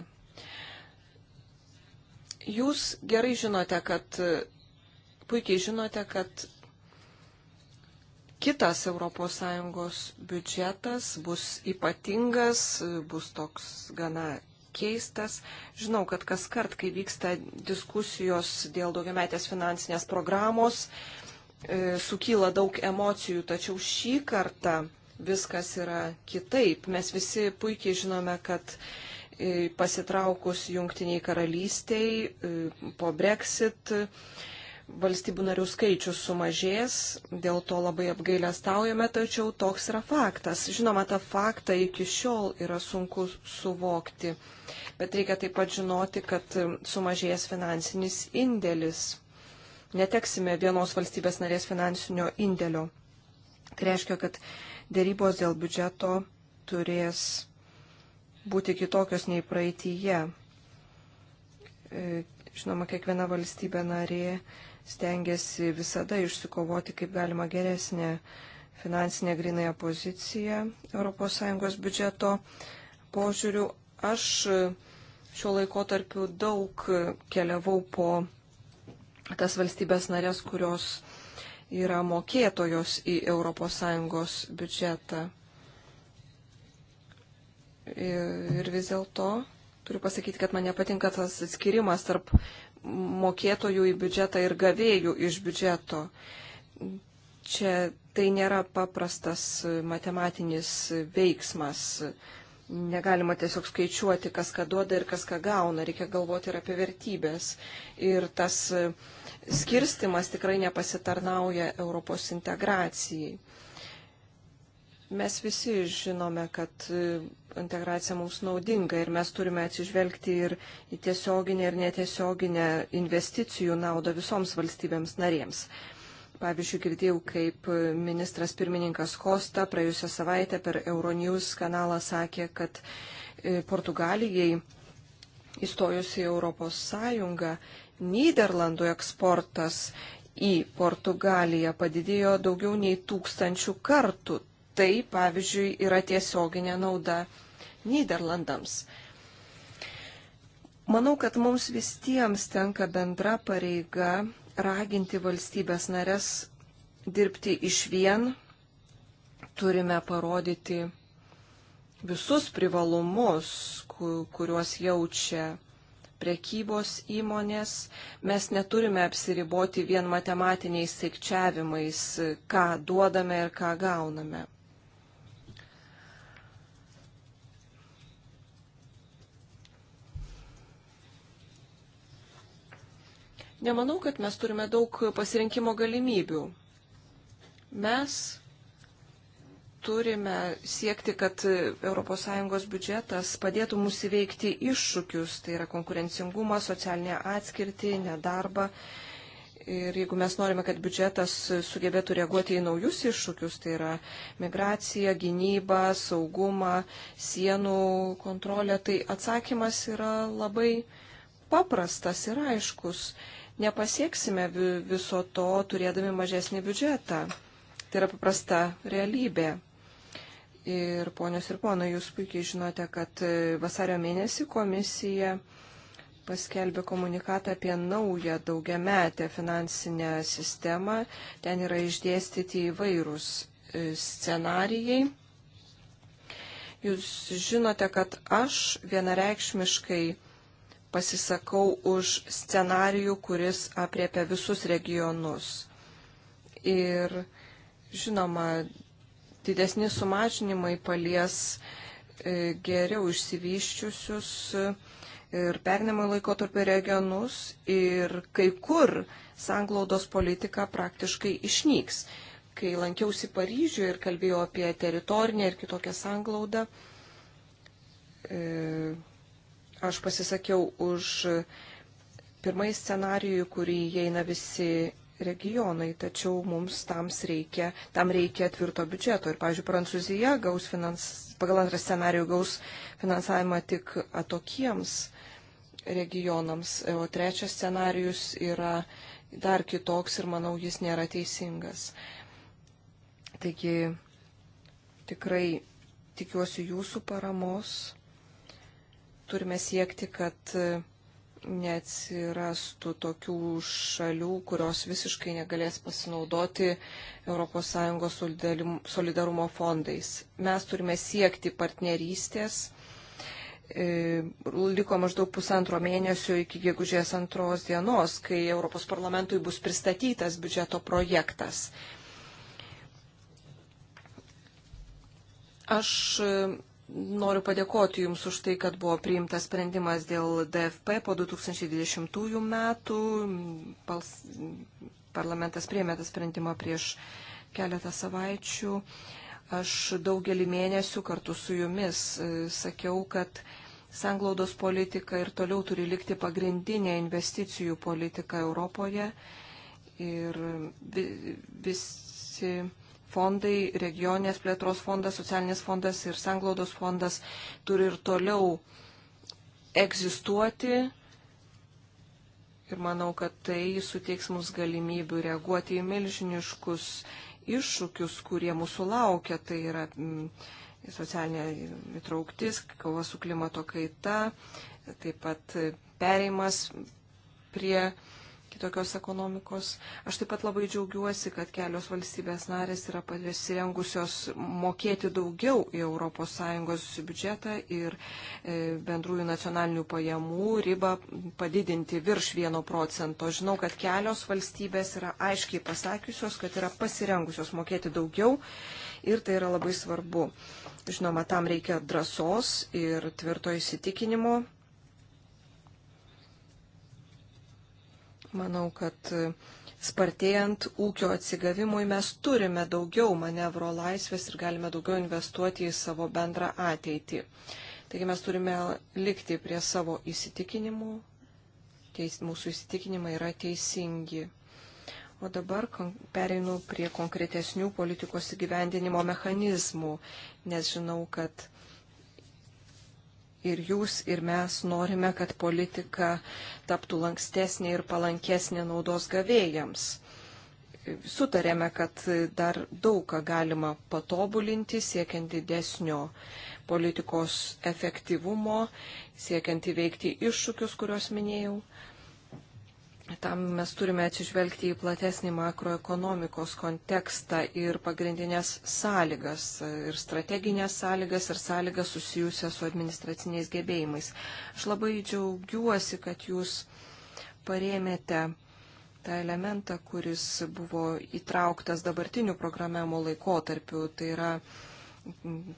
Jūs gerai žinote, kad puikiai žinote, kad kitas ES biudžetas bus ypatingas, bus toks gana keistas. Žinau, kad kas kart, kai vyksta diskusijos dėl daugiametės finansinės programos, e, sukyla daug emocijų, tačiau šį kartą viskas yra kitaip. Mes visi puikiai žinome, kad e, pasitraukus jungtiniai karalystiai e, po Brexit valstybių narių skaičius sumažės, dėl to labai apgailestaujame, tačiau toks yra faktas. Žinoma, tą faktą iki šiol yra sunku suvokti, bet reikia taip pat žinoti, kad sumažės finansinis indėlis. Neteksime vienos valstybės narės finansinio indėlio. Tai reiškia, kad dėrybos dėl biudžeto turės būti kitokios nei praeitįje. E, žinoma, kiekviena valstybė narė stengiasi visada išsikovoti kaip galima geresnę finansinę grinąją poziciją ES biudžeto požiūrių. Aš šiuo laikotarpiu daug keliavau po tas valstybės narės, kurios yra mokėtojos į ES biudžetą. Ir vis dėlto turiu pasakyti, kad man nepatinka tas atskirimas tarp mokėtojų į biudžetą ir gavėjų iš biudžeto. Čia tai nėra paprastas matematinis veiksmas. Negalima tiesiog skaičiuoti, kas ką duoda ir kas ką gauna. Reikia galvoti ir apie vertybės. Ir tas skirstimas tikrai nepasitarnauja Europos integracijai. Mes visi žinome, kad e, integracija mums naudinga ir mes turime atsižvelgti ir į tiesioginę ir netiesioginę investicijų naudą visoms valstybėms narėms. Pavyzdžiui, girdėjau, kaip ministras pirmininkas Kosta praėjusią savaitę per Euronews kanalą sakė, kad e, Portugalijai įstojus į Europos Sąjungą, Niderlandų eksportas į Portugaliją padidėjo daugiau nei tūkstančių kartų tai, pavyzdžiui, yra tiesioginė nauda Niderlandams. Manau, kad mums visiems tenka bendra pareiga raginti valstybės narės dirbti iš vien, turime parodyti visus privalumus, kuriuos jaučia prekybos įmonės, mes neturime apsiriboti vien matematiniais sėkčiavimais, ką duodame ir ką gauname. Nemanau, kad mes turime daug pasirinkimo galimybių. Mes turime siekti, kad ES biudžetas padėtų mums įveikti iššūkius, tai yra konkurencingumą, socialinę atskirtį, nedarbą. Ir jeigu mes norime, kad biudžetas sugebėtų reaguoti į naujus iššūkius, tai yra migracija, gynyba, saugumą, sienų kontrolė, tai atsakymas yra labai paprastas ir aiškus nepasieksime viso to turėdami mažesnį biudžetą. Tai yra paprasta realybė. Ir ponios ir ponai, jūs puikiai žinote, kad e, vasario mėnesį komisija paskelbė komunikatą apie naują daugiametę finansinę sistemą. Ten yra išdėstyti įvairūs e, scenarijai. Jūs žinote, kad aš vienareikšmiškai pasisakau už scenarijų, kuris apriepia visus regionus. Ir žinoma, didesni sumažinimai palies e, geriau išsivyščiusius e, ir pernimo laikotarpio regionus ir kai kur sanglaudos politika praktiškai išnyks. Kai lankiausi Paryžiuje ir kalbėjau apie teritorinę ir kitokią sanglaudą, e Aš pasisakiau už pirmąjį scenarijų, kurį įeina visi regionai, tačiau mums reikia, tam reikia tvirto biudžeto. Ir, pavyzdžiui, Prancūzija gaus finans, pagal antrą scenarijų gaus finansavimą tik atokiems regionams, o trečias scenarijus yra dar kitoks ir, manau, jis nėra teisingas. Taigi, tikrai tikiuosi jūsų paramos turime siekti, kad neatsirastų tokių šalių, kurios visiškai negalės pasinaudoti ES solidarumo fondais. Mes turime siekti partnerystės. E, liko maždaug pusantro mėnesio iki gegužės antros dienos, kai Europos parlamentui bus pristatytas biudžeto projektas. Aš Noriu padėkoti Jums už tai, kad buvo priimtas sprendimas dėl DFP po 2020 metų. Pals, parlamentas priėmė tą sprendimą prieš keletą savaičių. Aš daugelį mėnesių kartu su Jumis e, sakiau, kad sanglaudos politika ir toliau turi likti pagrindinė investicijų politika Europoje. Ir visi fondai, regionės plėtros fondas, socialinis fondas ir sanglaudos fondas turi ir toliau egzistuoti. Ir manau, kad tai suteiks mums galimybių reaguoti į milžiniškus iššūkius, kurie mūsų laukia. Tai yra mm, socialinė įtrauktis, kova su klimato kaita, taip pat pereimas prie kitokios ekonomikos. Aš taip pat labai džiaugiuosi, kad kelios valstybės narės yra pasirengusios mokėti daugiau į ES biudžetą ir e, bendrųjų nacionalinių pajamų ribą padidinti virš 1 procento. Žinau, kad kelios valstybės yra aiškiai pasakiusios, kad yra pasirengusios mokėti daugiau ir tai yra labai svarbu. Žinoma, tam reikia drąsos ir tvirto įsitikinimo Manau, kad spartėjant ūkio atsigavimui mes turime daugiau manevro laisvės ir galime daugiau investuoti į savo bendrą ateitį. Taigi mes turime likti prie savo įsitikinimų. Teis, mūsų įsitikinimai yra teisingi. O dabar pereinu prie konkretesnių politikos įgyvendinimo mechanizmų, nes žinau, kad ir jūs, ir mes norime, kad politika taptų lankstesnė ir palankesnė naudos gavėjams. Sutarėme, kad dar daug ką galima patobulinti, siekiant didesnio politikos efektyvumo, siekiant įveikti iššūkius, kuriuos minėjau. Tam mes turime atsižvelgti į platesnį makroekonomikos kontekstą ir pagrindinės sąlygas, ir strateginės sąlygas, ir sąlygas susijusias su administraciniais gebėjimais. Aš labai džiaugiuosi, kad jūs parėmėte tą elementą, kuris buvo įtrauktas dabartinių programavimo laikotarpių, tai yra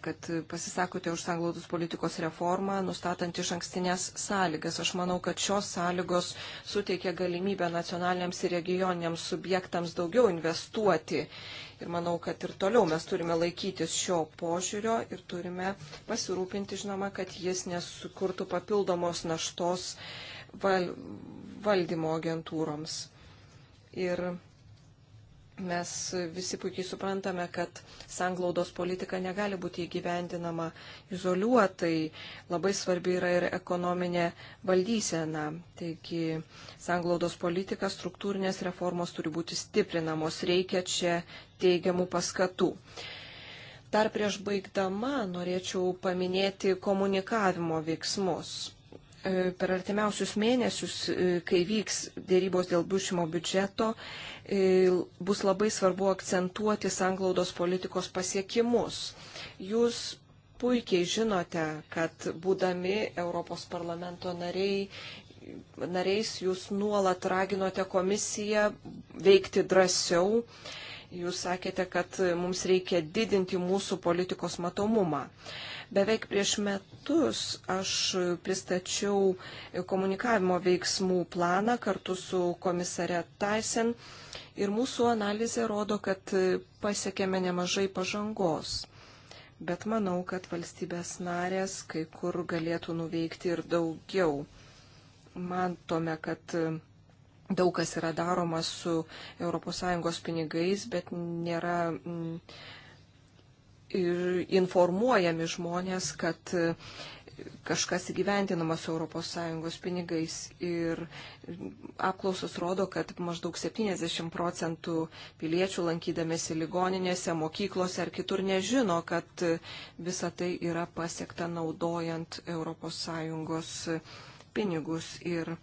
kad pasisakote už sanglaudos politikos reformą, nustatant iš ankstinės sąlygas. Aš manau, kad šios sąlygos suteikia galimybę nacionaliniams ir regioniniams subjektams daugiau investuoti. Ir manau, kad ir toliau mes turime laikytis šio požiūrio ir turime pasirūpinti, žinoma, kad jis nesukurtų papildomos naštos val valdymo agentūroms. Ir Mes visi puikiai suprantame, kad sanglaudos politika negali būti įgyvendinama izoliuotai. Labai svarbi yra ir ekonominė valdysena. Taigi sanglaudos politika, struktūrinės reformos turi būti stiprinamos. Reikia čia teigiamų paskatų. Dar prieš baigdama norėčiau paminėti komunikavimo veiksmus. E, per artimiausius mėnesius, e, kai vyks dėrybos dėl bušimo biudžeto, e, bus labai svarbu akcentuoti sanglaudos politikos pasiekimus. Jūs puikiai žinote, kad būdami Europos parlamento nariai, nariais jūs nuolat raginote komisiją veikti drąsiau, Jūs sakėte, kad mums reikia didinti mūsų politikos matomumą. Beveik prieš metus aš pristačiau komunikavimo veiksmų planą kartu su komisare Tyson ir mūsų analizė rodo, kad pasiekėme nemažai pažangos. Bet manau, kad valstybės narės kai kur galėtų nuveikti ir daugiau. Mantome, kad daug kas yra daroma su ES pinigais, bet nėra mm, ir informuojami žmonės, kad e, kažkas įgyvendinama su ES pinigais. Ir apklausos rodo, kad maždaug 70 procentų piliečių lankydamėsi ligoninėse, mokyklose ar kitur nežino, kad e, visa tai yra pasiekta naudojant ES pinigus. Ir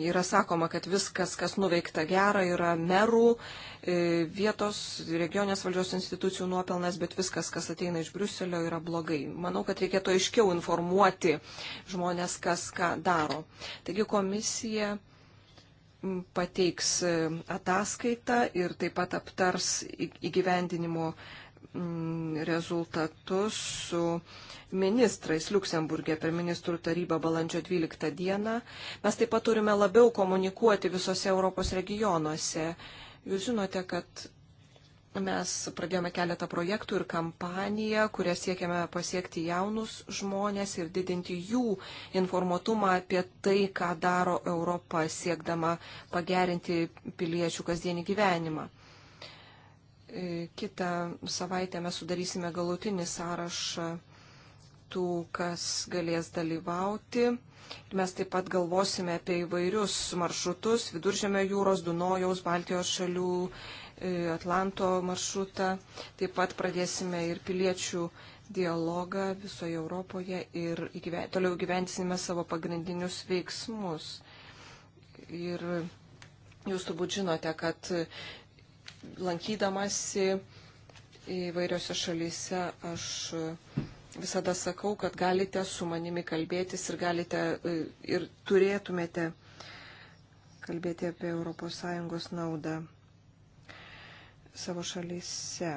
yra sakoma, kad viskas, kas nuveikta gera, yra merų, e, vietos, regionės valdžios institucijų nuopelnas, bet viskas, kas ateina iš Briuselio, yra blogai. Manau, kad reikėtų aiškiau informuoti žmonės, kas ką daro. Taigi komisija pateiks e, ataskaitą ir taip pat aptars įgyvendinimo Mm, rezultatus su ministrais Luksemburgė per ministrų tarybą balandžio 12 dieną. Mes taip pat turime labiau komunikuoti visose Europos regionuose. Jūs žinote, kad mes pradėjome keletą projektų ir kampaniją, kurią siekiame pasiekti jaunus žmonės ir didinti jų informuotumą apie tai, ką daro Europa siekdama pagerinti piliečių kasdienį gyvenimą. E, Kita savaitė mes sudarysime galutinį sąrašą tų, kas galės dalyvauti. Ir mes taip pat galvosime apie įvairius maršrutus - Viduržėmio jūros, Dunojaus, Baltijos šalių, e, Atlanto maršrutą. Taip pat pradėsime ir piliečių dialogą visoje Europoje ir įgyven, toliau gyvensime savo pagrindinius veiksmus. Ir Jūs turbūt žinote, kad lankydamasi įvairiose šalyse aš visada sakau, kad galite su manimi kalbėtis ir galite e, ir turėtumėte kalbėti apie ES naudą savo šalyse.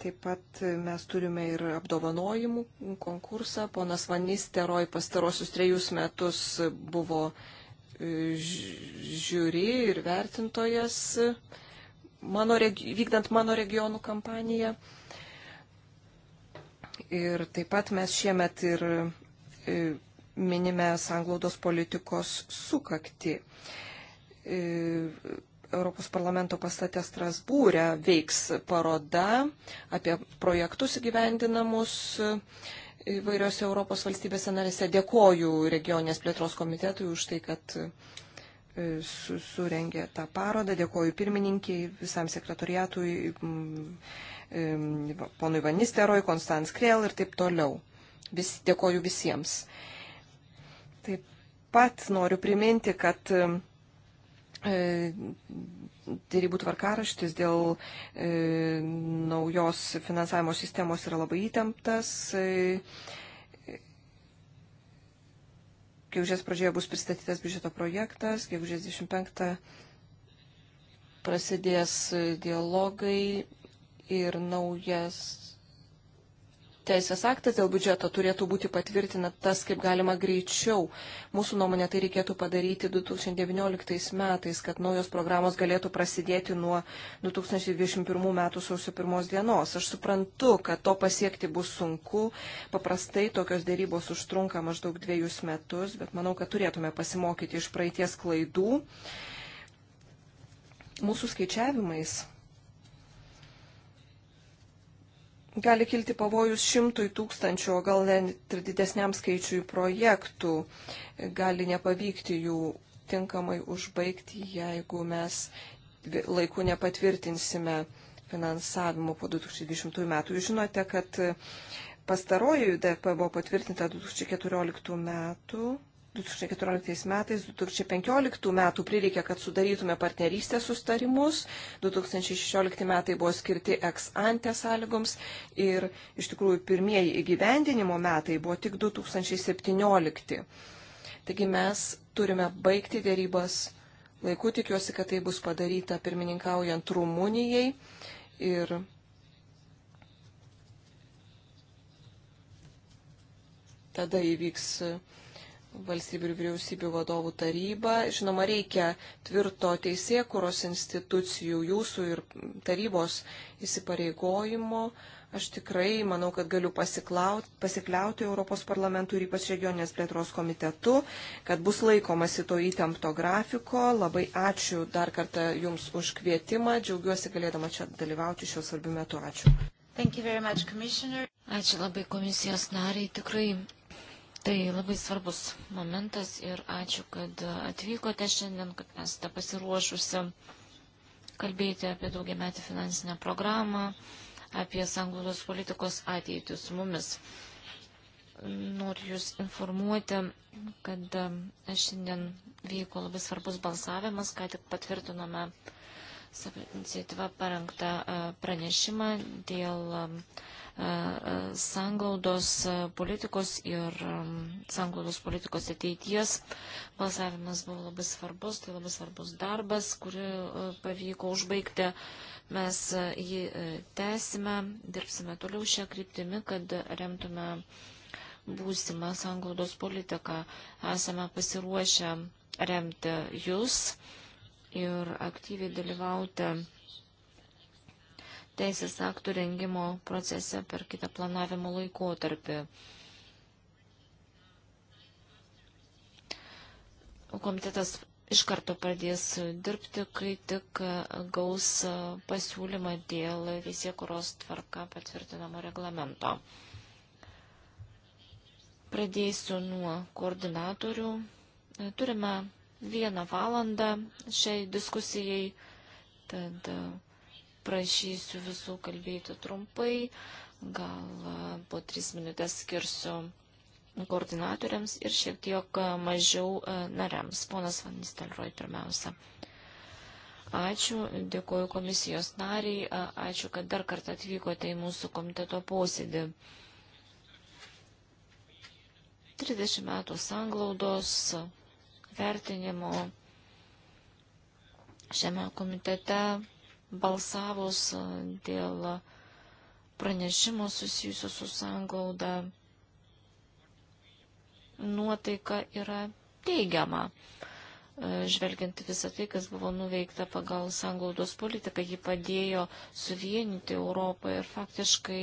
Taip pat mes turime ir apdovanojimų konkursą. Ponas Vanisteroj pastarosius trejus metus buvo e, žiūri ir vertintojas mano regi, vykdant mano regionų kampaniją. Ir taip pat mes šiemet ir e, minime sanglaudos politikos sukakti. E, Europos parlamento pastate Strasbūrė veiks paroda apie projektus įgyvendinamus e, įvairiose Europos valstybėse narėse. Dėkoju regioninės plėtros komitetui už tai, kad su, surengė tą parodą. Dėkoju pirmininkiai, visam sekretoriatui, ponui Vanisteroj, Konstans Krėl ir taip toliau. Vis, dėkoju visiems. Taip pat noriu priminti, kad e, dėrybų tvarkaraštis dėl e, naujos finansavimo sistemos yra labai įtemptas. E, Gegužės pradžioje bus pristatytas biudžeto projektas, gegužės 25 prasidės dialogai ir naujas teisės aktas dėl biudžeto turėtų būti patvirtinatas kaip galima greičiau. Mūsų nuomonė tai reikėtų padaryti 2019 metais, kad naujos programos galėtų prasidėti nuo 2021 metų sausio pirmos dienos. Aš suprantu, kad to pasiekti bus sunku. Paprastai tokios dėrybos užtrunka maždaug dviejus metus, bet manau, kad turėtume pasimokyti iš praeities klaidų. Mūsų skaičiavimais gali kilti pavojus šimtui tūkstančių, o gal net ir didesniam skaičiui projektų, gali nepavykti jų tinkamai užbaigti, jeigu mes laiku nepatvirtinsime finansavimo po 2020 metų. Jūs žinote, kad pastaroji DP buvo patvirtinta 2014 metų 2014 metais, 2015 metų prireikė, kad sudarytume partnerystės sustarimus, 2016 metai buvo skirti ex ante sąlygoms ir iš tikrųjų pirmieji įgyvendinimo metai buvo tik 2017. Taigi mes turime baigti dėrybas laiku, tikiuosi, kad tai bus padaryta pirmininkaujant Rumunijai ir tada įvyks valstybių ir vyriausybių vadovų taryba. Žinoma, reikia tvirto teisėkuros institucijų, jūsų ir tarybos įsipareigojimo. Aš tikrai manau, kad galiu pasikliauti Europos parlamentų ir ypač regioninės plėtros komitetu, kad bus laikomasi to įtempto grafiko. Labai ačiū dar kartą Jums už kvietimą. Džiaugiuosi galėdama čia dalyvauti šiuo svarbiu metu. Ačiū. Much, ačiū labai komisijos nariai. Tikrai Tai labai svarbus momentas ir ačiū, kad atvykote šiandien, kad esate pasiruošusi kalbėti apie daugiametį finansinę programą, apie sanglūdos politikos ateitį su mumis. Noriu Jūs informuoti, kad šiandien vyko labai svarbus balsavimas, ką tik patvirtinome savo iniciatyvą parengtą pranešimą dėl E, e, sanglaudos politikos ir sanglaudos politikos ateities. Balsavimas buvo labai svarbus, tai labai svarbus darbas, kurį e, pavyko užbaigti. Mes jį tęsime, dirbsime toliau šią kryptimį, kad remtume būsimą sanglaudos politiką. Esame pasiruošę remti jūs ir aktyviai dalyvauti teisės aktų rengimo procese per kitą planavimo laikotarpį. Komitetas iš karto pradės dirbti, kai tik gaus pasiūlymą dėl teisėkuros tvarka patvirtinamo reglamento. Pradėsiu nuo koordinatorių. Turime vieną valandą šiai diskusijai, tad prašysiu visų kalbėti trumpai, gal e, po tris minutės skirsiu koordinatoriams ir šiek tiek e, mažiau e, nariams. Ponas Van Nistelrooy pirmiausia. Ačiū, dėkuoju komisijos nariai, ačiū, kad dar kartą atvykote į mūsų komiteto posėdį. 30 metų sanglaudos vertinimo šiame komitete balsavus dėl pranešimo susijusio su sangauda, nuotaika yra teigiama. Žvelgiant visą tai, kas buvo nuveikta pagal sanglaudos politiką, ji padėjo suvienyti Europą ir faktiškai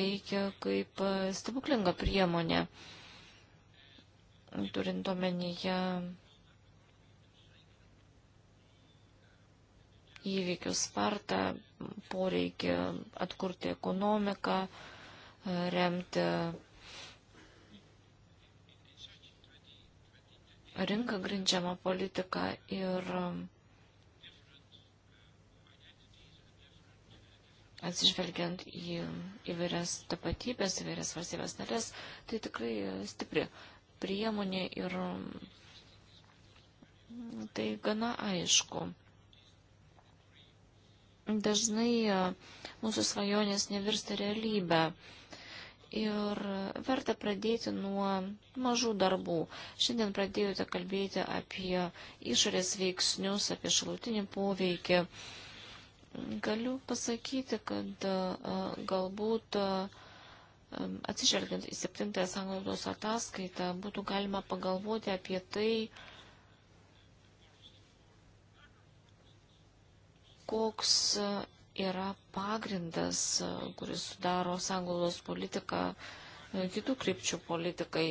veikia kaip stebuklinga priemonė, turint omenyje įvykių spartą, poreikį atkurti ekonomiką, remti rinką grindžiamą politiką ir atsižvelgiant į įvairias tapatybės, įvairias valstybės narės, tai tikrai stipri priemonė ir tai gana aišku. Dažnai e, mūsų svajonės nevirsta realybę. Ir verta pradėti nuo mažų darbų. Šiandien pradėjote kalbėti apie išorės veiksnius, apie šalutinį poveikį. Galiu pasakyti, kad e, galbūt e, atsižvelgiant į septintąją sąnaudos ataskaitą būtų galima pagalvoti apie tai, koks yra pagrindas, kuris sudaro sanglaudos politiką kitų krypčių politikai,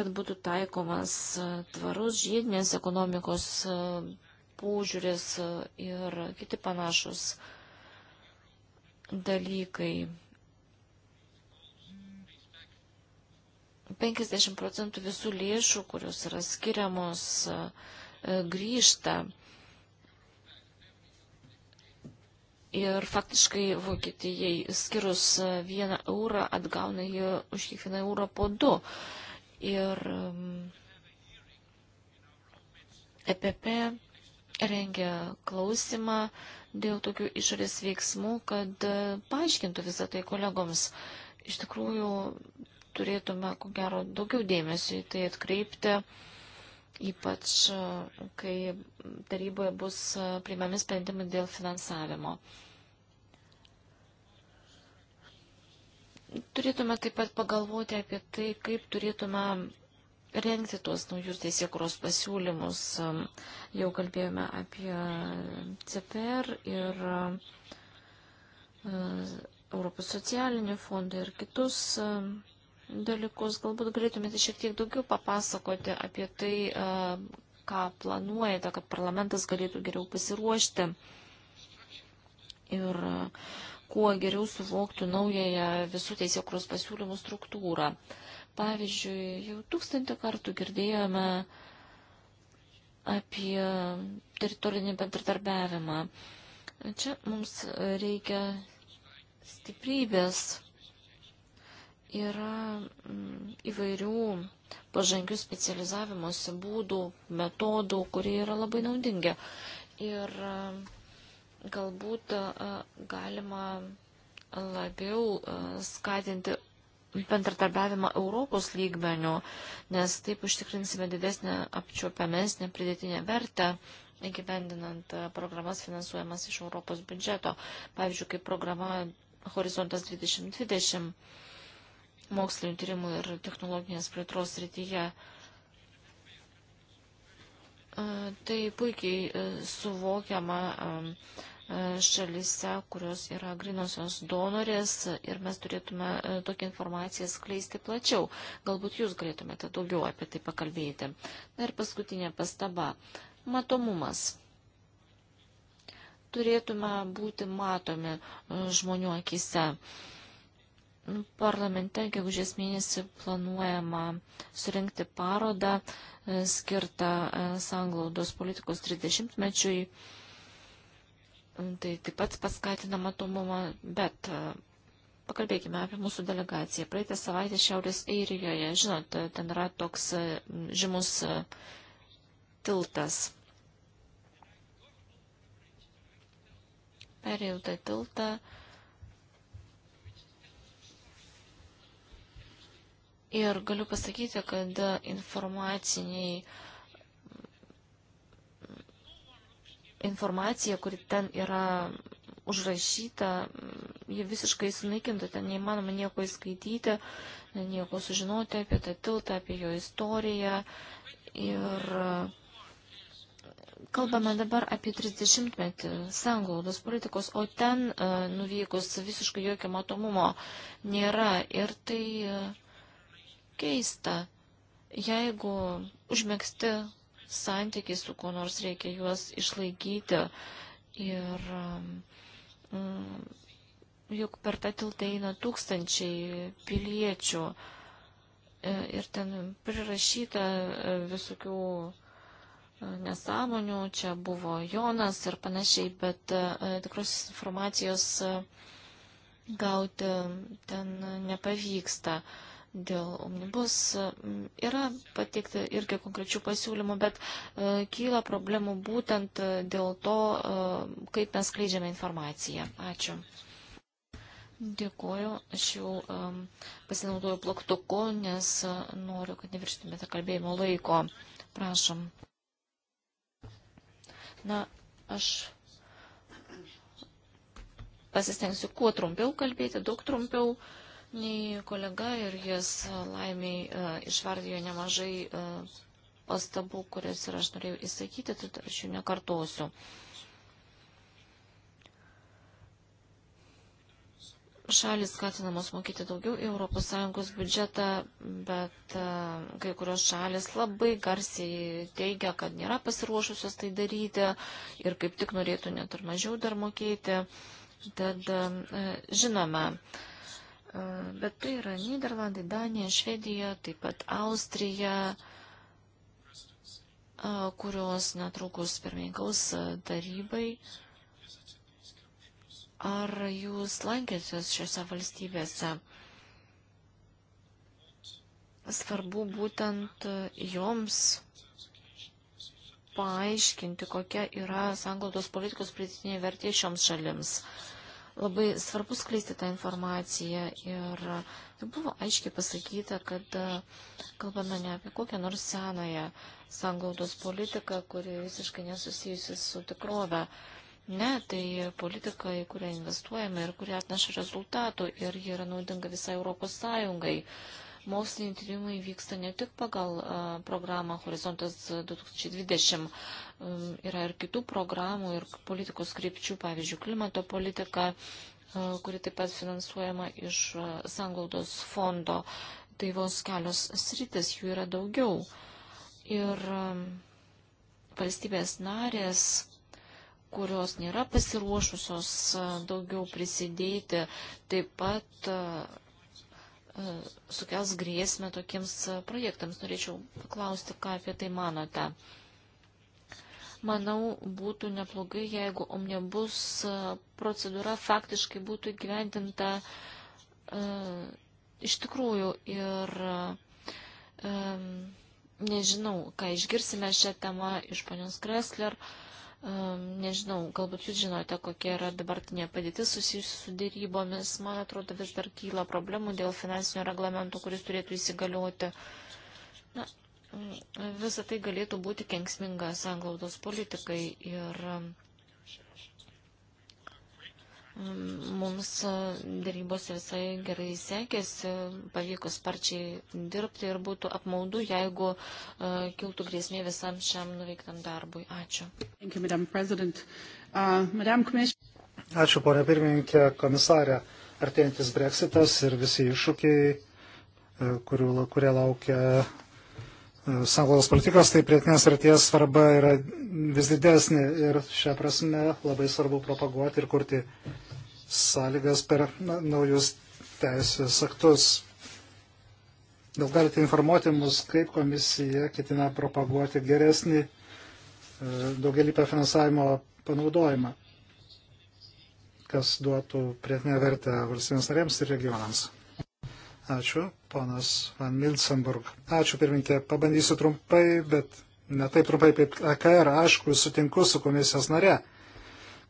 kad būtų taikomas tvarus žiedinės ekonomikos požiūris ir kiti panašus dalykai. 50 procentų visų lėšų, kurios yra skiriamos uh, grįžta. Ir faktiškai Vokietijai skirus vieną eurą atgauna jį už kiekvieną eurą po du. Ir um, EPP rengia klausimą dėl tokių išorės veiksmų, kad e, paaiškintų visą tai kolegoms. Iš tikrųjų, turėtume, ko gero, daugiau dėmesio į tai atkreipti. Uh, ypač e, kai taryboje bus e, priimami sprendimai dėl finansavimo. Turėtume taip pat pagalvoti apie tai, kaip turėtume rengti tuos naujus teisėkuros pasiūlymus. E, jau kalbėjome apie CPR ir Europos socialinį fondą ir kitus dalykus. Galbūt galėtumėte šiek tiek daugiau papasakoti apie tai, e, ką planuojate, kad parlamentas galėtų geriau pasiruošti ir e, kuo geriau suvoktų naująją visų teisėkros pasiūlymų struktūrą. Pavyzdžiui, jau tūkstantį kartų girdėjome apie teritorinį bendradarbiavimą. Čia mums reikia stiprybės Yra mm, įvairių pažangių specializavimuose būdų, metodų, kurie yra labai naudingi. Ir e, galbūt e, galima labiau e, skatinti bendradarbiavimą Europos lygmenių, nes taip užtikrinsime didesnę apčiuopiamesnę pridėtinę vertę įgyvendinant programas finansuojamas iš Europos biudžeto. Pavyzdžiui, kaip programa Horizontas 2020 mokslinio tyrimų ir technologinės plėtros rytyje. E, tai puikiai e, suvokiama e, šalise, kurios yra grinosios donorės ir mes turėtume tokią informaciją skleisti plačiau. Galbūt jūs galėtumėte daugiau apie tai pakalbėti. Na ir paskutinė pastaba. Matomumas turėtume būti matomi žmonių akise. Parlamente gegužės mėnesį planuojama surinkti parodą e, skirtą e, sanglaudos politikos 30-mečiui. E, tai taip pat paskatina matomumą, bet Pakalbėkime apie mūsų delegaciją. Praeitą savaitę Šiaurės Airijoje, žinot, ten yra toks žymus tiltas. Perėjau tą tiltą Ir galiu pasakyti, kad informaciniai informacija, kuri ten yra užrašyta, ji visiškai sunaikinta, ten neįmanoma nieko įskaityti, nieko sužinoti apie tą tiltą, apie jo istoriją. Ir kalbame dabar apie 30-metį sanglaudos politikos, o ten e, nuvykus visiškai jokio matomumo nėra. Ir tai uh, keista, jeigu užmėgsti santykiai su kuo nors reikia juos išlaikyti ir mm, juk per tą tiltą eina tūkstančiai piliečių e, ir ten prirašyta e, visokių e, nesąmonių, čia buvo Jonas ir panašiai, bet tikros informacijos gauti ten nepavyksta dėl omnibus. Yra pateikti irgi konkrečių pasiūlymų, bet e, kyla problemų būtent e, dėl to, e, kaip mes skleidžiame informaciją. Ačiū. Dėkuoju, aš jau um, pasinaudoju plaktuku, nes uh, noriu, kad neviršytumėte kalbėjimo laiko. Prašom. Na, aš pasistengsiu kuo trumpiau kalbėti, daug trumpiau. Uh, nei kolega ir jis e, laimiai e, išvardijo nemažai e, pastabų, kurias ir aš norėjau įsakyti, tad aš jų nekartosiu. šalis skatinamos mokyti daugiau į ES biudžetą, bet kai kurios šalis labai garsiai teigia, kad nėra pasiruošusios tai daryti ir kaip tik norėtų net ir mažiau dar mokėti. Tad žinome, Bet tai yra Niderlandai, Danija, Švedija, taip pat Austrija, kurios netrukus pirmininkaus tarybai. Ar jūs lankėsios šiuose valstybėse? Svarbu būtent joms paaiškinti, kokia yra sanglaudos politikos pridėtinė vertė šioms šalims. Uh, labai svarbu skleisti tą informaciją ir buvo aiškiai pasakyta, kad e, kalbame ne apie kokią nors senąją sanglaudos politiką, kuri visiškai nesusijusi su tikrove. Ne, tai politika, į kurią investuojame ir kuria atneša rezultatų ir ji yra naudinga visai Europos Sąjungai. Uh, Moksliniai tyrimai vyksta ne tik pagal programą Horizontas 2020, yra ir kitų programų ir politikos krypčių, pavyzdžiui, klimato politika, kuri taip pat finansuojama iš Sanglaudos fondo. Tai vos kelios sritis, jų yra daugiau. Ir valstybės narės kurios nėra pasiruošusios daugiau prisidėti, taip pat E, sukels grėsmę tokiems e, projektams. Norėčiau paklausti, ką apie tai manote. Manau, būtų neblogai, jeigu omnibus e, procedūra faktiškai būtų gyventinta e, iš tikrųjų ir e, nežinau, ką išgirsime šią temą iš ponios Kresler. E, Nežinau, galbūt jūs žinote, kokia yra dabartinė padėtis susijusi su dėrybomis. Man atrodo, vis dar kyla problemų dėl finansinio reglamento, kuris turėtų įsigalioti. Na, visą tai galėtų būti kengsminga sanglaudos politikai ir Mums darybos visai gerai sekėsi, pavyko sparčiai dirbti ir būtų apmaudu, jeigu kiltų grėsmė visam šiam nuveiktam darbui. Ačiū. Ačiū, ponė pirmininkė, komisarė. Artėjantis breksitas ir visi iššūkiai, e, kurių, kurie laukia E, sanglaudos politikos, tai prietinės vertės svarba yra vis didesnė ir šią prasme labai svarbu propaguoti ir kurti sąlygas per na, naujus teisės aktus. Gal galite informuoti mus, kaip komisija ketina propaguoti geresnį e, daugelįpę finansavimo panaudojimą, kas duotų prietinę vertę valstybės narėms ir regionams. Ačiū, ponas Van Milsenburg. Ačiū, pirminkė. Pabandysiu trumpai, bet ne taip trumpai kaip AKR. E Aišku, sutinku su komisijos nare,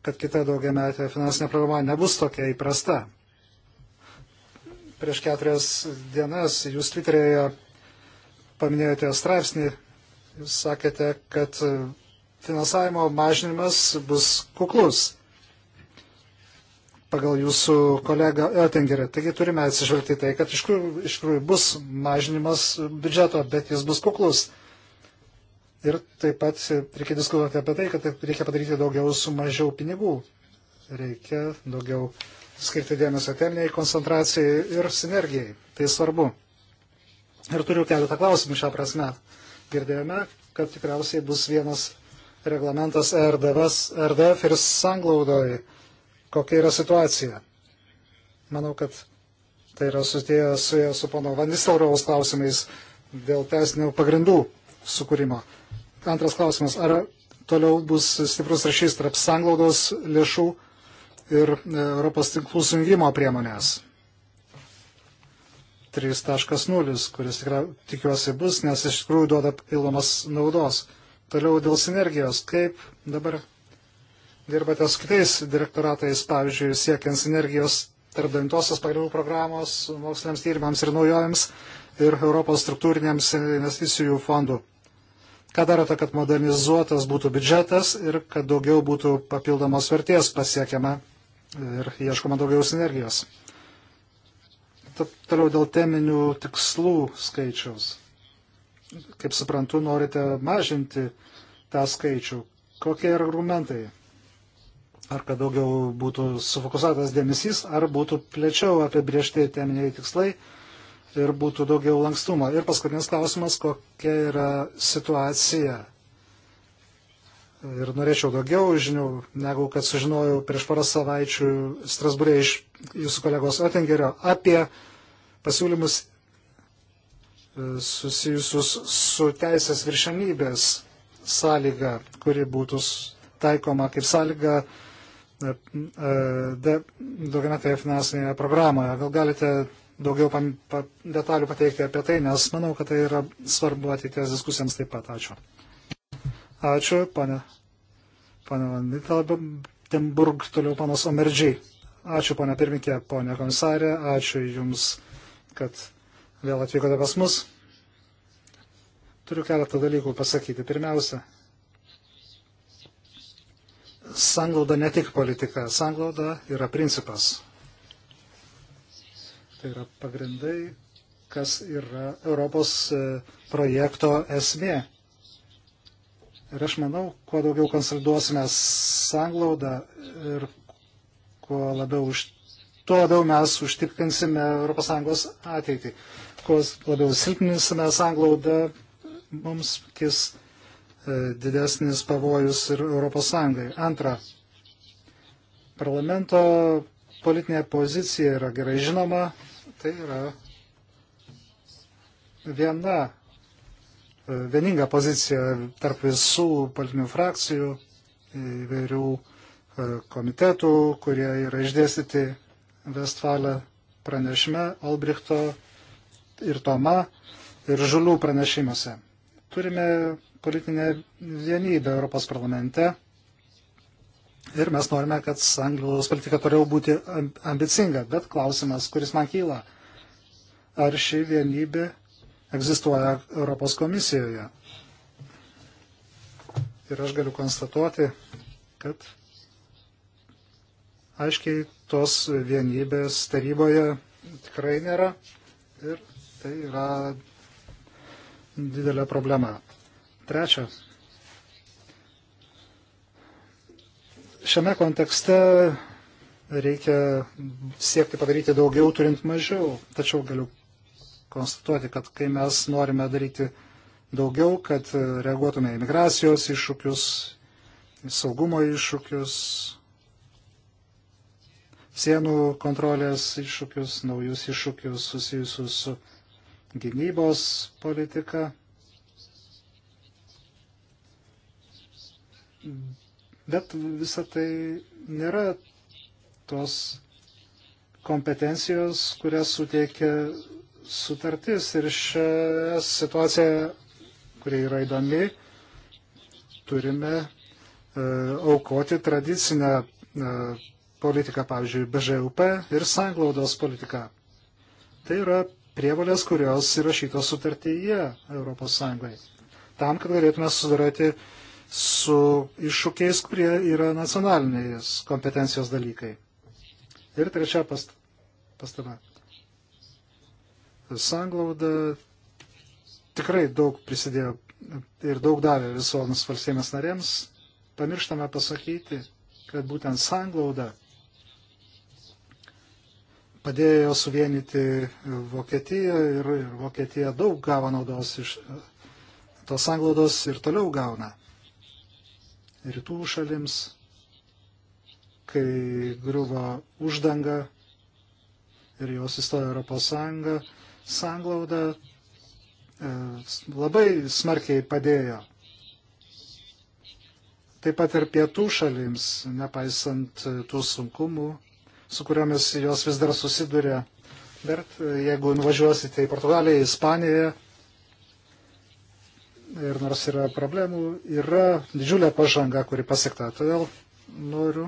kad kita daugiametė finansinė programa nebus tokia įprasta. Prieš keturias dienas jūs Twitter'e paminėjote straipsnį, jūs sakėte, kad finansavimo mažinimas bus kuklus pagal jūsų kolegą Oettingerį. Taigi turime atsižvelgti tai, kad iš tikrųjų, iš tikrųjų bus mažinimas biudžeto, bet jis bus kuklus. Ir taip pat reikia diskutuoti apie tai, kad reikia padaryti daugiau su mažiau pinigų. Reikia daugiau skirti dėmesio temniai, koncentracijai ir sinergijai. Tai svarbu. Ir turiu keletą klausimų šią prasme. Girdėjome, kad tikriausiai bus vienas reglamentas RDF ir sanglaudoje kokia yra situacija. Manau, kad tai yra susijęs su, su pono Vanistelrovaus klausimais dėl teisinių pagrindų sukūrimo. Antras klausimas, ar toliau bus stiprus ryšys tarp sanglaudos lėšų ir e, Europos tinklų sujungimo priemonės? 3.0, kuris tikra, tikiuosi bus, nes iš tikrųjų duoda papildomas naudos. Toliau dėl sinergijos, kaip dabar dirbate su kitais direktoratais, pavyzdžiui, siekiant sinergijos tarp dantosios pagrindų programos moksliniams tyrimams ir naujovėms ir Europos struktūriniams investicijų fondų. Ką darote, kad modernizuotas būtų biudžetas ir kad daugiau būtų papildomos vertės pasiekiama ir ieškoma daugiau sinergijos? Toliau dėl teminių tikslų skaičiaus. Kaip suprantu, norite mažinti tą skaičių. Kokie yra argumentai? ar kad daugiau būtų sufokusuotas dėmesys, ar būtų plečiau apibriežti teminiai tikslai ir būtų daugiau lankstumo. Ir paskutinis klausimas, kokia yra situacija. Ir norėčiau daugiau žinių, negu kad sužinojau prieš porą savaičių Strasbūrė iš jūsų kolegos Otingerio apie pasiūlymus e, susijusius su teisės viršenybės sąlyga, kuri būtų taikoma kaip sąlyga daugiametėje finansinėje programoje. Gal galite daugiau pam, pa, detalių pateikti apie tai, nes manau, kad tai yra svarbu ateities diskusijams taip pat. Ačiū. Ačiū, pane. Pane Vanitelburg, toliau panas Omerdžiai. Ačiū, pane pirmikė, pane komisarė, ačiū Jums, kad vėl atvykote pas mus. Turiu keletą dalykų pasakyti. Pirmiausia, sanglauda ne tik politika, sanglauda yra principas. Tai yra pagrindai, kas yra Europos e, projekto esmė. Ir aš manau, kuo daugiau konsoliduosime sanglaudą ir kuo labiau už, tuo labiau mes užtikrinsime ES ateitį. Kuo labiau silpninsime sanglaudą, mums kis E, didesnis pavojus ir Europos Sąjungai. Antra, parlamento politinė pozicija yra gerai žinoma, tai yra viena, e, vieninga pozicija tarp visų politinių frakcijų, įvairių e, komitetų, kurie yra išdėstyti Vestfalę pranešime, Albrichto ir Toma ir Žulių pranešimuose. Turime politinė vienybė Europos parlamente. Ir mes norime, kad Anglijos politika turėjo būti ambicinga. Bet klausimas, kuris man kyla, ar ši vienybė egzistuoja Europos komisijoje? Ir aš galiu konstatuoti, kad aiškiai tos vienybės taryboje tikrai nėra. Ir tai yra didelė problema. Trečia. Šiame kontekste reikia siekti padaryti daugiau, turint mažiau. Tačiau galiu konstatuoti, kad kai mes norime daryti daugiau, kad reaguotume į migracijos iššūkius, į saugumo iššūkius, sienų kontrolės iššūkius, naujus iššūkius susijusius su gynybos politika. Bet visa tai nėra tos kompetencijos, kurias suteikia sutartis. Ir šią situaciją, kuri yra įdomi, turime e, aukoti tradicinę e, politiką, pavyzdžiui, BŽUP ir sanglaudos politiką. Tai yra prievalės, kurios įrašytos sutartyje ES. Tam, kad galėtume sudaryti su iššūkiais, kurie yra nacionalinės kompetencijos dalykai. Ir trečia past, pastaba. Sanglauda tikrai daug prisidėjo ir daug davė visoms valstybės narėms. Pamirštame pasakyti, kad būtent sanglauda padėjo suvienyti Vokietiją ir Vokietija daug gavo naudos iš tos sanglaudos ir toliau gauna rytų šalims, kai griuvo uždanga ir jos įstojo Europos Sąjunga, sanglauda e, labai smarkiai padėjo. Taip pat ir pietų šalims, nepaisant e, tų sunkumų, su kuriomis jos vis dar susiduria. Bet e, jeigu nuvažiuosite į Portugaliją, Ispaniją, ir nors yra problemų, yra didžiulė pažanga, kuri pasiekta. Todėl noriu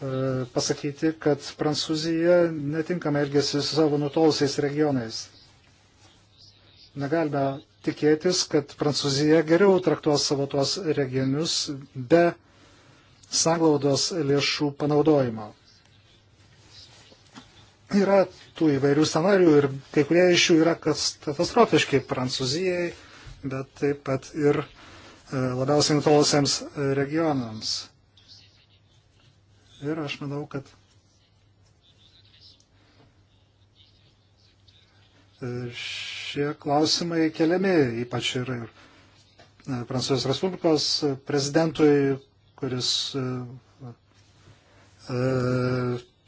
e, pasakyti, kad Prancūzija netinkamai elgėsi su savo nutolusiais regionais. Negalime tikėtis, kad Prancūzija geriau traktuos savo tuos regionius be sanglaudos lėšų panaudojimo. Yra tų įvairių scenarių ir kai kurie iš jų yra katastrofiški Prancūzijai, bet taip pat ir e, labiausiai nutolusiems e, regionams. Ir aš manau, kad e, šie klausimai keliami, ypač ir, ir Prancūzijos Respublikos prezidentui, kuris e,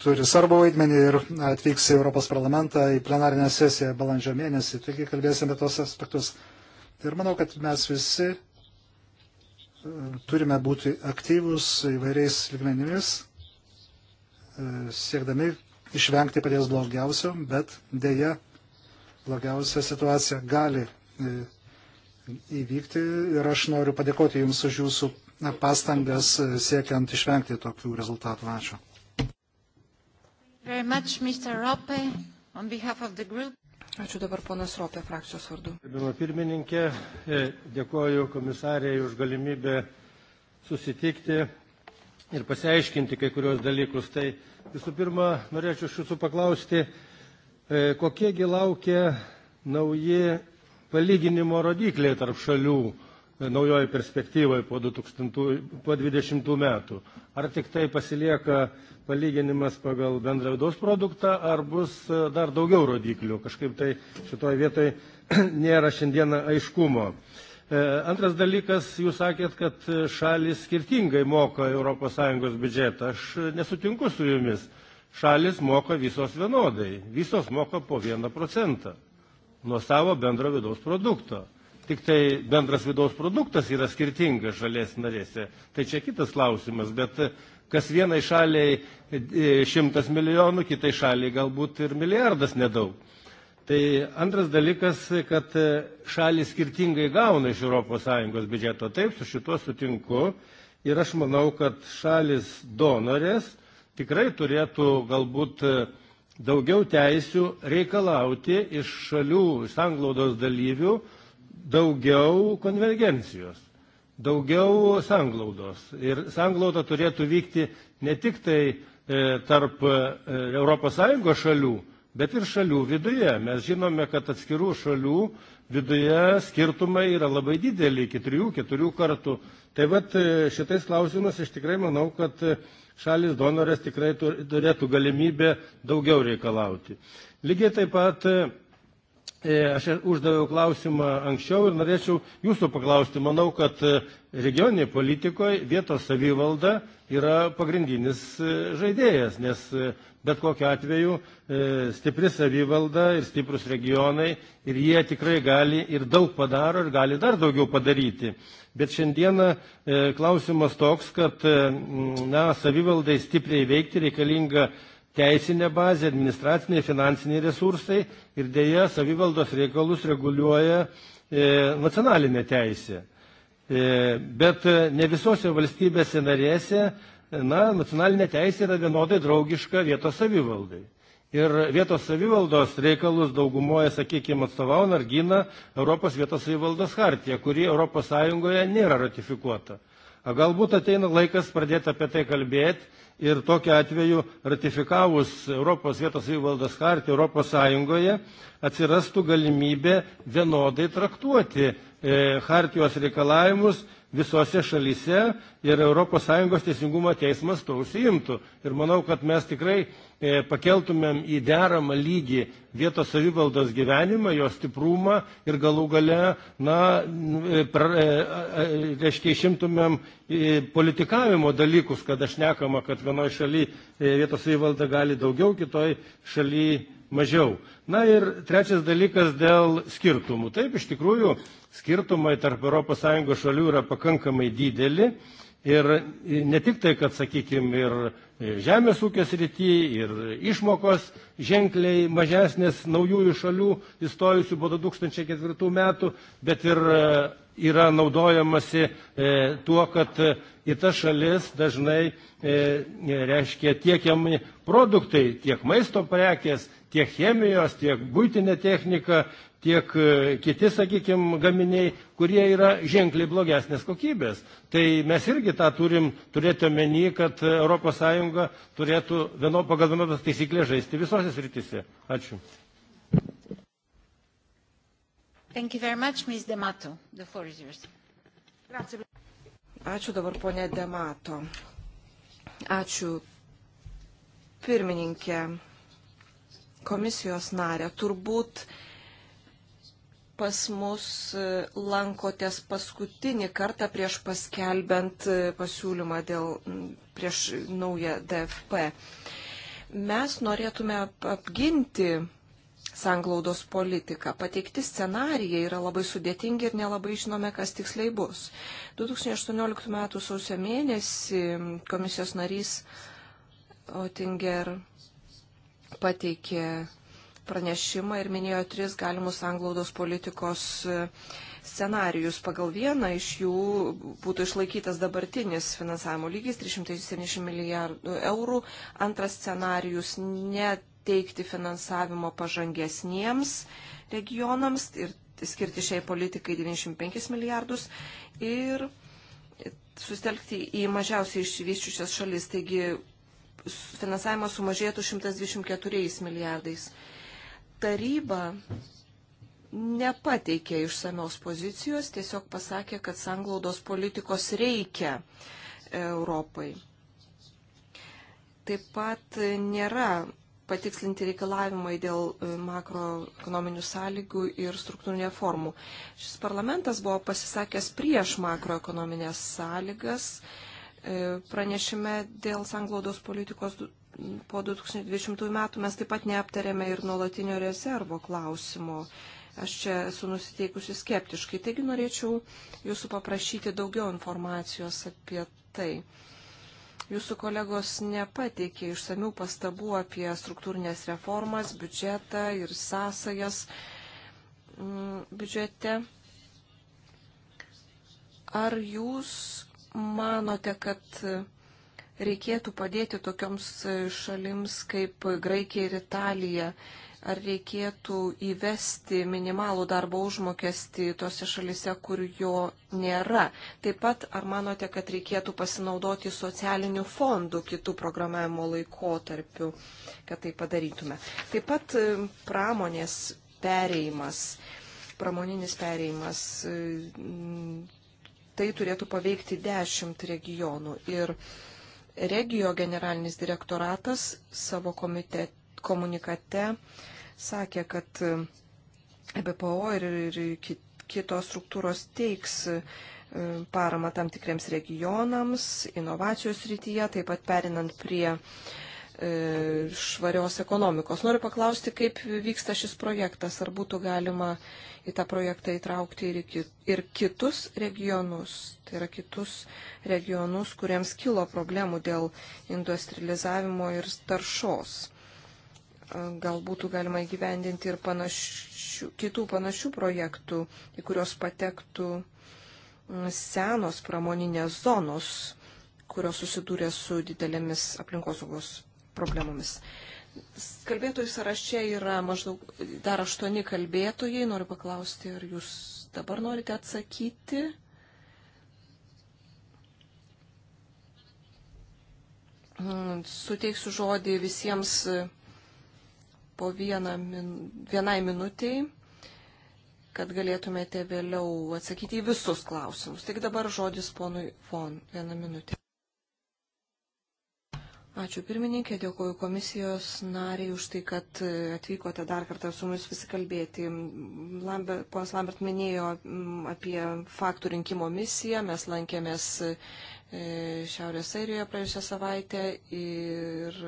turi svarbu vaidmenį ir atvyks į Europos parlamentą į plenarinę sesiją balandžio mėnesį. Taigi kalbėsime apie tos aspektus. Ir manau, kad mes visi e, turime būti aktyvus įvairiais lygmenimis, e, siekdami išvengti paties blogiausio, bet dėja blogiausia situacija gali e, įvykti ir aš noriu padėkoti Jums už Jūsų pastangas siekiant išvengti tokių rezultatų. Ačiū. Much, Rope, Ačiū dabar ponas Ropė frakcijos vardu. Gerbiama pirmininkė, e, dėkoju komisarėjai už galimybę susitikti ir pasiaiškinti kai kurios dalykus. Tai visų pirma, norėčiau iš jūsų paklausti, e, kokiegi laukia nauji palyginimo rodikliai tarp šalių naujoji perspektyvoje po 2020 metų? Ar tik tai pasilieka palyginimas pagal bendrą vidaus produktą, ar bus e, dar daugiau rodiklių? Kažkaip tai šitoje vietoje nėra šiandieną aiškumo. E, antras dalykas, jūs sakėt, kad šalis skirtingai moka ES biudžetą. Aš nesutinku su jumis. Šalis moka visos vienodai. Visos moka po vieną procentą nuo savo bendro vidaus produkto. Tik tai bendras vidaus produktas yra skirtingas šalies narėse. Tai čia kitas klausimas, bet e, kas vienai šaliai e, šimtas milijonų, kitai šaliai galbūt ir milijardas nedaug. Tai antras dalykas, kad e, šalis skirtingai gauna iš ES biudžeto. Taip, su šituo sutinku. Ir aš manau, kad šalis donorės tikrai turėtų galbūt daugiau teisių reikalauti iš šalių sanglaudos dalyvių daugiau konvergencijos, daugiau sanglaudos. Ir sanglauda turėtų vykti ne tik tai e, tarp ES šalių, bet ir šalių viduje. Mes žinome, kad atskirų šalių viduje skirtumai yra labai dideli, iki trijų, keturių kartų. Tai vat e, šitais klausimas aš tikrai manau, kad e, šalis donorės tikrai turėtų galimybę daugiau reikalauti. Lygiai taip pat E, aš uždaviau klausimą anksčiau ir norėčiau jūsų paklausti. Manau, kad e, regioninėje politikoje vietos savivalda yra pagrindinis e, žaidėjas, nes bet kokiu atveju stipri savivalda ir stiprus regionai ir jie tikrai gali ir daug padaro ir gali dar daugiau padaryti. Bet šiandieną klausimas toks, kad na, savivaldai stipriai veikti reikalinga teisinė bazė, administraciniai, finansiniai resursai ir dėja savivaldos reikalus reguliuoja e, nacionalinė teisė. E, bet e, ne visose valstybėse narėse, e, na, nacionalinė teisė yra vienodai draugiška vietos savivaldai. Ir vietos savivaldos reikalus daugumoje, sakykime, atstovauna ar gina Europos vietos savivaldos hartija, kuri ES nėra ratifikuota. A galbūt ateina laikas pradėti apie tai kalbėti ir tokiu atveju ratifikavus Europos vietos įvaldas kartį Europos Sąjungoje atsirastų galimybė vienodai traktuoti e, hartijos reikalavimus visose šalyse ir ES teisingumo teismas to užsiimtų. Ir manau, kad mes tikrai e, pakeltumėm į deramą lygį vietos savivaldos gyvenimą, jos stiprumą ir galų gale, na, e, pra, e, e, reiškia, išimtumėm politikavimo dalykus, kad aš nekama, kad vienoje šalyje vietos savivalda gali daugiau, kitoje šalyje mažiau. Na ir trečias dalykas dėl skirtumų. Taip, iš tikrųjų, skirtumai tarp ES šalių yra pakankamai dideli. Ir ne tik tai, kad, sakykime, ir žemės ūkės rytį, ir išmokos ženkliai mažesnės naujųjų šalių įstojusių po 2004 metų, bet ir e, yra naudojamasi e, tuo, kad į tas šalis dažnai e, reiškia tiekiami produktai, tiek maisto prekės, tiek chemijos, tiek būtinė technika, tiek e, kiti, sakykime, gaminiai, kurie yra ženkliai blogesnės kokybės. Tai mes irgi tą turim turėti omeny, kad ES turėtų vieno, pagal vienodas taisyklės žaisti visose sritise. Ačiū. Thank you very much, Ms. Demato. The floor is yours. Grazie. Ačiū dabar ponė Demato. Ačiū pirmininkė komisijos narė. Turbūt pas mus e, lankotės paskutinį kartą prieš paskelbent e, pasiūlymą dėl prieš naują DFP. Mes norėtume apginti sanglaudos politiką. Pateikti scenarijai yra labai sudėtingi ir nelabai žinome, kas tiksliai bus. 2018 m. sausio mėnesį komisijos narys Otinger pateikė pranešimą ir minėjo tris galimus anglaudos politikos e, scenarius. Pagal vieną iš jų būtų išlaikytas dabartinis finansavimo lygis 370 milijardų eurų. Antras scenarius neteikti finansavimo pažangesniems regionams ir skirti šiai politikai 95 milijardus. Ir sustelkti į mažiausiai išsivyščiusias šalis, taigi finansavimas sumažėtų 124 milijardais taryba nepateikė išsamios pozicijos, tiesiog pasakė, kad sanglaudos politikos reikia Europai. Taip pat nėra patikslinti reikalavimai dėl e, makroekonominių sąlygų ir struktūrinių reformų. Šis parlamentas buvo pasisakęs prieš makroekonominės sąlygas e, pranešime dėl sanglaudos politikos po 2020 metų mes taip pat neaptarėme ir nuolatinio rezervo klausimo. Aš čia esu nusiteikusi skeptiškai, taigi norėčiau jūsų paprašyti daugiau informacijos apie tai. Jūsų kolegos nepateikė išsamių pastabų apie struktūrinės reformas, biudžetą ir sąsajas mm, biudžete. Ar jūs manote, kad reikėtų padėti tokioms šalims kaip Graikija ir Italija? Ar reikėtų įvesti minimalų darbo užmokestį tose šalise, kur jo nėra? Taip pat, ar manote, kad reikėtų pasinaudoti socialinių fondų kitų programavimo laikotarpių, kad tai padarytume? Taip pat e, pramonės pereimas, pramoninis pereimas, e, tai turėtų paveikti dešimt regionų. Ir Regio generalinis direktoratas savo komite, komunikate sakė, kad EBPO ir, ir kitos struktūros teiks e, parama tam tikriems regionams, inovacijos rytyje, taip pat perinant prie E, švarios ekonomikos. Noriu paklausti, kaip vyksta šis projektas, ar būtų galima į tą projektą įtraukti ir, ki ir kitus regionus, tai yra kitus regionus, kuriems kilo problemų dėl industrializavimo ir taršos. E, gal būtų galima įgyvendinti ir panašių, kitų panašių projektų, į kuriuos patektų mm, senos pramoninės zonos kurios susidūrė su didelėmis aplinkosaugos problemomis. Kalbėtojų sąraše yra maždaug dar aštuoni kalbėtojai. Noriu paklausti, ar jūs dabar norite atsakyti? Mm, suteiksiu žodį visiems e, po vieną, vienai minutiai, kad galėtumėte vėliau atsakyti į visus klausimus. Tik dabar žodis ponui Fon. Vieną minutę. Ačiū pirmininkė, dėkuoju komisijos nariai už tai, kad atvykote dar kartą su mumis pasikalbėti. Lambert, Ponas Lambert minėjo mm, apie faktų rinkimo misiją, mes lankėmės e, Šiaurės Airijoje praėjusią savaitę ir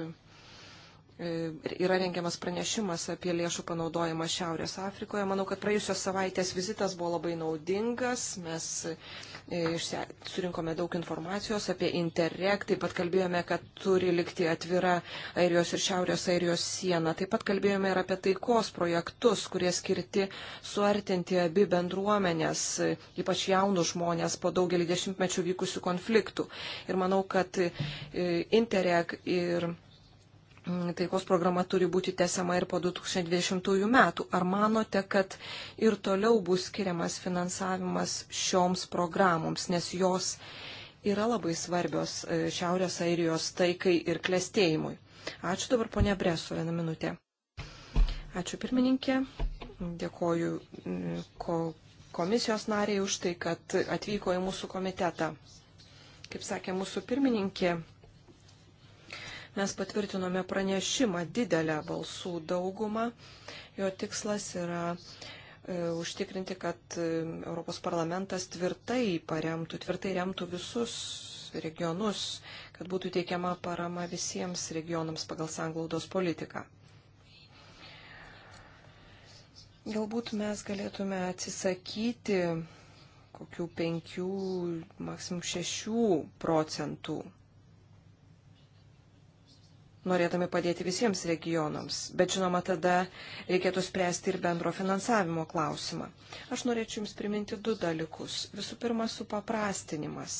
yra rengiamas pranešimas apie lėšų panaudojimą Šiaurės Afrikoje. Manau, kad praėjusios savaitės vizitas buvo labai naudingas. Mes e, surinkome daug informacijos apie Interreg, taip pat kalbėjome, kad turi likti atvira Airijos ir Šiaurės Airijos siena. Taip pat kalbėjome ir apie taikos projektus, kurie skirti suartinti abi bendruomenės, ypač jaunus žmonės po daugelį dešimtmečių vykusių konfliktų. Ir manau, kad e, Interreg ir Mm, taikos programa turi būti tesama ir po 2020 metų. Ar manote, kad ir toliau bus skiriamas finansavimas šioms programoms, nes jos yra labai svarbios e, Šiaurės Airijos taikai ir klestėjimui? Ačiū dabar ponia Bresu, vieną minutę. Ačiū pirmininkė, dėkoju mm, komisijos nariai už tai, kad atvyko į mūsų komitetą. Kaip sakė mūsų pirmininkė, Mes patvirtinome pranešimą didelę balsų daugumą. Jo tikslas yra e, užtikrinti, kad e, Europos parlamentas tvirtai paremtų, tvirtai remtų visus regionus, kad būtų teikiama parama visiems regionams pagal sanglaudos politiką. Galbūt mes galėtume atsisakyti kokių penkių, maksimum šešių procentų norėdami padėti visiems regionams. Bet žinoma, tada reikėtų spręsti ir bendro finansavimo klausimą. Aš norėčiau Jums priminti du dalykus. Visų pirma, supaprastinimas.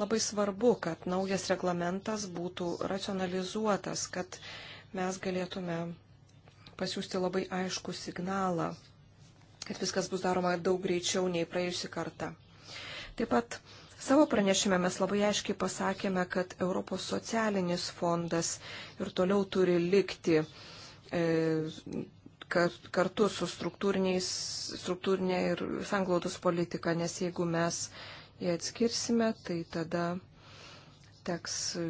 Labai svarbu, kad naujas reglamentas būtų racionalizuotas, kad mes galėtume pasiūsti labai aišku signalą, kad viskas bus daroma daug greičiau nei praėjusi kartą. Taip pat Savo pranešime mes labai aiškiai pasakėme, kad Europos socialinis fondas ir toliau turi likti e, kartu su struktūrinė ir sanglaudos politika, nes jeigu mes jį atskirsime, tai tada teks e,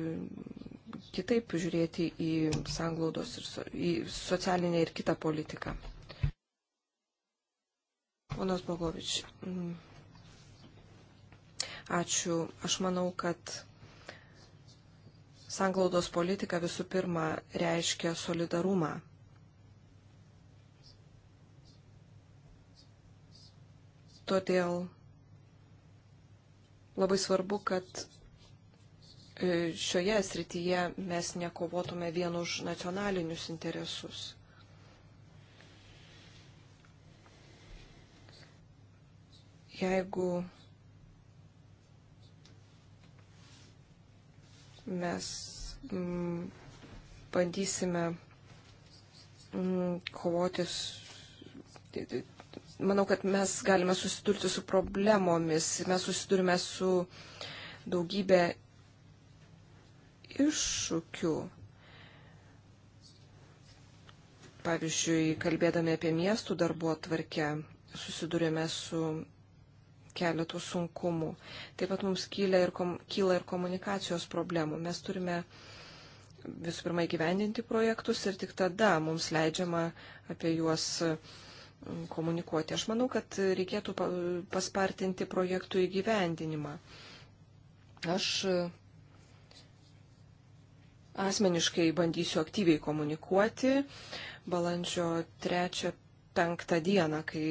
kitaip žiūrėti į sanglaudos ir so, į socialinę ir kitą politiką. Ponas Bogovič, mm. Ačiū. Aš manau, kad sanglaudos politika visų pirma reiškia solidarumą. Todėl labai svarbu, kad e, šioje srityje mes nekovotume vien už nacionalinius interesus. Jeigu Mes mm, bandysime mm, kovoti. Manau, kad mes galime susidurti su problemomis. Mes susidurime su daugybė iššūkių. Pavyzdžiui, kalbėdami apie miestų darbo atvarkę, susidurėme su kelia tų sunkumų. Taip pat mums kyla ir, kom, kyla ir komunikacijos problemų. Mes turime visų pirma įgyvendinti projektus ir tik tada mums leidžiama apie juos mm, komunikuoti. Aš manau, kad reikėtų paspartinti projektų įgyvendinimą. Aš e, asmeniškai bandysiu aktyviai komunikuoti balandžio 3-5 dieną, kai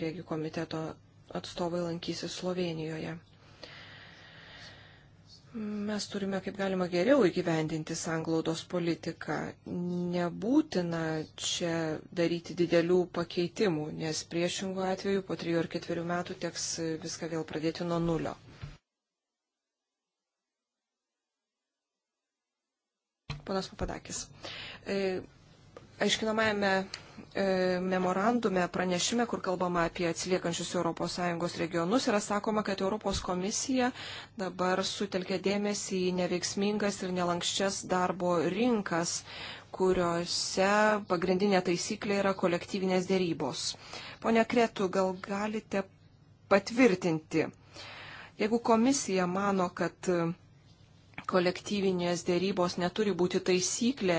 Regi komiteto atstovai lankysis Slovenijoje. Mes turime kaip galima geriau įgyvendinti sanglaudos politiką. Nebūtina čia daryti didelių pakeitimų, nes priešingų atveju po trijų ar ketverių metų teks viską vėl pradėti nuo nulio. Ponas Papadakis. E, aiškinamajame E, memorandume, pranešime, kur kalbama apie atsiliekančius ES regionus, yra sakoma, kad Europos komisija dabar sutelkia dėmesį į neveiksmingas ir nelankščias darbo rinkas, kuriuose pagrindinė taisyklė yra kolektyvinės dėrybos. Pone Kretu, gal galite patvirtinti, jeigu komisija mano, kad kolektyvinės dėrybos neturi būti taisyklė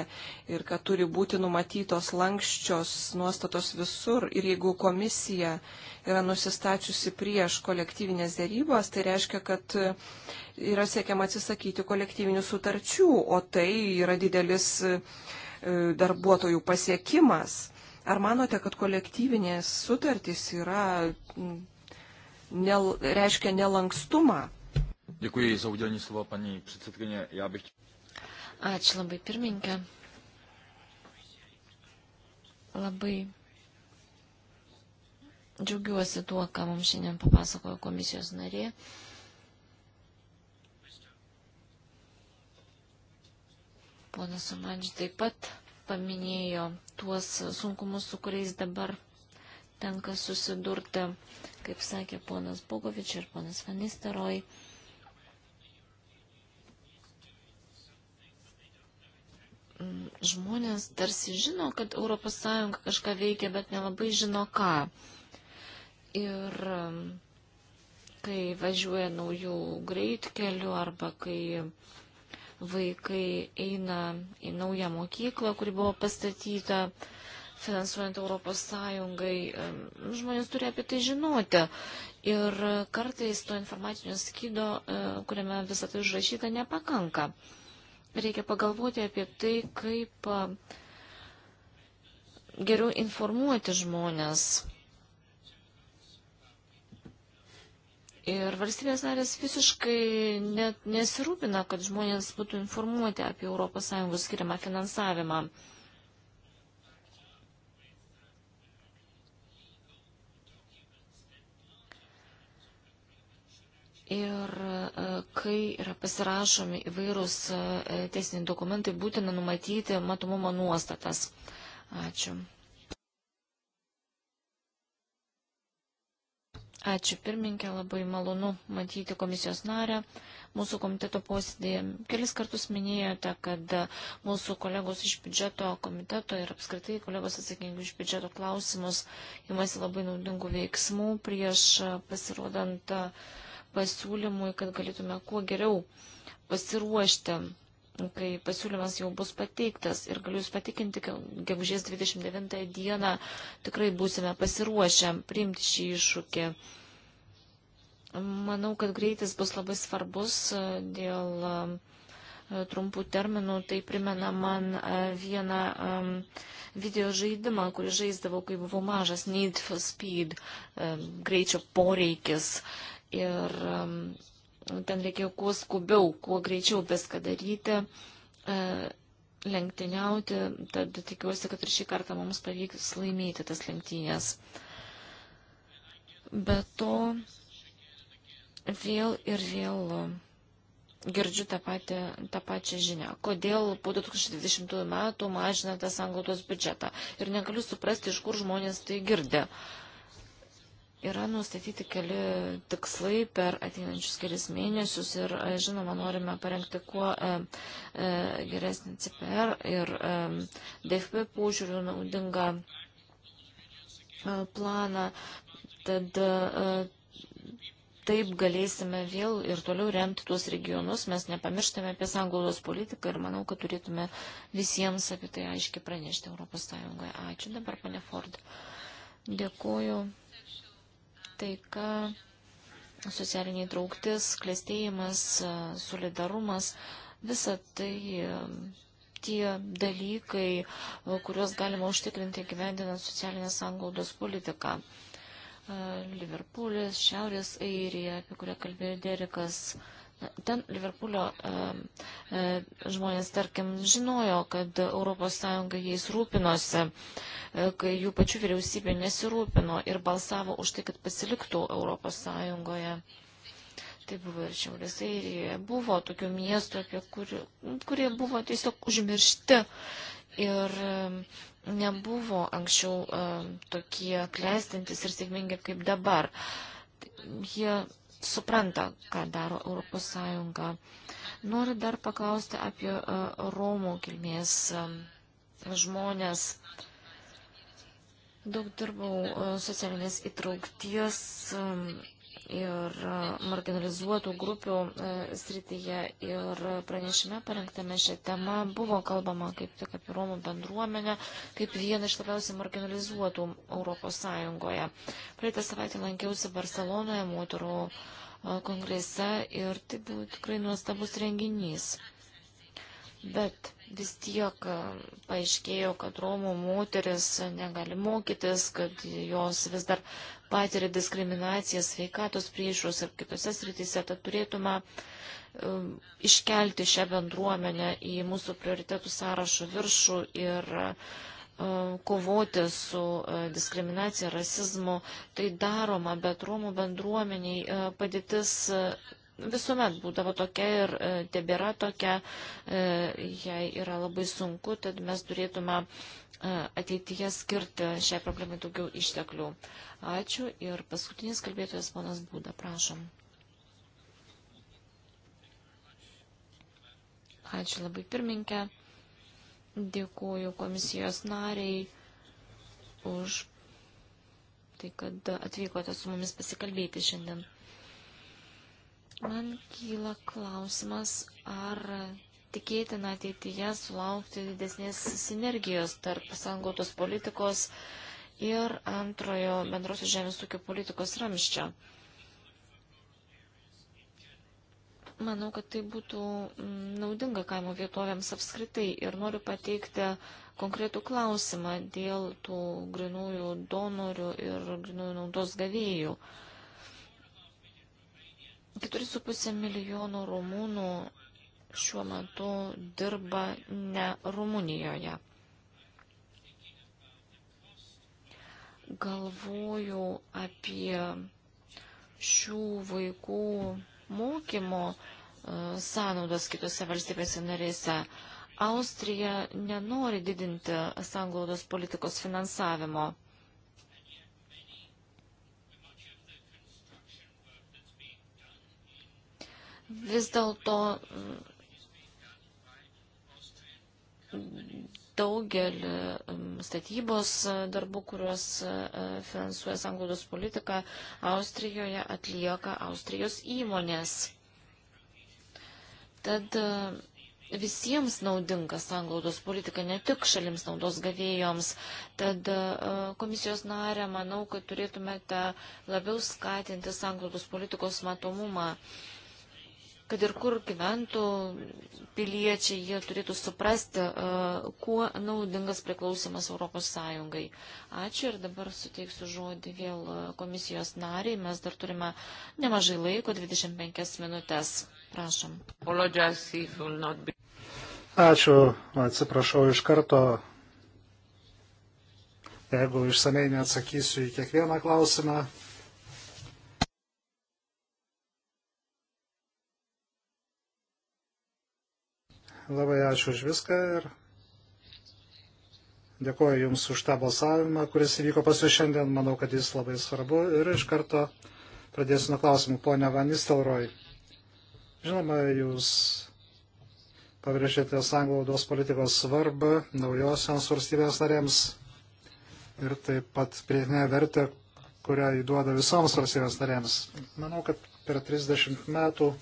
ir kad turi būti numatytos lankščios nuostatos visur. Ir jeigu komisija yra nusistačiusi prieš kolektyvinės dėrybas, tai reiškia, kad yra siekiama atsisakyti kolektyvinių sutarčių, o tai yra didelis e, darbuotojų pasiekimas. Ar manote, kad kolektyvinės sutartys yra, ne, reiškia nelankstumą? Děkuji za udělení slova, paní předsedkyně. Já bych... Ačiū labai pirmininkė. Labai džiaugiuosi tuo, ką mums šiandien papasakojo komisijos narė. Ponas Sumančiai taip pat paminėjo tuos sunkumus, su kuriais dabar tenka susidurti, kaip sakė ponas Bogovič ir ponas Vanisteroj. žmonės tarsi žino, kad ES kažką veikia, bet nelabai žino ką. Ir um, kai važiuoja naujų greitkelių arba kai vaikai eina į naują mokyklą, kuri buvo pastatyta finansuojant Europos Sąjungai, um, žmonės turi apie tai žinoti. Ir kartais to informacinio skydo, uh, kuriame visą tai užrašyta, nepakanka reikia pagalvoti apie tai, kaip geriau informuoti žmonės. Ir valstybės narės visiškai net nesirūpina, kad žmonės būtų informuoti apie ES skiriamą finansavimą. Ir e, kai yra pasirašomi įvairūs e, teisiniai dokumentai, būtina numatyti matomumo nuostatas. Ačiū. Ačiū pirmininkė, labai malonu matyti komisijos narę. Mūsų komiteto posėdėje kelis kartus minėjote, kad mūsų kolegos iš biudžeto komiteto ir apskritai kolegos atsakingi už biudžeto klausimus imasi labai naudingų veiksmų prieš pasirodant uh, pasiūlymui, kad galėtume kuo geriau pasiruošti, kai pasiūlymas jau bus pateiktas. Ir galiu Jūs patikinti, kad gegužės 29 dieną tikrai būsime pasiruošę priimti šį iššūkį. Manau, kad greitis bus labai svarbus dėl e, trumpų terminų, tai primena man e, vieną um, video žaidimą, kurį žaisdavau, kai buvau mažas, Need for Speed, um, greičio poreikis ir um, ten reikėjo kuo skubiau, kuo greičiau viską daryti, e, lenktyniauti, tad tikiuosi, kad ir šį kartą mums pavyks laimėti tas lenktynės. Be to, vėl ir vėl girdžiu tą, patį, tą pačią žinią. Kodėl po 2020 metų mažinate sanglautos biudžetą? Ir negaliu suprasti, iš kur žmonės tai girdė. Uh, Yra nustatyti keli tikslai per ateinančius kelias mėnesius ir, e, žinoma, norime parengti kuo e, e, geresnį CPR ir e, DFP požiūrių naudingą e, planą. Tad, e, taip galėsime vėl ir toliau remti tuos regionus, mes nepamirštame apie sanglaudos politiką ir manau, kad turėtume visiems apie tai aiškiai pranešti Europos Sąjungoje. Ačiū dabar, pane Ford. Dėkuoju, taika, socialinė trauktis, klėstėjimas, solidarumas, visa tai tie dalykai, kuriuos galima užtikrinti gyvendinant socialinės sanglaudos politiką. Liverpoolis, Šiaurės Airija, apie kurią kalbėjo Derikas, Ten Liverpoolio žmonės, tarkim, žinojo, kad ES jais rūpinosi, e, kai jų pačių vyriausybė nesirūpino ir balsavo už tai, kad pasiliktų ES. Tai buvo ir Šiaurės Airijoje. Buvo tokių miestų, apie kur, kurie buvo tiesiog užmiršti. Ir nebuvo anksčiau tokie klestintis ir sėkmingi kaip dabar. Jie supranta, ką daro Europos Sąjunga. Noriu dar paklausti apie e, Romų kilmės e, žmonės. Daug dirbau e, socialinės įtraukties ir e, marginalizuotų grupių e, srityje ir pranešime parengtame šią temą buvo kalbama kaip tik apie Romų bendruomenę, kaip vieną iš labiausiai marginalizuotų Europos Sąjungoje. Praeitą savaitę lankiausi Barcelonoje moterų e, kongrese ir tai buvo tikrai nuostabus renginys. Bet vis tiek e, paaiškėjo, kad Romų moteris negali mokytis, kad jos vis dar patiria diskriminaciją sveikatos priešus ir kitose srityse, tad turėtume e, iškelti šią bendruomenę į mūsų prioritetų sąrašo viršų ir e, kovoti su diskriminacija, rasizmu. Tai daroma, bet Romų bendruomeniai padėtis visuomet būdavo tokia ir e, tebėra tokia, e, jai yra labai sunku, tad mes turėtume e, ateityje skirti šiai problemai daugiau išteklių. Ačiū ir paskutinis kalbėtojas ponas Būda, prašom. Ačiū labai pirminkę. Dėkuoju komisijos nariai už tai, kad atvykote su mumis pasikalbėti šiandien. Man kyla klausimas, ar tikėtina ateityje sulaukti didesnės sinergijos tarp sangotos politikos ir antrojo bendrosios žemės ūkio politikos ramščio. Manau, kad tai būtų mm, naudinga kaimo vietovėms apskritai ir noriu pateikti konkretų klausimą dėl tų grinųjų donorių ir grinųjų naudos gavėjų. Uh, 4,5 milijono rumūnų šiuo metu dirba ne Rumunijoje. Galvoju apie šių vaikų mokymo e, sąnaudas kitose valstybėse narėse. Austrija nenori didinti sanglaudos politikos finansavimo. vis dėlto daugelį um, statybos darbų, kuriuos uh, finansuoja sanglaudos politika, Austrijoje atlieka Austrijos įmonės. Tad uh, visiems naudinga sanglaudos politika, ne tik šalims naudos gavėjoms. Tad uh, komisijos narė, manau, kad turėtumėte labiau skatinti sanglaudos politikos matomumą kad ir kur gyventų piliečiai, jie turėtų suprasti, e, kuo naudingas priklausimas Europos Sąjungai. Ačiū ir dabar suteiksiu žodį vėl e, komisijos nariai. Mes dar turime nemažai laiko, 25 minutės. Prašom. Ačiū, atsiprašau iš karto. Jeigu išsamei neatsakysiu į kiekvieną klausimą, Labai ačiū už viską ir dėkuoju Jums už tą balsavimą, kuris įvyko pas Jūs šiandien. Manau, kad jis labai svarbu ir iš karto pradėsiu nuo klausimų. Pone Vanistelroj, žinoma, Jūs pabrėžėte sanglaudos politikos svarbą naujosioms valstybės narėms ir taip pat pridėtinę vertę, kurią įduoda visoms valstybės narėms. Manau, kad per 30 metų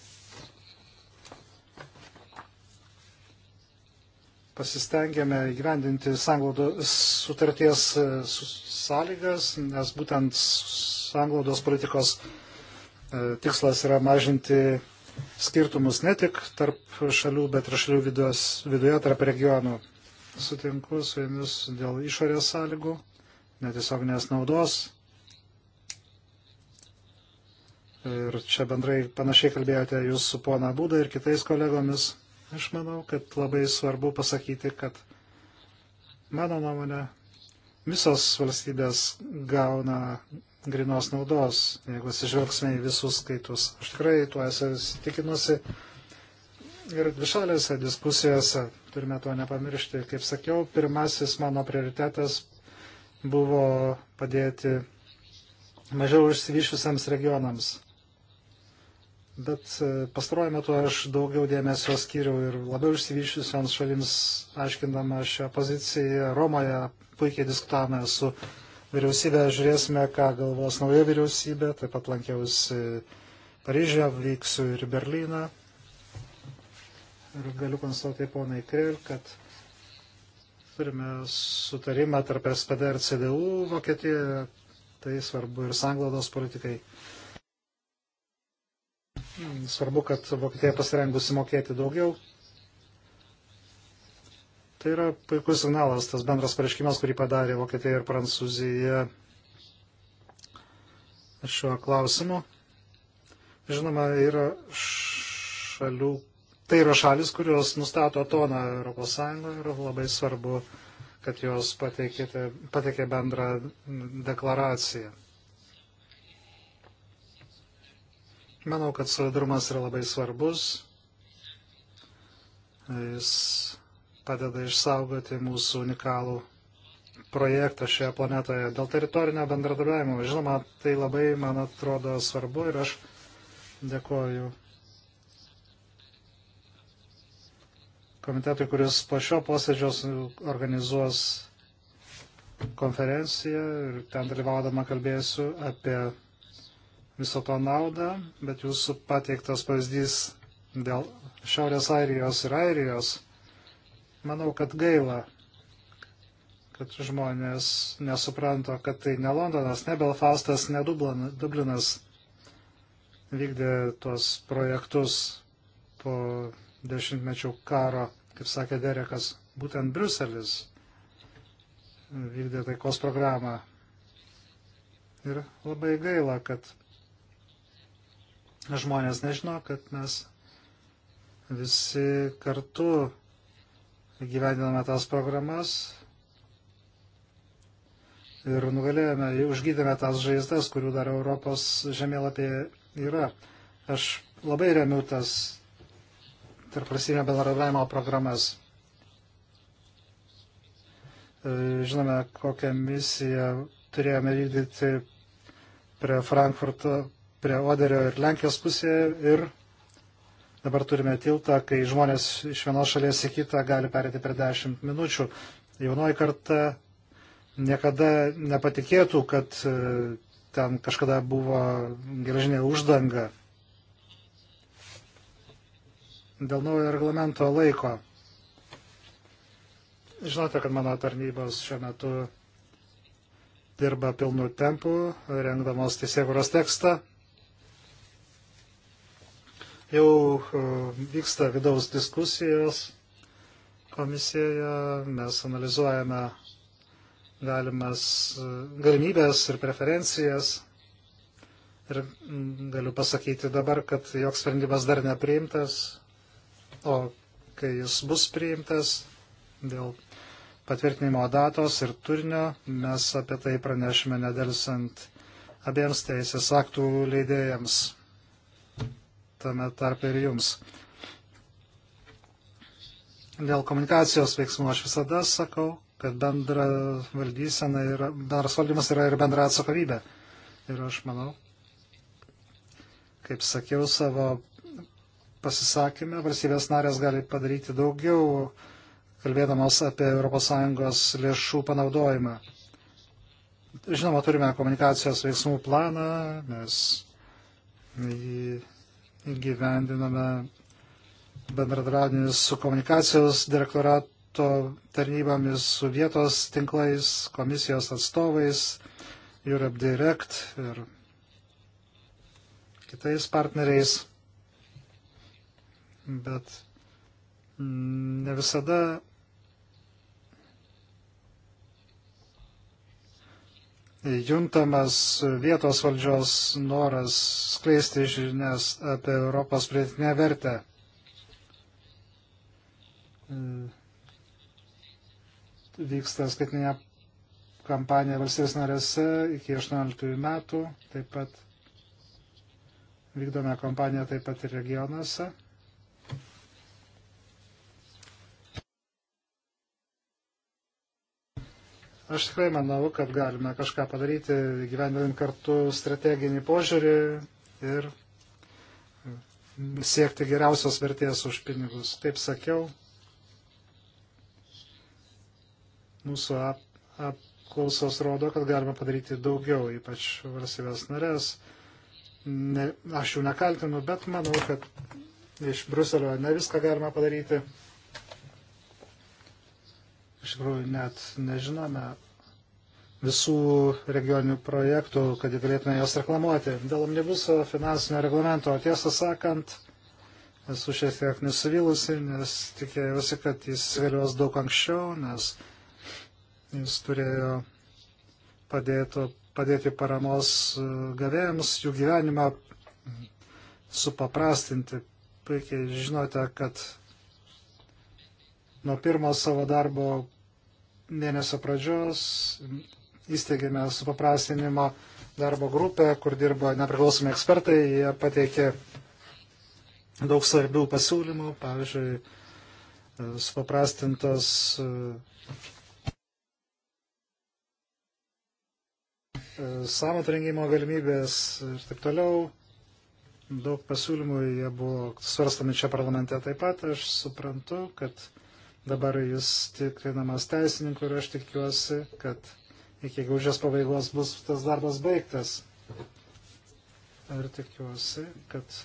pasistengėme gyvendinti sanglaudos sutarties e, sąlygas, nes būtent sanglaudos politikos e, tikslas yra mažinti skirtumus ne tik tarp šalių, bet ir šalių vidos, viduje, tarp regionų. Sutinku su jumis dėl išorės sąlygų, netiesioginės naudos. Ir čia bendrai panašiai kalbėjote jūs su pona Būda ir kitais kolegomis. Aš manau, kad labai svarbu pasakyti, kad mano nuomonė, visos valstybės gauna grinos naudos, jeigu atsižvelgsime į visus skaitus. Aš tikrai tuo esu įsitikinusi. Ir dvišalėse diskusijose turime to nepamiršti. Kaip sakiau, pirmasis mano prioritetas buvo padėti mažiau išsivyšusiams regionams. Bet e, pastaruoju metu aš daugiau dėmesio skiriau ir labiau išsivyščiusioms šalims, aiškindama šią poziciją. Romoje puikiai diskutavome su vyriausybė, žiūrėsime, ką galvos nauja vyriausybė. Taip pat lankiausi Paryžioje, vyksiu ir Berliną. Ir galiu konstatuoti, ponai Krell, kad turime sutarimą tarp SPD ir CDU Vokietijoje. Tai svarbu ir sanglaudos politikai. Svarbu, kad Vokietija pasirengusi mokėti daugiau. Tai yra puikus signalas, tas bendras pareiškimas, kurį padarė Vokietija ir Prancūzija šiuo klausimu. Žinoma, yra šalių, tai yra šalis, kurios nustato toną ES ir labai svarbu, kad jos pateikė bendrą deklaraciją. Manau, kad solidarumas yra labai svarbus. Jis padeda išsaugoti mūsų unikalų projektą šioje planetoje. Dėl teritorinio bendradarbiavimo, žinoma, tai labai, man atrodo, svarbu ir aš dėkoju komitetui, kuris po šio posėdžio organizuos konferenciją ir ten dalyvaudama kalbėsiu apie viso to naudą, bet jūsų pateiktas pavyzdys dėl Šiaurės Airijos ir Airijos, manau, kad gaila, kad žmonės nesupranto, kad tai ne Londonas, ne Belfastas, ne Dublinas vykdė tuos projektus po dešimtmečių karo, kaip sakė Derekas, būtent Bruselis vykdė taikos programą. Ir labai gaila, kad žmonės nežino, kad mes visi kartu gyvendiname tas programas ir nugalėjome, užgydėme tas žaizdas, kurių dar Europos žemėlapyje yra. Aš labai remiu tas tarprasinio bendradarbiavimo programas. E, žinome, kokią misiją turėjome vykdyti prie Frankfurto prie Oderio ir Lenkijos pusėje ir dabar turime tiltą, kai žmonės iš vienos šalies į kitą gali perėti per 10 minučių. Jaunoji karta niekada nepatikėtų, kad e, ten kažkada buvo geležinė uždanga dėl naujo reglamento laiko. Žinote, kad mano tarnybos šiuo metu dirba pilnu tempu, rengdamos teisėkuros tekstą. Jau e, vyksta vidaus diskusijos komisijoje, mes analizuojame galimas e, galimybės ir preferencijas. Ir galiu pasakyti dabar, kad joks sprendimas dar nepriimtas, o kai jis bus priimtas dėl patvirtinimo datos ir turinio, mes apie tai pranešime nedelsant abiems teisės aktų leidėjams tame tarpe ir jums. Dėl komunikacijos veiksmų aš visada sakau, kad bendra valdysena ir bendras valdymas yra ir bendra atsakomybė. Ir aš manau, kaip sakiau savo pasisakymę, valstybės narės gali padaryti daugiau, kalbėdamos apie ES lėšų panaudojimą. Žinoma, turime komunikacijos veiksmų planą, mes jį gyvendiname bendradarbiaudami su komunikacijos direktorato tarnybomis, su vietos tinklais, komisijos atstovais, Europe Direct ir kitais partneriais. Bet ne visada juntamas vietos valdžios noras skleisti žinias apie Europos pridėtinę vertę. Vyksta skaitinė kampanija valstybės narėse iki 18 metų, taip pat vykdome kampaniją taip pat ir regionuose. Aš tikrai manau, kad galime kažką padaryti, gyvendant kartu strateginį požiūrį ir siekti geriausios vertės už pinigus. Kaip sakiau, mūsų apklausos rodo, kad galima padaryti daugiau, ypač valstybės narės. Ne, aš jų nekaltinu, bet manau, kad iš Bruselio ne viską galima padaryti. Iš tikrųjų, net nežinome visų regioninių projektų, kad galėtume juos reklamuoti. Dėl omnibuso finansinio reglamento, tiesą sakant, esu šiek tiek nusivylusi, nes tikėjausi, kad jis galios daug anksčiau, nes jis turėjo padėtų, padėti paramos e, gavėjams jų gyvenimą supaprastinti. Puikiai žinote, kad Nuo pirmo savo darbo mėnesio pradžios įsteigėme supaprastinimo darbo grupę, kur dirba nepriklausomi ekspertai. Jie pateikė daug svarbių pasiūlymų, pavyzdžiui, supaprastintas sąmatų rengimo galimybės ir taip toliau. Daug pasiūlymų jie buvo svarstami čia parlamente taip pat. Aš suprantu, kad Dabar jis tikrinamas teisininku ir aš tikiuosi, kad iki gaužės pabaigos bus tas darbas baigtas. Ir tikiuosi, kad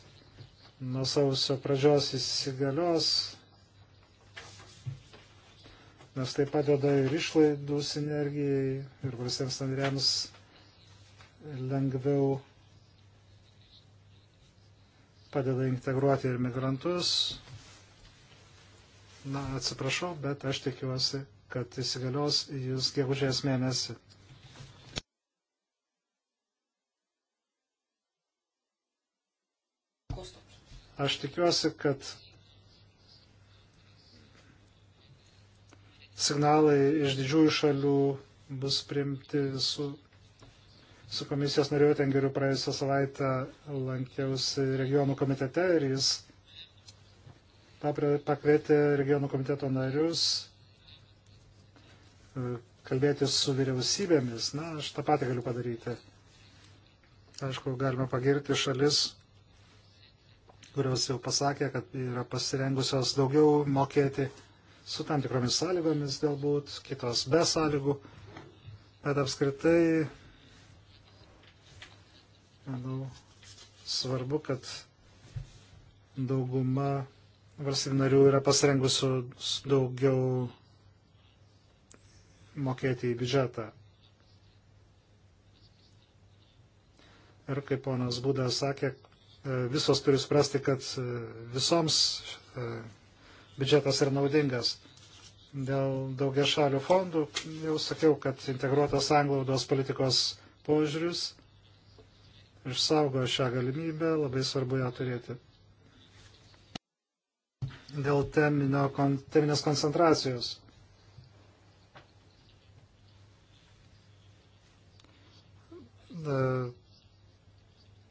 nuo sausio pradžios įsigalios, nes tai padeda ir išlaidų sinergijai, ir valstybėms nariams lengviau padeda integruoti ir migrantus, Na, atsiprašau, bet aš tikiuosi, kad įsigalios jūs gegužės mėnesį. Aš tikiuosi, kad signalai iš didžiųjų šalių bus priimti visų su komisijos nariu Tengeriu praėjusią savaitę lankiausi regionų komitete ir jis pakvietė regionų komiteto narius e, kalbėtis su vyriausybėmis. Na, aš tą patį galiu padaryti. Aišku, galima pagirti šalis, kurios jau pasakė, kad yra pasirengusios daugiau mokėti su tam tikromis sąlygomis, galbūt kitos be sąlygų. Bet apskritai, manau, svarbu, kad dauguma valstybių narių yra pasirengusių daugiau mokėti į biudžetą. Ir kaip ponas Būda sakė, e, visos turi suprasti, kad e, visoms e, biudžetas yra naudingas. Dėl daugia šalių fondų jau sakiau, kad integruotas anglaudos politikos požiūris išsaugo šią galimybę, labai svarbu ją turėti dėl teminio, teminės koncentracijos.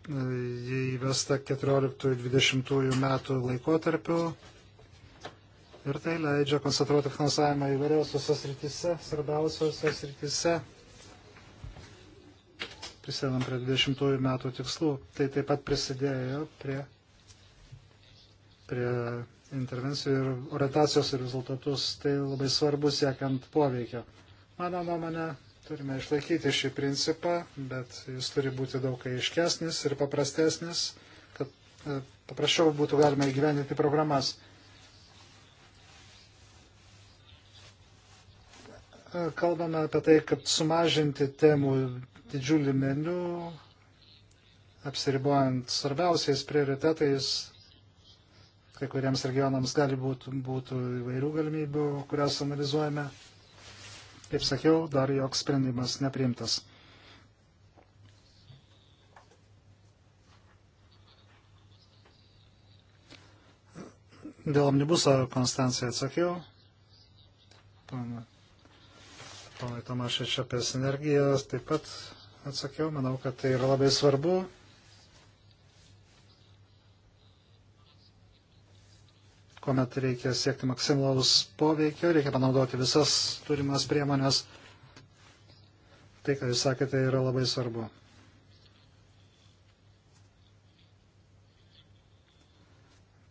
Jį įvesta 14-20 metų laikotarpiu ir tai leidžia koncentruoti finansavimą įvairiausiose srityse, svarbiausiose srityse. Prisėdam prie 20 metų tikslų. Tai taip pat prisidėjo prie, prie intervencijų ir orientacijos rezultatus. Tai labai svarbu siekiant poveikio. Mano nuomonė, turime išlaikyti šį principą, bet jis turi būti daug aiškesnis ir paprastesnis, kad e, paprasčiau būtų galima įgyvendinti programas. E, kalbame apie tai, kad sumažinti temų didžiulį meniu, apsiribojant svarbiausiais prioritetais kai kuriems regionams gali būti būtų įvairių galimybių, kurias analizuojame. Kaip sakiau, dar joks sprendimas neprimtas. Dėl omnibuso Konstancijai atsakiau. Pana, pana Tomašič apie sinergijas taip pat atsakiau. Manau, kad tai yra labai svarbu. kuomet reikia siekti maksimalaus poveikio, reikia panaudoti visas turimas priemonės. Tai, ką jūs sakėte, yra labai svarbu.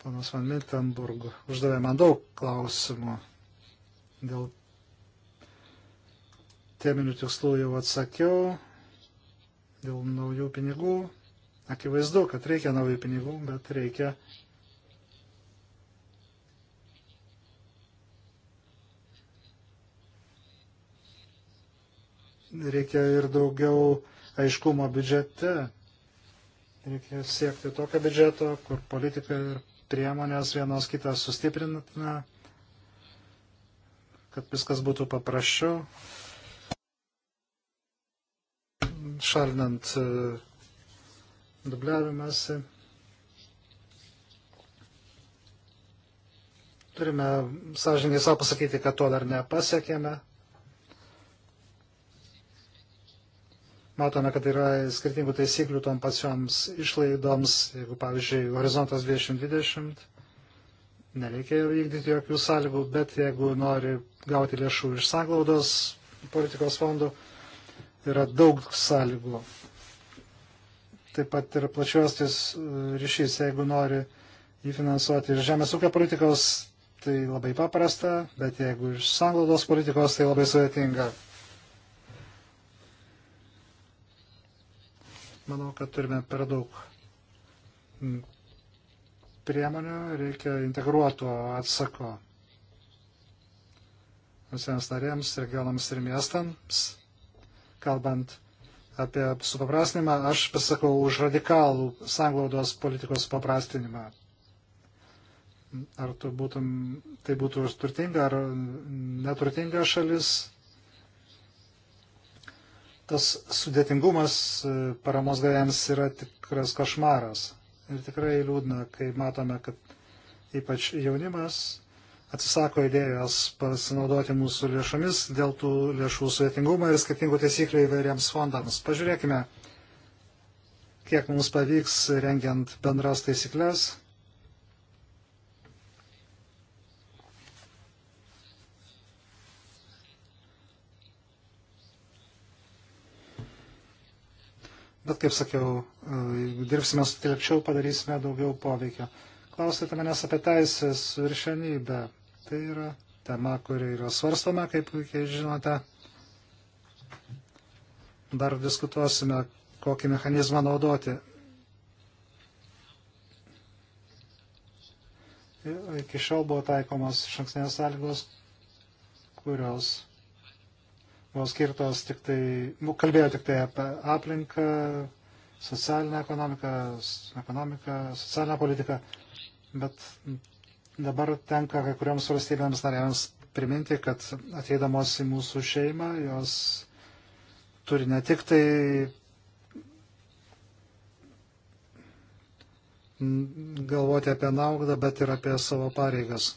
Panas Van Mittenburg uždavė man daug klausimų dėl teminių tikslų jau atsakiau, dėl naujų pinigų. Akivaizdu, kad reikia naujų pinigų, bet reikia reikia ir daugiau aiškumo biudžete. Reikia siekti tokio biudžeto, kur politika ir priemonės vienos kitą sustiprintume, kad viskas būtų paprasčiau, šalinant e, dubliavimąsi. Turime sąžininkai savo pasakyti, kad to dar nepasiekėme. matome, kad yra skirtingų taisyklių tom pačioms išlaidoms. Jeigu, pavyzdžiui, horizontas 2020, nereikia vykdyti jokių sąlygų, bet jeigu nori gauti lėšų iš saglaudos politikos fondų, yra daug sąlygų. Taip pat ir plačiuostis e, ryšys, jeigu nori įfinansuoti ir žemės ūkio politikos, tai labai paprasta, bet jeigu iš sanglaudos politikos, tai labai sudėtinga. Manau, kad turime per daug priemonių, reikia integruoto atsako visiems narėms, regionams ir miestams. Kalbant apie supaprastinimą, aš pasakau už radikalų sanglaudos politikos paprastinimą. Ar tu būtum, tai būtų turtinga ar neturtinga šalis, tas sudėtingumas e, paramos gavėjams yra tikras košmaras. Ir tikrai liūdna, kai matome, kad ypač jaunimas atsisako idėjos pasinaudoti mūsų lėšomis dėl tų lėšų sudėtingumo ir skirtingų taisyklių įvairiems fondams. Pažiūrėkime, kiek mums pavyks rengiant bendras taisyklės Bet, kaip sakiau, e, jeigu dirbsime sutelkčiau, padarysime daugiau poveikio. Klausėte manęs apie teisės viršenybę. Tai yra tema, kuri yra svarstama, kaip puikiai žinote. Dar diskutuosime, kokį mechanizmą naudoti. Iki šiol buvo taikomos šankstinės sąlygos, kurios buvo skirtos tik tai, nu, kalbėjo tik tai apie aplinką, socialinę ekonomiką, ekonomiką, socialinę politiką, bet dabar tenka kai kuriams valstybėms narėms priminti, kad ateidamos į mūsų šeimą, jos turi ne tik tai galvoti apie naudą, bet ir apie savo pareigas.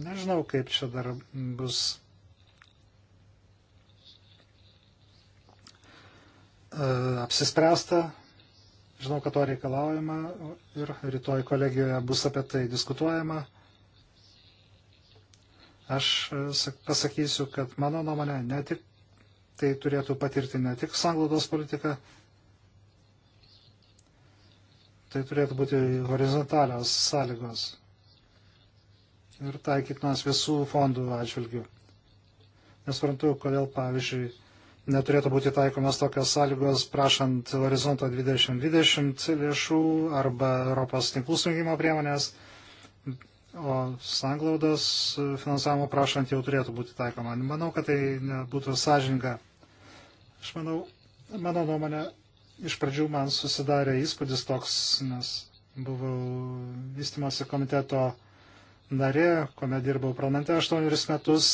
Nežinau, kaip čia dar bus E, apsispręsta, žinau, kad to reikalaujama ir rytoj kolegijoje bus apie tai diskutuojama. Aš e, pasakysiu, kad mano nuomonė ne tik tai turėtų patirti ne tik sanglaudos politika, tai turėtų būti horizontalios sąlygos ir taikytinas visų fondų atžvilgių. Nesvarbu, kodėl, pavyzdžiui, neturėtų būti taikomas tokios sąlygos prašant horizonto 2020 lėšų arba Europos tinklų sujungimo priemonės, o sanglaudos finansavimo prašant jau turėtų būti taikoma. Manau, kad tai būtų sąžininga. Aš manau, mano nuomonė, iš pradžių man susidarė įspūdis toks, nes buvau vystimosi komiteto narė, kuomet dirbau parlamente aštuonerius metus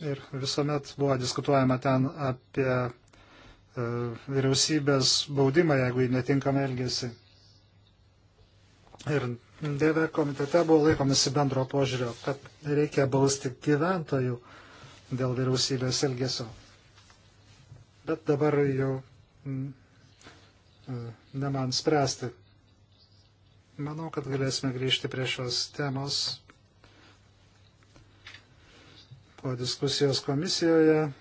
Ir visuomet buvo diskutuojama ten apie e, vyriausybės baudimą, jeigu jį netinkamai elgėsi. Ir DV komitete buvo laikomasi bendro požiūrio, kad reikia bausti gyventojų dėl vyriausybės elgesio. Bet dabar jau mm, e, ne man spręsti. Manau, kad galėsime grįžti prie šios temos po diskusijos komisijoje.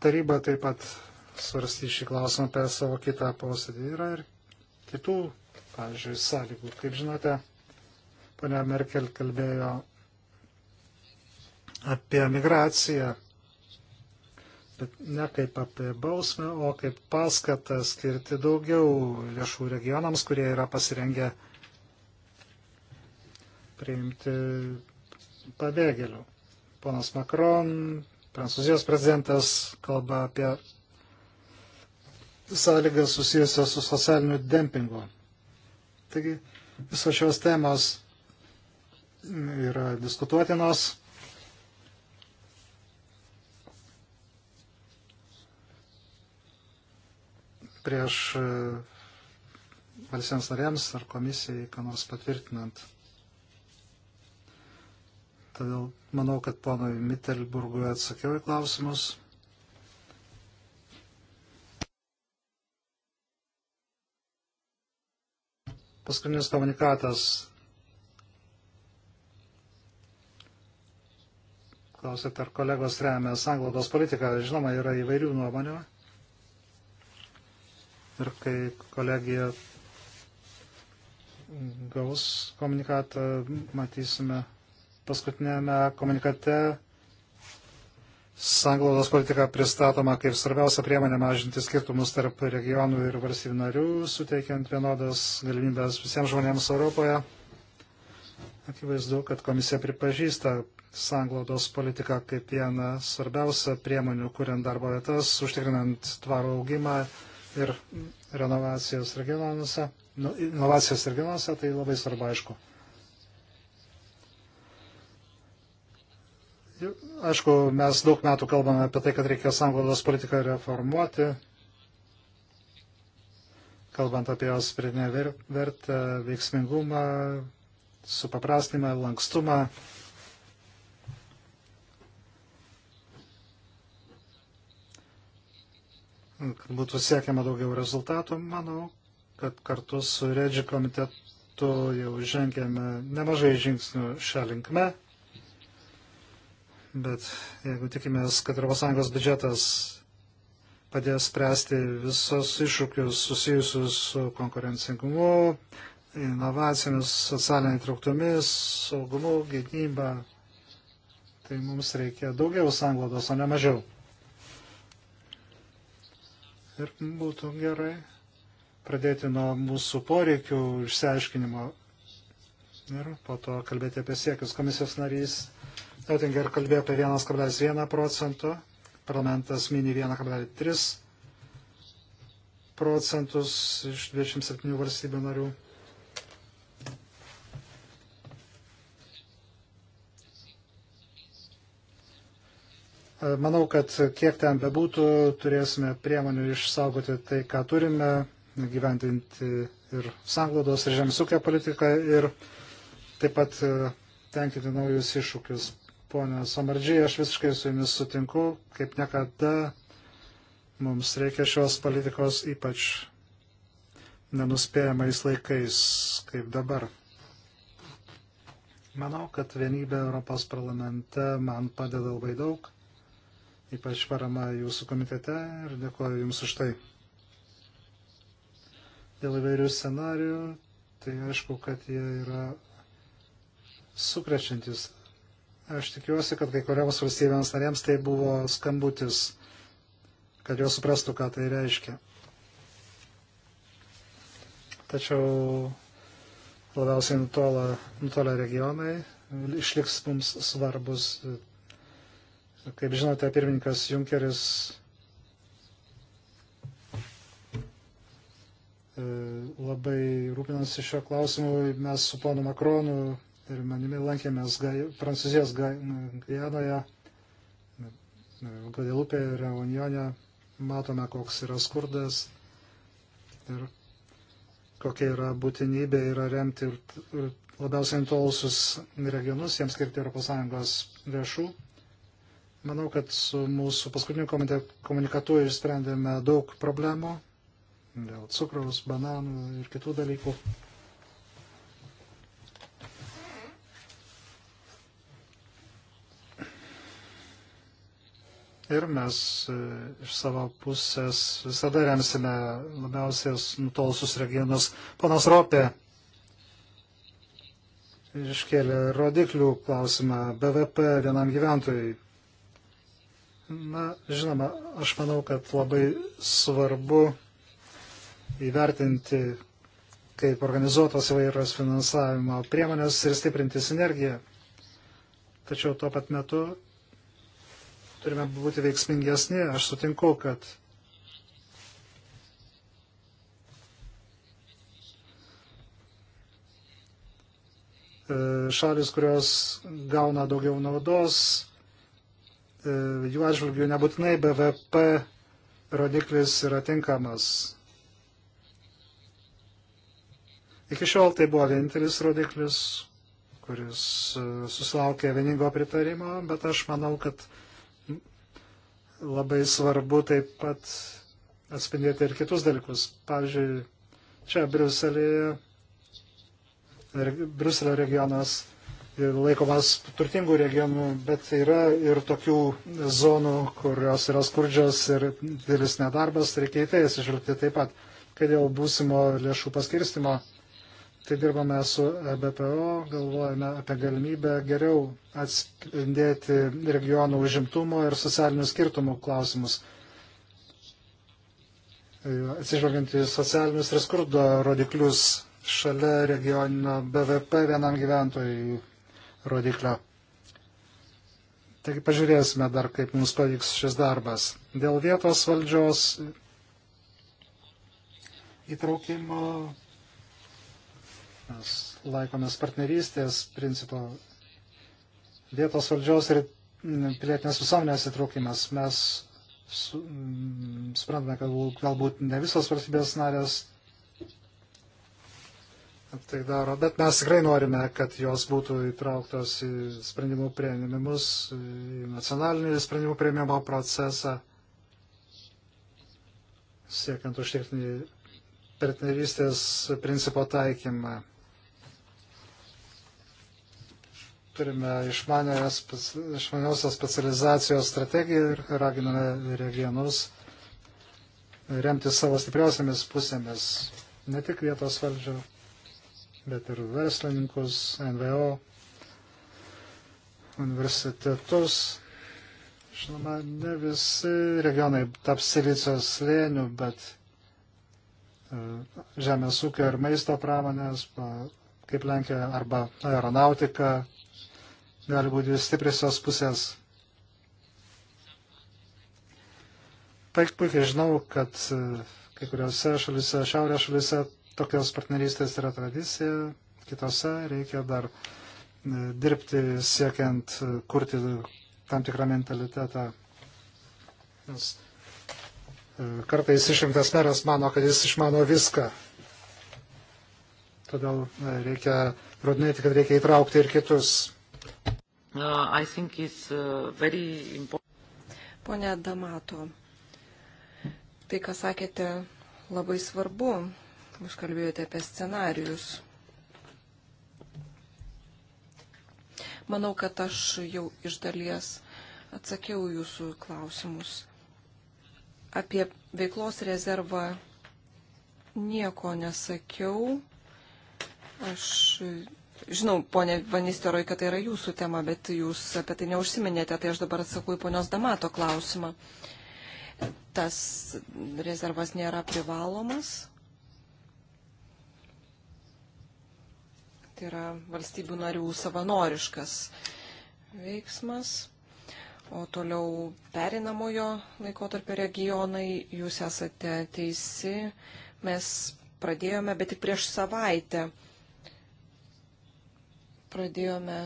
Taryba taip pat svarstys šį klausimą per savo kitą posėdį. Yra ir kitų, pavyzdžiui, sąlygų. Kaip žinote, ponia Merkel kalbėjo apie migraciją ne kaip apie bausmę, o kaip paskatą skirti daugiau lėšų regionams, kurie yra pasirengę priimti pabėgėlių. Ponas Macron, prancūzijos prezidentas, kalba apie sąlygas susijusios su socialiniu dempingu. Taigi visos šios temos yra diskutuotinos prieš e, valstybėms narėms ar komisijai, ką nors patvirtinant. Todėl manau, kad ponui Mittelburgui atsakiau į klausimus. Paskutinis komunikatas. Klausėte, ar kolegos remia sanglaudos politiką. Žinoma, yra įvairių nuomonių ir kai kolegija gaus komunikatą, matysime paskutinėme komunikate Sanglaudos politika pristatoma kaip svarbiausia priemonė mažinti skirtumus tarp regionų ir valstybių narių, suteikiant vienodas galimybės visiems žmonėms Europoje. Akivaizdu, kad komisija pripažįsta sanglaudos politiką kaip vieną svarbiausią priemonių, kuriant darbo vietas, užtikrinant tvarų augimą ir renovacijos regionuose, nu, inovacijos regionuose, tai labai svarbu aišku. Aišku, mes daug metų kalbame apie tai, kad reikia sanglaudos politiką reformuoti, kalbant apie jos pridinę vertę, veiksmingumą, supaprastinimą, lankstumą. kad būtų siekiama daugiau rezultatų, manau, kad kartu su Regi komitetu jau žengėme nemažai žingsnių šią linkme. Bet jeigu tikimės, kad ES biudžetas padės spręsti visus iššūkius susijusius su konkurencingumu, inovacijomis, socialinė įtrauktomis, saugumu, gynyba, tai mums reikia daugiau sanglados, o ne mažiau. Ir būtų gerai pradėti nuo mūsų poreikių išsiaiškinimo ir po to kalbėti apie siekius. Komisijos narys Oettinger kalbėjo apie 1,1 procento, parlamentas mini 1,3 procentus iš 27 valstybių narių. Manau, kad kiek ten bebūtų, turėsime priemonių išsaugoti tai, ką turime, gyventinti ir sanglaudos ir žemsūkio politiką ir taip pat e, tenkinti naujus iššūkius. Pone Somardžiai, aš visiškai su jumis sutinku, kaip niekada mums reikia šios politikos ypač nenuspėjamais laikais kaip dabar. Manau, kad vienybė Europos parlamente man padeda labai daug ypač parama jūsų komitete ir dėkuoju Jums už tai. Dėl įvairių scenarių, tai aišku, kad jie yra sukrečiantis. Aš tikiuosi, kad kai kuriams valstybėms narėms tai buvo skambutis, kad jos suprastų, ką tai reiškia. Tačiau labiausiai nutolę regionai išliks mums svarbus Kaip žinote, pirmininkas Junkeris e, labai rūpinasi šio klausimu. Mes su ponu Makronu ir manimi lankėmės gai, Prancūzijos Gajanoje, Guadelupė ir Reunionė. Matome, koks yra skurdas ir kokia yra būtinybė yra remti ir, ir labiausiai intolusius regionus, jiems skirti ES lėšų. Manau, kad su mūsų paskutiniu komunikatu išsprendėme daug problemų dėl cukraus, bananų ir kitų dalykų. ir mes e, iš savo pusės visada remsime labiausias nutolusius regionus. Panas Ropė iškėlė rodiklių klausimą BVP vienam gyventojui. Na, žinoma, aš manau, kad labai svarbu įvertinti, kaip organizuotos įvairios finansavimo priemonės ir stiprinti sinergiją. Tačiau tuo pat metu turime būti veiksmingesni. Aš sutinku, kad e, šalis, kurios gauna daugiau naudos, E, jų atžvilgių nebūtinai BVP rodiklis yra tinkamas. Iki šiol tai buvo vienintelis rodiklis, kuris e, susilaukė vieningo pritarimo, bet aš manau, kad labai svarbu taip pat atspindėti ir kitus dalykus. Pavyzdžiui, čia Briuselėje, Briuselio regionas laikomas turtingų regionų, bet yra ir tokių zonų, kurios yra skurdžios ir didelis nedarbas, reikia į tai atsižvelgti taip pat, kad dėl būsimo lėšų paskirstimo. Tai dirbame su e BPO, galvojame apie galimybę geriau atspindėti regionų užimtumo ir socialinių skirtumų klausimus. E, atsižvelgiant į socialinius ir skurdo rodiklius šalia regioninio BVP vienam gyventojui rodiklio. Taigi pažiūrėsime dar, kaip mums pavyks šis darbas. Dėl vietos valdžios įtraukimo mes laikomės partnerystės principo vietos valdžios ir pilietinės visuomenės įtraukimas. Mes su, suprantame, kad galbūt ne visos valstybės narės tai daro, bet mes tikrai norime, kad jos būtų įtrauktos į sprendimų prieimimus, į nacionalinį sprendimų prieimimo procesą, siekiant užtikrinti partnerystės principo taikymą. Turime išmaniosios specializacijos strategiją ir raginame regionus remti savo stipriausiamis pusėmis, ne tik vietos valdžio bet ir verslininkus, NVO, universitetus. Žinoma, ne visi regionai taps silicijos slėnių, bet e, žemės ūkio ir maisto pramonės, kaip Lenkija, arba aeronautika, gali būti stiprisios pusės. Paik puikiai žinau, kad e, kai kuriuose šalise, šiaurės šalise tokios partnerystės yra tradicija, kitose reikia dar e, dirbti siekiant e, kurti tam tikrą mentalitetą. Nes e, kartais išrinktas meras mano, kad jis išmano viską. Todėl reikia rodinėti, kad reikia įtraukti ir kitus. Uh, uh Pone Damato, tai, ką sakėte, labai svarbu. Jūs kalbėjote apie scenarius. Manau, kad aš jau iš dalies atsakiau jūsų klausimus. Apie veiklos rezervą nieko nesakiau. Aš žinau, ponė Vanisteroj, kad tai yra jūsų tema, bet jūs apie tai neužsiminėte, tai aš dabar atsakau į ponios Damato klausimą tas rezervas nėra privalomas. Tai yra valstybių narių savanoriškas veiksmas. O toliau perinamojo laikotarpio regionai, jūs esate teisi, mes pradėjome, bet tik prieš savaitę pradėjome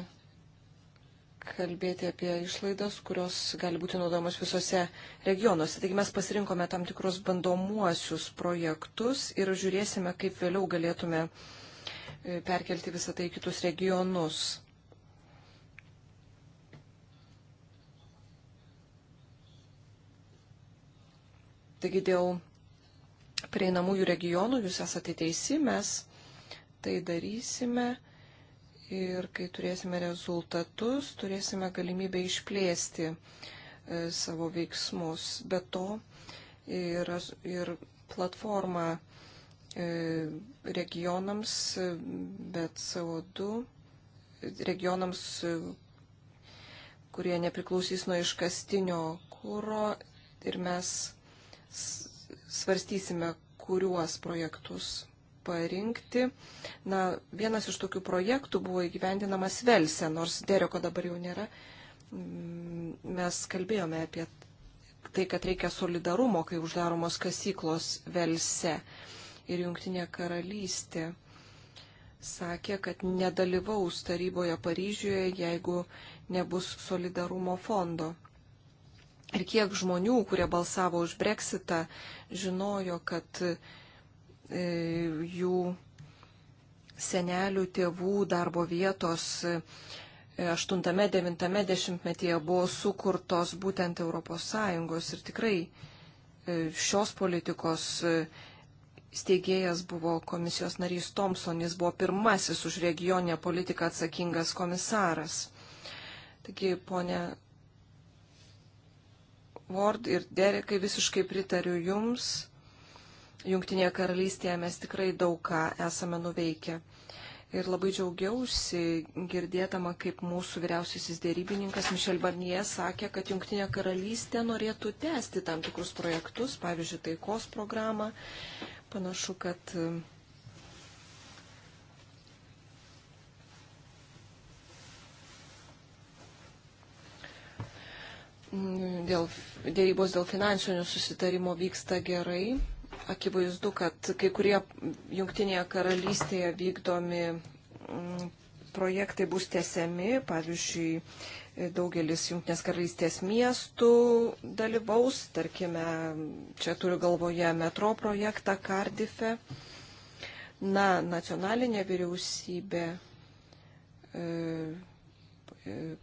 kalbėti apie išlaidas, kurios gali būti naudojamos visose regionuose. Taigi mes pasirinkome tam tikrus bandomuosius projektus ir žiūrėsime, kaip vėliau galėtume uh, perkelti visą tai kitus regionus. Taigi dėl prieinamųjų regionų jūs esate teisi, mes tai darysime ir kai turėsime rezultatus, turėsime galimybę išplėsti e, savo veiksmus. Be to ir, ir platforma E, regionams, e, bet CO2 regionams, e, kurie nepriklausys nuo iškastinio kūro ir mes svarstysime, kuriuos projektus parinkti. Na, vienas iš tokių projektų buvo įgyvendinamas Velse, nors Dereko dabar jau nėra. Mm, mes kalbėjome apie tai, kad reikia solidarumo, kai uždaromos kasyklos Velse ir Junktinė karalystė sakė, kad nedalyvaus taryboje Paryžiuje, jeigu nebus solidarumo fondo. Ir kiek žmonių, kurie balsavo už breksitą, žinojo, kad e, jų senelių tėvų darbo vietos 8-9 e, metyje buvo sukurtos būtent ES ir tikrai e, šios politikos e, steigėjas buvo komisijos narys Thompson, jis buvo pirmasis už regioninę politiką atsakingas komisaras. Taigi, ponė Ward ir Derekai, visiškai pritariu Jums. Jungtinėje karalystėje mes tikrai daug ką esame nuveikę. Ir labai džiaugiausi girdėdama, kaip mūsų vyriausiasis dėrybininkas Mišel Barnie sakė, kad Junktinė karalystė norėtų tęsti tam tikrus projektus, pavyzdžiui, taikos programą, Panašu, kad dėl, dėrybos dėl finansinio susitarimo vyksta gerai. Akivaizdu, kad kai kurie jungtinėje karalystėje vykdomi projektai bus tesiami, pavyzdžiui, daugelis Junktinės karalystės miestų dalyvaus, tarkime, čia turiu galvoje metro projektą Kardife. Na, nacionalinė vyriausybė e,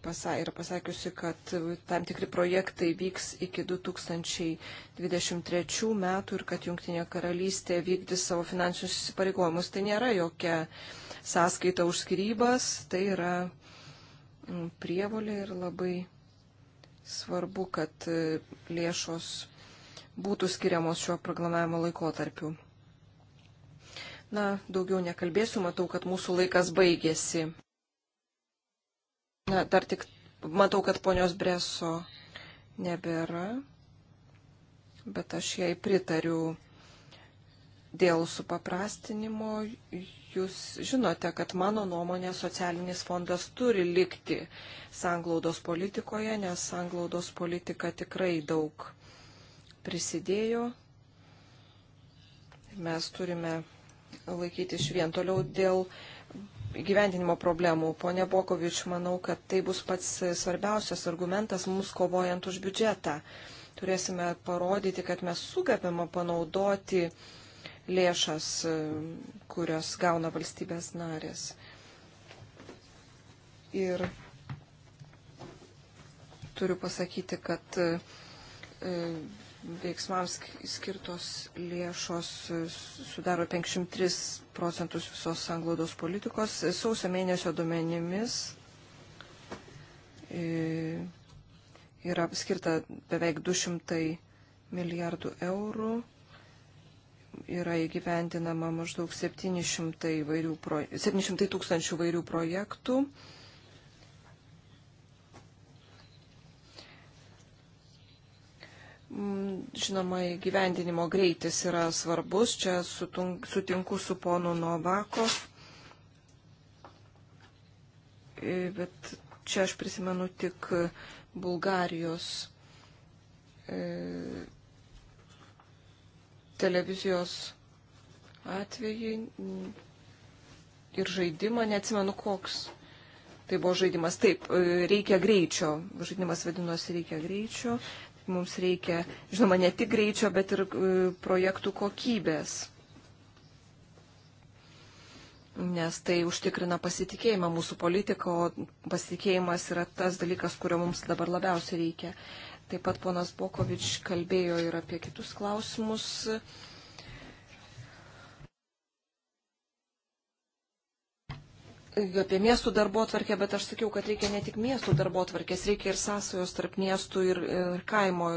pasa, yra pasakiusi, kad tam tikri projektai vyks iki 2023 metų ir kad Junktinė karalystė vykdys savo finansinius įsipareigojimus. Tai nėra jokia sąskaita už skirybas, tai yra prievolė ir labai svarbu, kad e, lėšos būtų skiriamos šiuo programavimo laikotarpiu. Na, daugiau nekalbėsiu, matau, kad mūsų laikas baigėsi. Na, dar tik matau, kad ponios Breso nebėra, bet aš jai pritariu dėl supaprastinimo Jūs žinote, kad mano nuomonė socialinis fondas turi likti sanglaudos politikoje, nes sanglaudos politika tikrai daug prisidėjo. Mes turime laikyti iš vien toliau dėl gyvendinimo problemų. Pone Bokovič, manau, kad tai bus pats svarbiausias argumentas mums kovojant už biudžetą turėsime parodyti, kad mes sugebame panaudoti lėšas, e, kurios gauna valstybės narės. Ir turiu pasakyti, kad e, e, veiksmams skirtos lėšos sudaro 53 procentus visos sanglaudos politikos. Sausio mėnesio duomenimis yra skirta beveik 200 milijardų eurų yra įgyvendinama maždaug 700, vairių, 700 tūkstančių vairių projektų. Mm, žinoma, įgyvendinimo greitis yra svarbus. Čia sutinku su ponu Novakov. E, bet čia aš prisimenu tik Bulgarijos e, televizijos atvejį ir žaidimą, neatsimenu koks. Tai buvo žaidimas. Taip, reikia greičio. Žaidimas vadinosi reikia greičio. Mums reikia, žinoma, ne tik greičio, bet ir e, projektų kokybės. Nes tai užtikrina pasitikėjimą mūsų politiką, o pasitikėjimas yra tas dalykas, kurio mums dabar labiausiai reikia. Taip pat ponas Bokovič kalbėjo ir apie kitus klausimus. Apie miestų darbo atvarkę, bet aš sakiau, kad reikia ne tik miestų darbo atvarkės, reikia ir sąsajos tarp miestų ir, ir kaimo.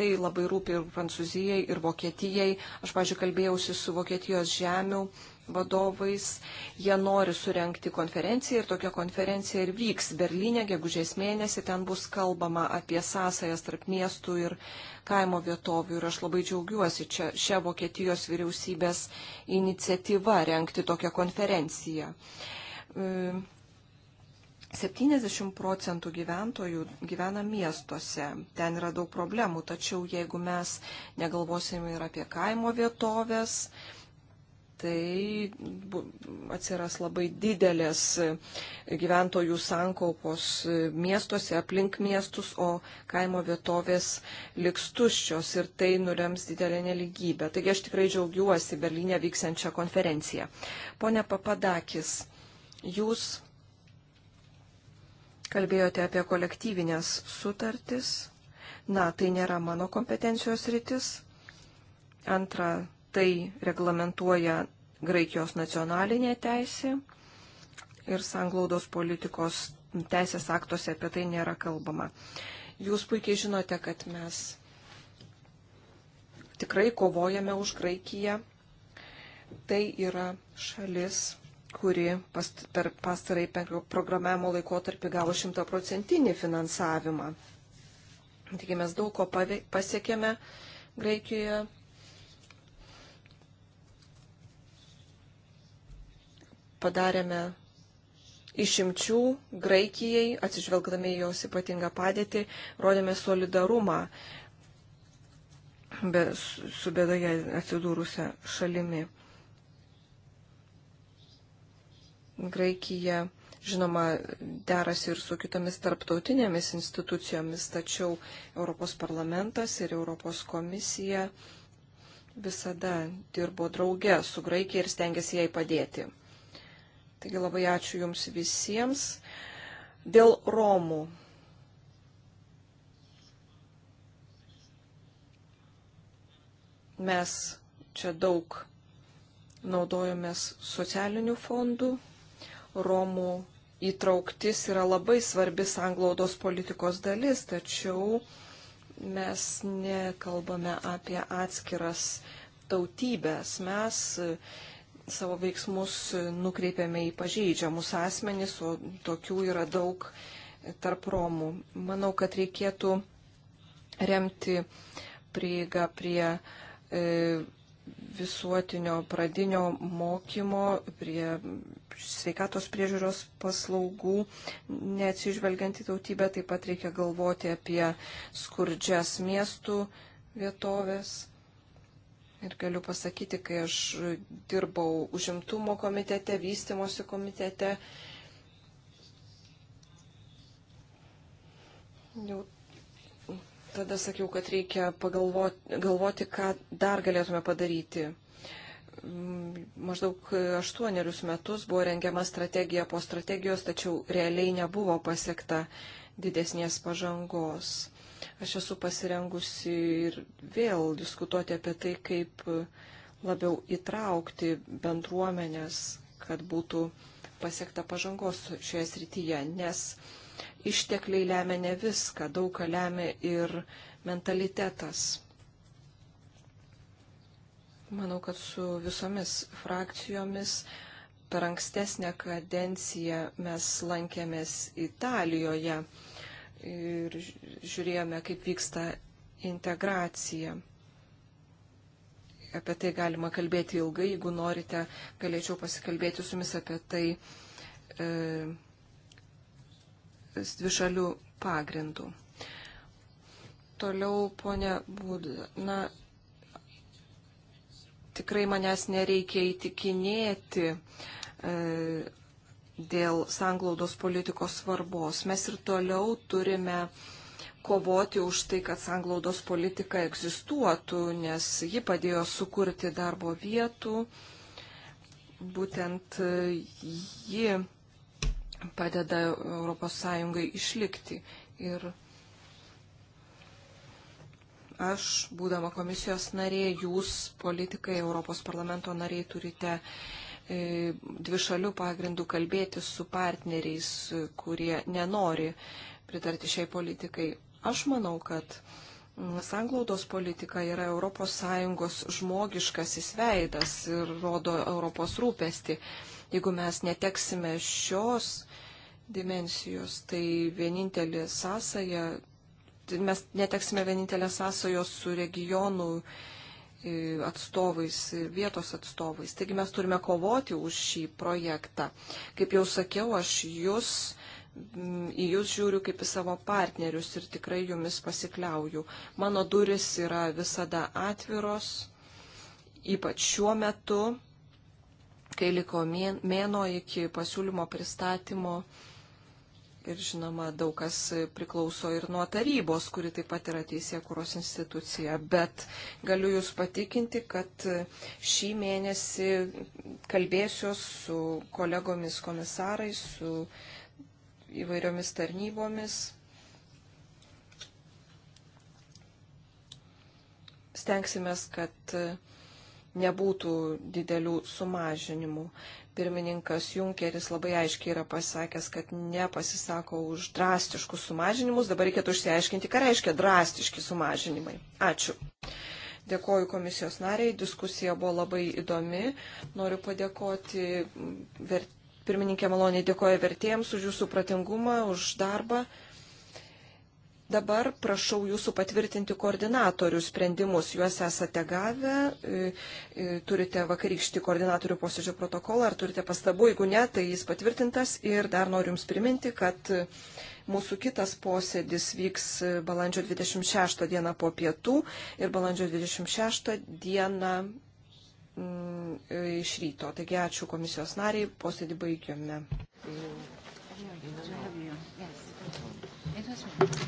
Tai labai rūpi ir Prancūzijai, ir Vokietijai. Aš, pažiūrėjau, kalbėjausi su Vokietijos žemių vadovais. Jie nori surenkti konferenciją ir tokia konferencija ir vyks Berlyne, gegužės mėnesį. Ten bus kalbama apie sąsajas tarp miestų ir kaimo vietovių. Ir aš labai džiaugiuosi čia šią Vokietijos vyriausybės iniciatyvą renkti tokią konferenciją. 70 e, procentų gyventojų gyvena miestuose. Ten yra daug problemų, tačiau jeigu mes negalvosime ir apie kaimo vietovės, tai atsiras labai didelės gyventojų sankaupos miestuose, aplink miestus, o kaimo vietovės liks tuščios ir tai nurems didelę neligybę. Taigi aš tikrai džiaugiuosi Berlyne vyksiančią konferenciją. Pone Papadakis, jūs kalbėjote apie kolektyvinės sutartis. Na, tai nėra mano kompetencijos rytis. Antra, tai reglamentuoja Graikijos nacionalinė teisė ir sanglaudos politikos teisės aktuose apie tai nėra kalbama. Jūs puikiai žinote, kad mes tikrai kovojame už Graikiją. Tai yra šalis, kuri past, per pastarai programavimo laikotarpį gavo šimtaprocentinį finansavimą. Taigi mes daug ko pasiekėme Graikijoje, padarėme išimčių Graikijai, atsižvelgdami jos ypatingą padėtį, rodėme solidarumą be, su bėdoje atsidūrusią šalimi. Graikija, žinoma, derasi ir su kitomis tarptautinėmis institucijomis, tačiau Europos parlamentas ir Europos komisija visada dirbo drauge su Graikija ir stengiasi jai padėti. Taigi labai ačiū Jums visiems. Dėl Romų. Mes čia daug naudojomės socialinių fondų. Romų įtrauktis yra labai svarbi sanglaudos politikos dalis, tačiau mes nekalbame apie atskiras tautybės. Mes savo veiksmus nukreipiame į pažeidžiamus asmenys, o tokių yra daug tarp Romų. Manau, kad reikėtų remti prieigą prie e, visuotinio pradinio mokymo, prie sveikatos priežiūros paslaugų, neatsižvelgiant į tautybę, taip pat reikia galvoti apie skurdžias miestų vietovės Ir galiu pasakyti, kai aš dirbau užimtumo komitete, vystimosi komitete, jau tada sakiau, kad reikia pagalvoti, galvoti, ką dar galėtume padaryti. Maždaug aštuonerius metus buvo rengiama strategija po strategijos, tačiau realiai nebuvo pasiekta didesnės pažangos. Aš esu pasirengusi ir vėl diskutuoti apie tai, kaip labiau įtraukti bendruomenės, kad būtų pasiekta pažangos šioje srityje, nes ištekliai lemia ne viską, daug ką lemia ir mentalitetas. Manau, kad su visomis frakcijomis per ankstesnę kadenciją mes lankėmės Italijoje ir žiūrėjome, kaip vyksta integracija. Apie tai galima kalbėti ilgai, jeigu norite, galėčiau pasikalbėti su jumis apie tai e, dvišalių pagrindų. Toliau, ponia Būda, na, tikrai manęs nereikia įtikinėti. E, dėl sanglaudos politikos svarbos. Mes ir toliau turime kovoti už tai, kad sanglaudos politika egzistuotų, nes ji padėjo sukurti darbo vietų. Būtent e, ji padeda ES išlikti. Ir aš, būdama komisijos narė, jūs, politikai, Europos parlamento nariai, turite E, dvišalių pagrindų kalbėti su partneriais, kurie nenori pritarti šiai politikai. Aš manau, kad sanglaudos politika yra ES žmogiškasis veidas ir rodo Europos rūpesti. Jeigu mes neteksime šios dimensijos, tai vienintelė sąsaja, mes neteksime vienintelės sąsajos su regionų E, atstovais, vietos atstovais. Taigi mes turime kovoti už šį projektą. Kaip jau sakiau, aš jūs, į jūs žiūriu kaip į savo partnerius ir tikrai jumis pasikliauju. Mano duris yra visada atviros, ypač šiuo metu, kai liko mėno iki pasiūlymo pristatymo Ir žinoma, daug kas priklauso ir nuo tarybos, kuri taip pat yra teisė kuros institucija. Bet galiu Jūs patikinti, kad šį mėnesį kalbėsiu su kolegomis komisarais, su įvairiomis tarnybomis. Stengsime, kad nebūtų didelių sumažinimų pirmininkas Junkeris labai aiškiai yra pasakęs, kad nepasisako už drastiškus sumažinimus. Dabar reikėtų išsiaiškinti, ką reiškia drastiški sumažinimai. Ačiū. Dėkoju komisijos nariai, diskusija buvo labai įdomi. Noriu padėkoti, ver... pirmininkė maloniai dėkoja vertėjams už jų supratingumą, už darbą. Dabar prašau jūsų patvirtinti koordinatorių sprendimus. Juos esate gavę, e, e, turite vakarykštį koordinatorių posėdžio protokolą, ar turite pastabų, jeigu ne, tai jis patvirtintas. Ir dar noriu Jums priminti, kad mūsų kitas posėdis vyks balandžio 26 dieną po pietų ir balandžio 26 dieną mm, iš ryto. Taigi ačiū komisijos nariai, posėdį baigiame. Yes. It was